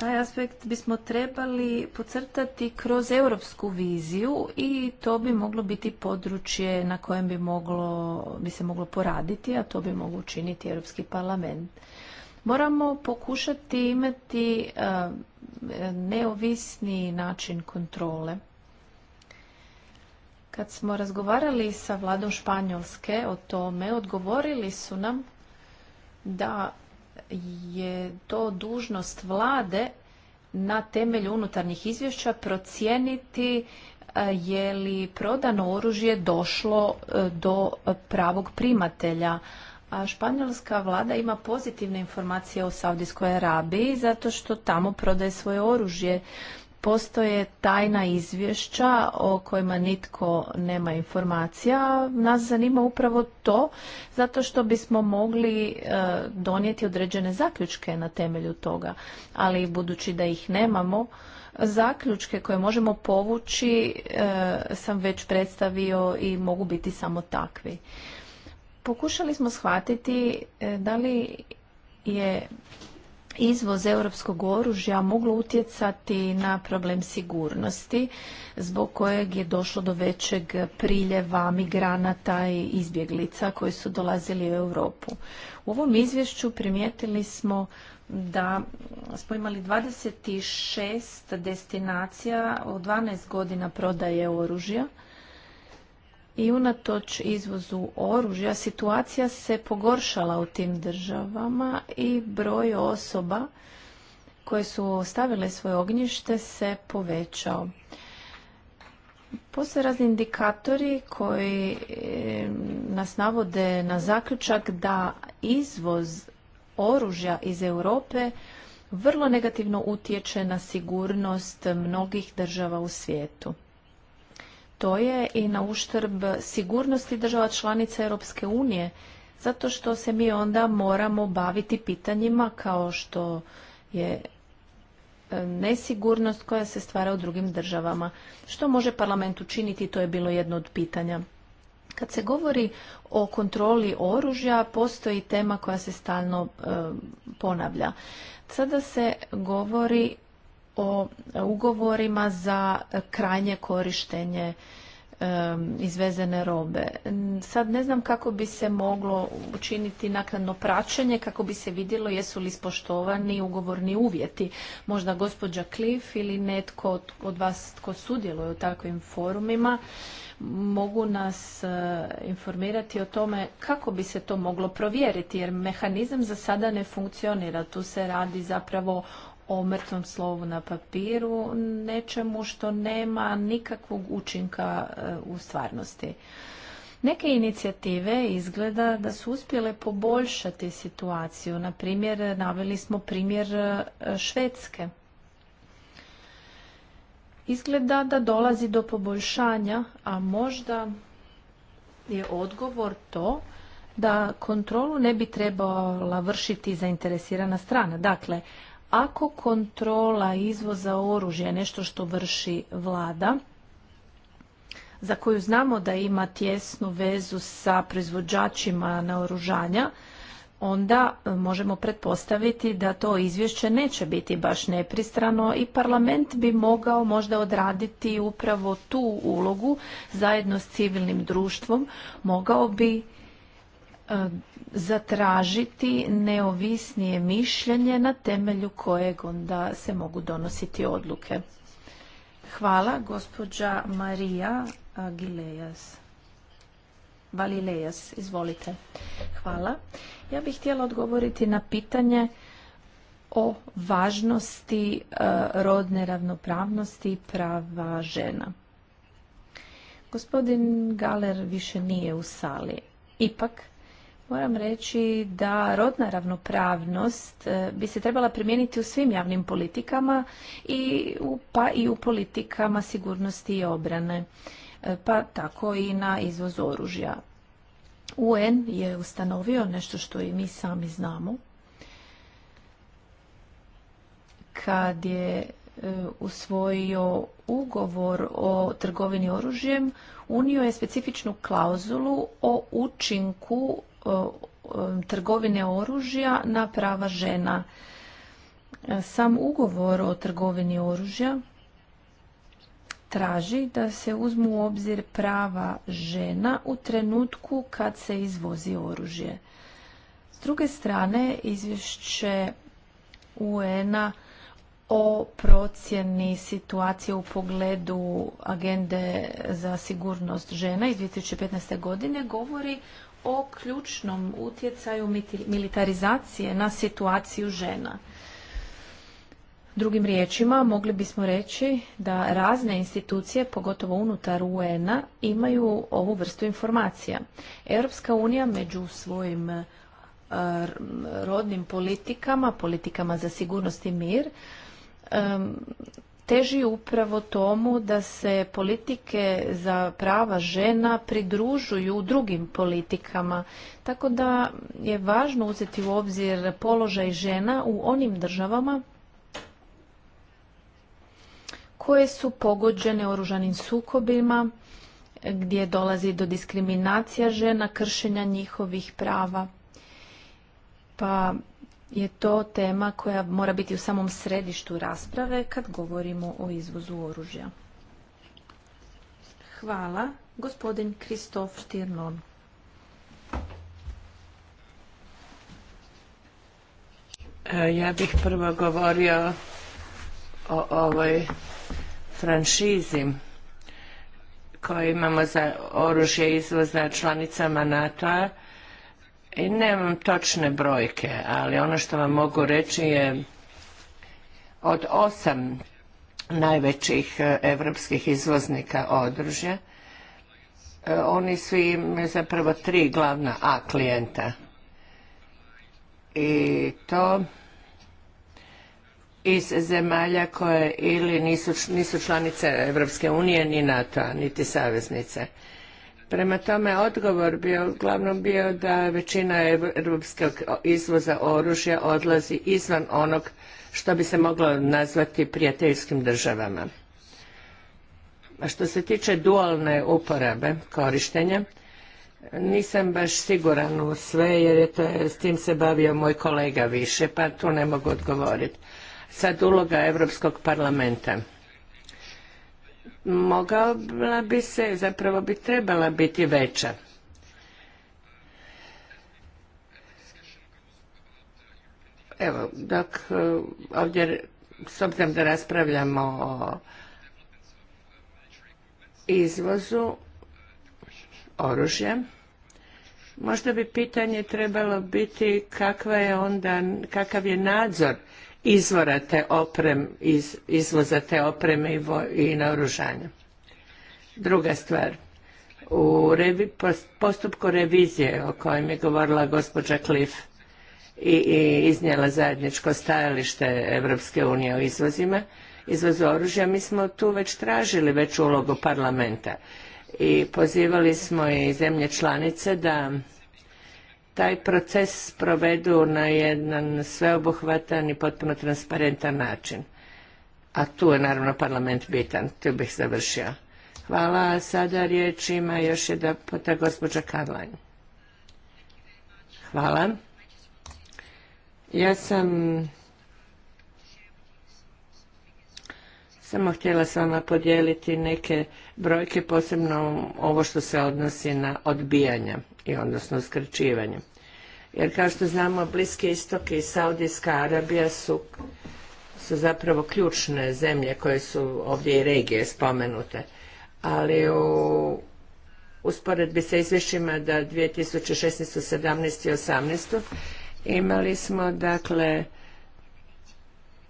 taj aspekt bismo trebali pocrtati kroz europsku viziju i to bi moglo biti područje na kojem bi, moglo, bi se moglo poraditi, a to bi mogu učiniti Europski parlament. Moramo pokušati imati e, neovisni način kontrole. Kad smo razgovarali sa vladom Španjolske o tome, odgovorili su nam da je to dužnost vlade na temelju unutarnjih izvješća procijeniti e, je li prodano oružje došlo e, do pravog primatelja. A španjolska vlada ima pozitivne informacije o Saudijskoj Arabiji zato što tamo prodaje svoje oružje postoje tajna izvješća o kojima nitko nema informacija. Nas zanima upravo to zato što bismo mogli e, donijeti određene zaključke na temelju toga, ali budući da ih nemamo, zaključke koje možemo povući e, sam već predstavio i mogu biti samo takvi. Pokušali smo shvatiti e, da li je izvoz europskog oružja moglo utjecati na problem sigurnosti zbog kojeg je došlo do većeg priljeva migranata i izbjeglica koji su dolazili u Europu. U ovom izvješću primijetili smo da smo imali 26 destinacija u 12 godina prodaje oružja i unatoč izvozu oružja situacija se pogoršala u tim državama i broj osoba koje su ostavile svoje ognjište se povećao. Postoje razni indikatori koji nas navode na zaključak da izvoz oružja iz Europe vrlo negativno utječe na sigurnost mnogih država u svijetu to je i na uštrb sigurnosti država članica Europske unije, zato što se mi onda moramo baviti pitanjima kao što je e, nesigurnost koja se stvara u drugim državama. Što može parlament učiniti, to je bilo jedno od pitanja. Kad se govori o kontroli oružja, postoji tema koja se stalno e, ponavlja. Sada se govori o ugovorima za krajnje korištenje izvezene robe. Sad ne znam kako bi se moglo učiniti naknadno praćenje, kako bi se vidjelo jesu li ispoštovani ugovorni uvjeti. Možda gospođa Klif ili netko od vas tko sudjeluje u takvim forumima mogu nas e, informirati o tome kako bi se to moglo provjeriti jer mehanizam za sada ne funkcionira. Tu se radi zapravo o mrtvom slovu na papiru, nečemu što nema nikakvog učinka e, u stvarnosti. Neke inicijative izgleda da su uspjele poboljšati situaciju. Na primjer, naveli smo primjer e, Švedske. Izgleda da dolazi do poboljšanja, a možda je odgovor to da kontrolu ne bi trebala vršiti zainteresirana strana. Dakle, ako kontrola izvoza oružja je nešto što vrši vlada, za koju znamo da ima tjesnu vezu sa proizvođačima naoružanja, onda e, možemo pretpostaviti da to izvješće neće biti baš nepristrano i parlament bi mogao možda odraditi upravo tu ulogu zajedno s civilnim društvom, mogao bi e, zatražiti neovisnije mišljenje na temelju kojeg onda se mogu donositi odluke. Hvala, gospođa Marija Agilejas. Valilejas, izvolite. Hvala. Ja bih htjela odgovoriti na pitanje o važnosti e, rodne ravnopravnosti i prava žena. Gospodin Galer više nije u sali. Ipak, moram reći da rodna ravnopravnost e, bi se trebala primijeniti u svim javnim politikama, i u, pa i u politikama sigurnosti i obrane, e, pa tako i na izvoz oružja. UN je ustanovio nešto što i mi sami znamo. Kad je e, usvojio ugovor o trgovini oružjem, unio je specifičnu klauzulu o učinku e, e, trgovine oružja na prava žena. Sam ugovor o trgovini oružja traži da se uzmu u obzir prava žena u trenutku kad se izvozi oružje. S druge strane, izvješće UN-a o procjeni situacije u pogledu agende za sigurnost žena iz 2015. godine govori o ključnom utjecaju militarizacije na situaciju žena. Drugim riječima mogli bismo reći da razne institucije, pogotovo unutar UN-a, imaju ovu vrstu informacija. Europska unija među svojim eh, rodnim politikama, politikama za sigurnost i mir, teži upravo tomu da se politike za prava žena pridružuju drugim politikama. Tako da je važno uzeti u obzir položaj žena u onim državama koje su pogođene oružanim sukobima, gdje dolazi do diskriminacija žena, kršenja njihovih prava. Pa je to tema koja mora biti u samom središtu rasprave kad govorimo o izvozu oružja. Hvala. Gospodin Kristof Štirnon. E, ja bih prvo govorio o ovoj franšizi koje imamo za oružje izvozna članicama NATO-a i nemam točne brojke, ali ono što vam mogu reći je od osam najvećih e, evropskih izvoznika oružja, e, oni su im zapravo tri glavna A klijenta. I to iz zemalja koje ili nisu, nisu članice Europske unije, ni NATO-a, niti saveznice. Prema tome, odgovor bi uglavnom bio da većina europskog izvoza oružja odlazi izvan onog što bi se moglo nazvati prijateljskim državama. A što se tiče dualne uporabe korištenja, nisam baš siguran u sve jer je to, s tim se bavio moj kolega više, pa tu ne mogu odgovoriti sad uloga Europskog parlamenta? Mogala bi se, zapravo bi trebala biti veća. Evo, dok eh, ovdje, s obzirom da raspravljamo o izvozu oružja, možda bi pitanje trebalo biti kakva je onda, kakav je nadzor izvora te opreme, izvoza te opreme i, naoružanja. Druga stvar, u postupku revizije o kojem je govorila gospođa Cliff i, iznijela zajedničko stajalište Evropske unije o izvozima, izvozu oružja, mi smo tu već tražili već ulogu parlamenta i pozivali smo i zemlje članice da taj proces provedu na jedan sveobuhvatan i potpuno transparentan način. A tu je naravno parlament bitan, tu bih završio. Hvala, sada riječ ima još jedna puta gospođa Karlajn. Hvala. Ja sam samo htjela s vama podijeliti neke brojke, posebno ovo što se odnosi na odbijanja i odnosno skrčivanje. Jer kao što znamo, Bliski istok i Saudijska Arabija su, su zapravo ključne zemlje koje su ovdje i regije spomenute. Ali u usporedbi sa izvješćima da 2016. 17. i 18. imali smo dakle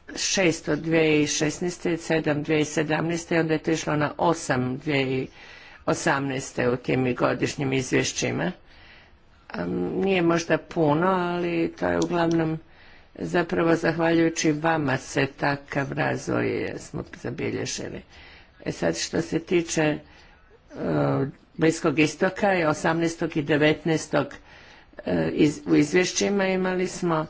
6 od 2016. 7 2017. i onda je to išlo na 8 2018. u tim godišnjim izvješćima nije možda puno, ali to je uglavnom zapravo zahvaljujući vama se takav razvoj smo zabilježili. E sad što se tiče e, Bliskog istoka je 18. i 19. E, u izvješćima imali smo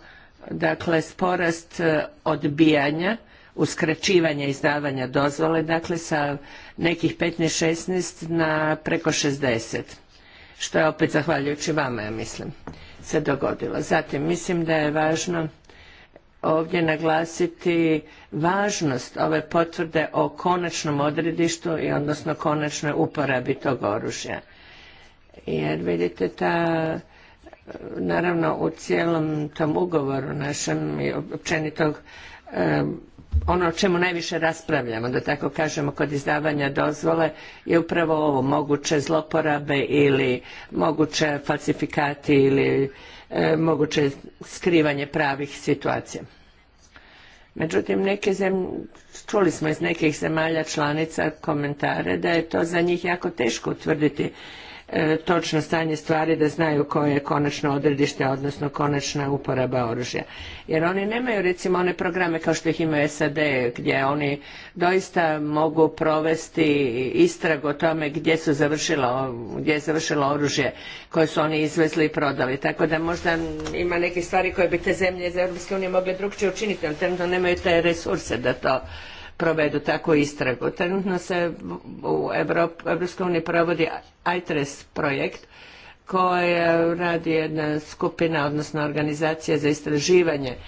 dakle sporast e, odbijanja, uskraćivanja izdavanja dozvole, dakle sa nekih 15-16 na preko 60 što je opet zahvaljujući vama, ja mislim, se dogodilo. Zatim, mislim da je važno ovdje naglasiti važnost ove potvrde o konačnom odredištu i odnosno konačnoj uporabi tog oružja. Jer vidite ta naravno u cijelom tom ugovoru našem i općenitog ono o čemu najviše raspravljamo, da tako kažemo, kod izdavanja dozvole je upravo ovo moguće zloporabe ili moguće falsifikati ili e, moguće skrivanje pravih situacija. Međutim, neke zemlje, čuli smo iz nekih zemalja članica komentare da je to za njih jako teško utvrditi E, točno stanje stvari da znaju koje je konačno odredište, odnosno konačna uporaba oružja. Jer oni nemaju recimo one programe kao što ih imaju SAD gdje oni doista mogu provesti istragu o tome gdje su završilo, gdje je završilo oružje koje su oni izvezli i prodali. Tako da možda ima neke stvari koje bi te zemlje iz Europske mogle drukčije učiniti, ali trenutno nemaju te resurse da to provedu takvu istragu. Trenutno se u Europskoj uniji provodi ITRES projekt koje radi jedna skupina, odnosno organizacija za istraživanje e,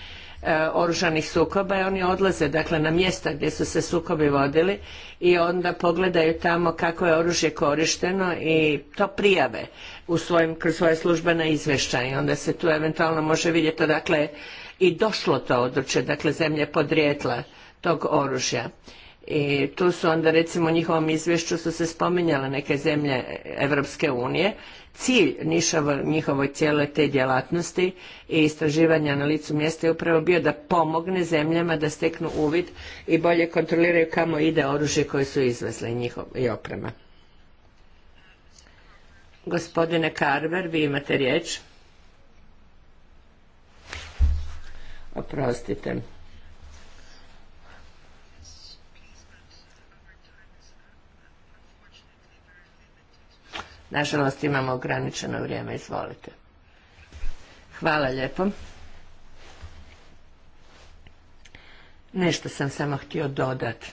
oružanih sukoba i oni odlaze dakle na mjesta gdje su se sukobi vodili i onda pogledaju tamo kako je oružje korišteno i to prijave u svojim, kroz svoje službene izvješća i onda se tu eventualno može vidjeti odakle i došlo to odručje, dakle zemlje podrijetla tog oružja. I tu su onda recimo u njihovom izvješću su se spominjale neke zemlje Evropske unije. Cilj nišava njihovoj cijeloj te djelatnosti i istraživanja na licu mjesta je upravo bio da pomogne zemljama da steknu uvid i bolje kontroliraju kamo ide oružje koje su izvezle njihov, i oprema. Gospodine Carver, vi imate riječ. Oprostite. Nažalost, imamo ograničeno vrijeme, izvolite. Hvala lijepo. Nešto sam samo htio dodati,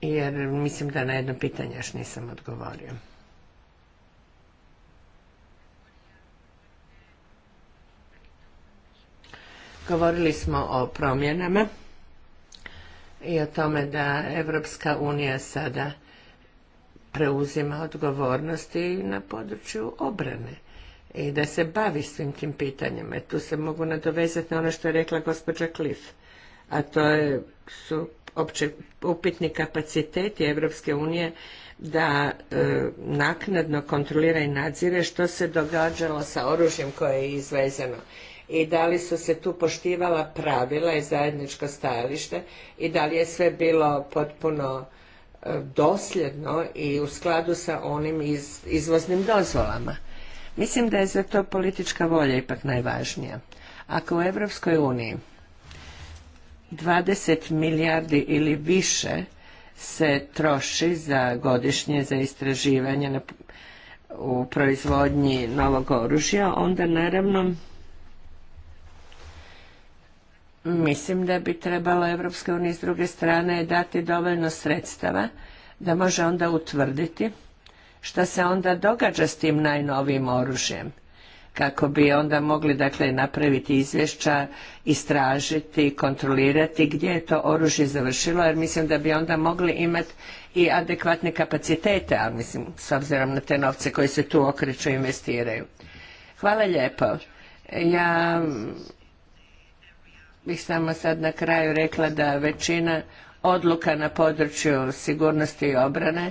jer mislim da na jedno pitanje još nisam odgovorio. Govorili smo o promjenama i o tome da Evropska unija sada preuzima odgovornosti na području obrane i da se bavi svim tim pitanjima. Tu se mogu nadovezati na ono što je rekla gospođa Cliff, a to je, su opće upitni kapaciteti Evropske unije da e, naknadno kontrolira i nadzire što se događalo sa oružjem koje je izvezeno i da li su se tu poštivala pravila i zajedničko stajalište i da li je sve bilo potpuno dosljedno i u skladu sa onim izvoznim dozvolama. Mislim da je za to politička volja ipak najvažnija. Ako u Europskoj uniji 20 milijardi ili više se troši za godišnje za istraživanje u proizvodnji novog oružja, onda naravno mislim da bi trebalo Evropska unija s druge strane dati dovoljno sredstava da može onda utvrditi šta se onda događa s tim najnovijim oružjem kako bi onda mogli dakle napraviti izvješća, istražiti, kontrolirati gdje je to oružje završilo jer mislim da bi onda mogli imati i adekvatne kapacitete, ali mislim s obzirom na te novce koji se tu okreću i investiraju. Hvala lijepo. Ja bih samo sad na kraju rekla da većina odluka na području sigurnosti i obrane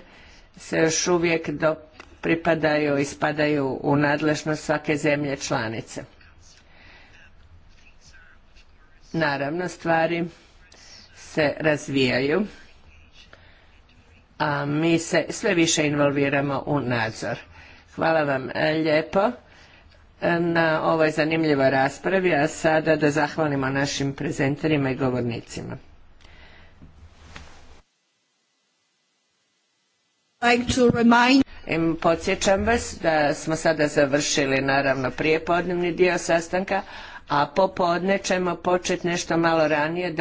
se još uvijek pripadaju i spadaju u nadležnost svake zemlje članice. Naravno, stvari se razvijaju, a mi se sve više involviramo u nadzor. Hvala vam e, lijepo na ovoj zanimljivoj raspravi, a sada da zahvalimo našim prezenterima i govornicima. podsjećam vas da smo sada završili naravno prije podnevni dio sastanka, a popodne ćemo početi nešto malo ranije,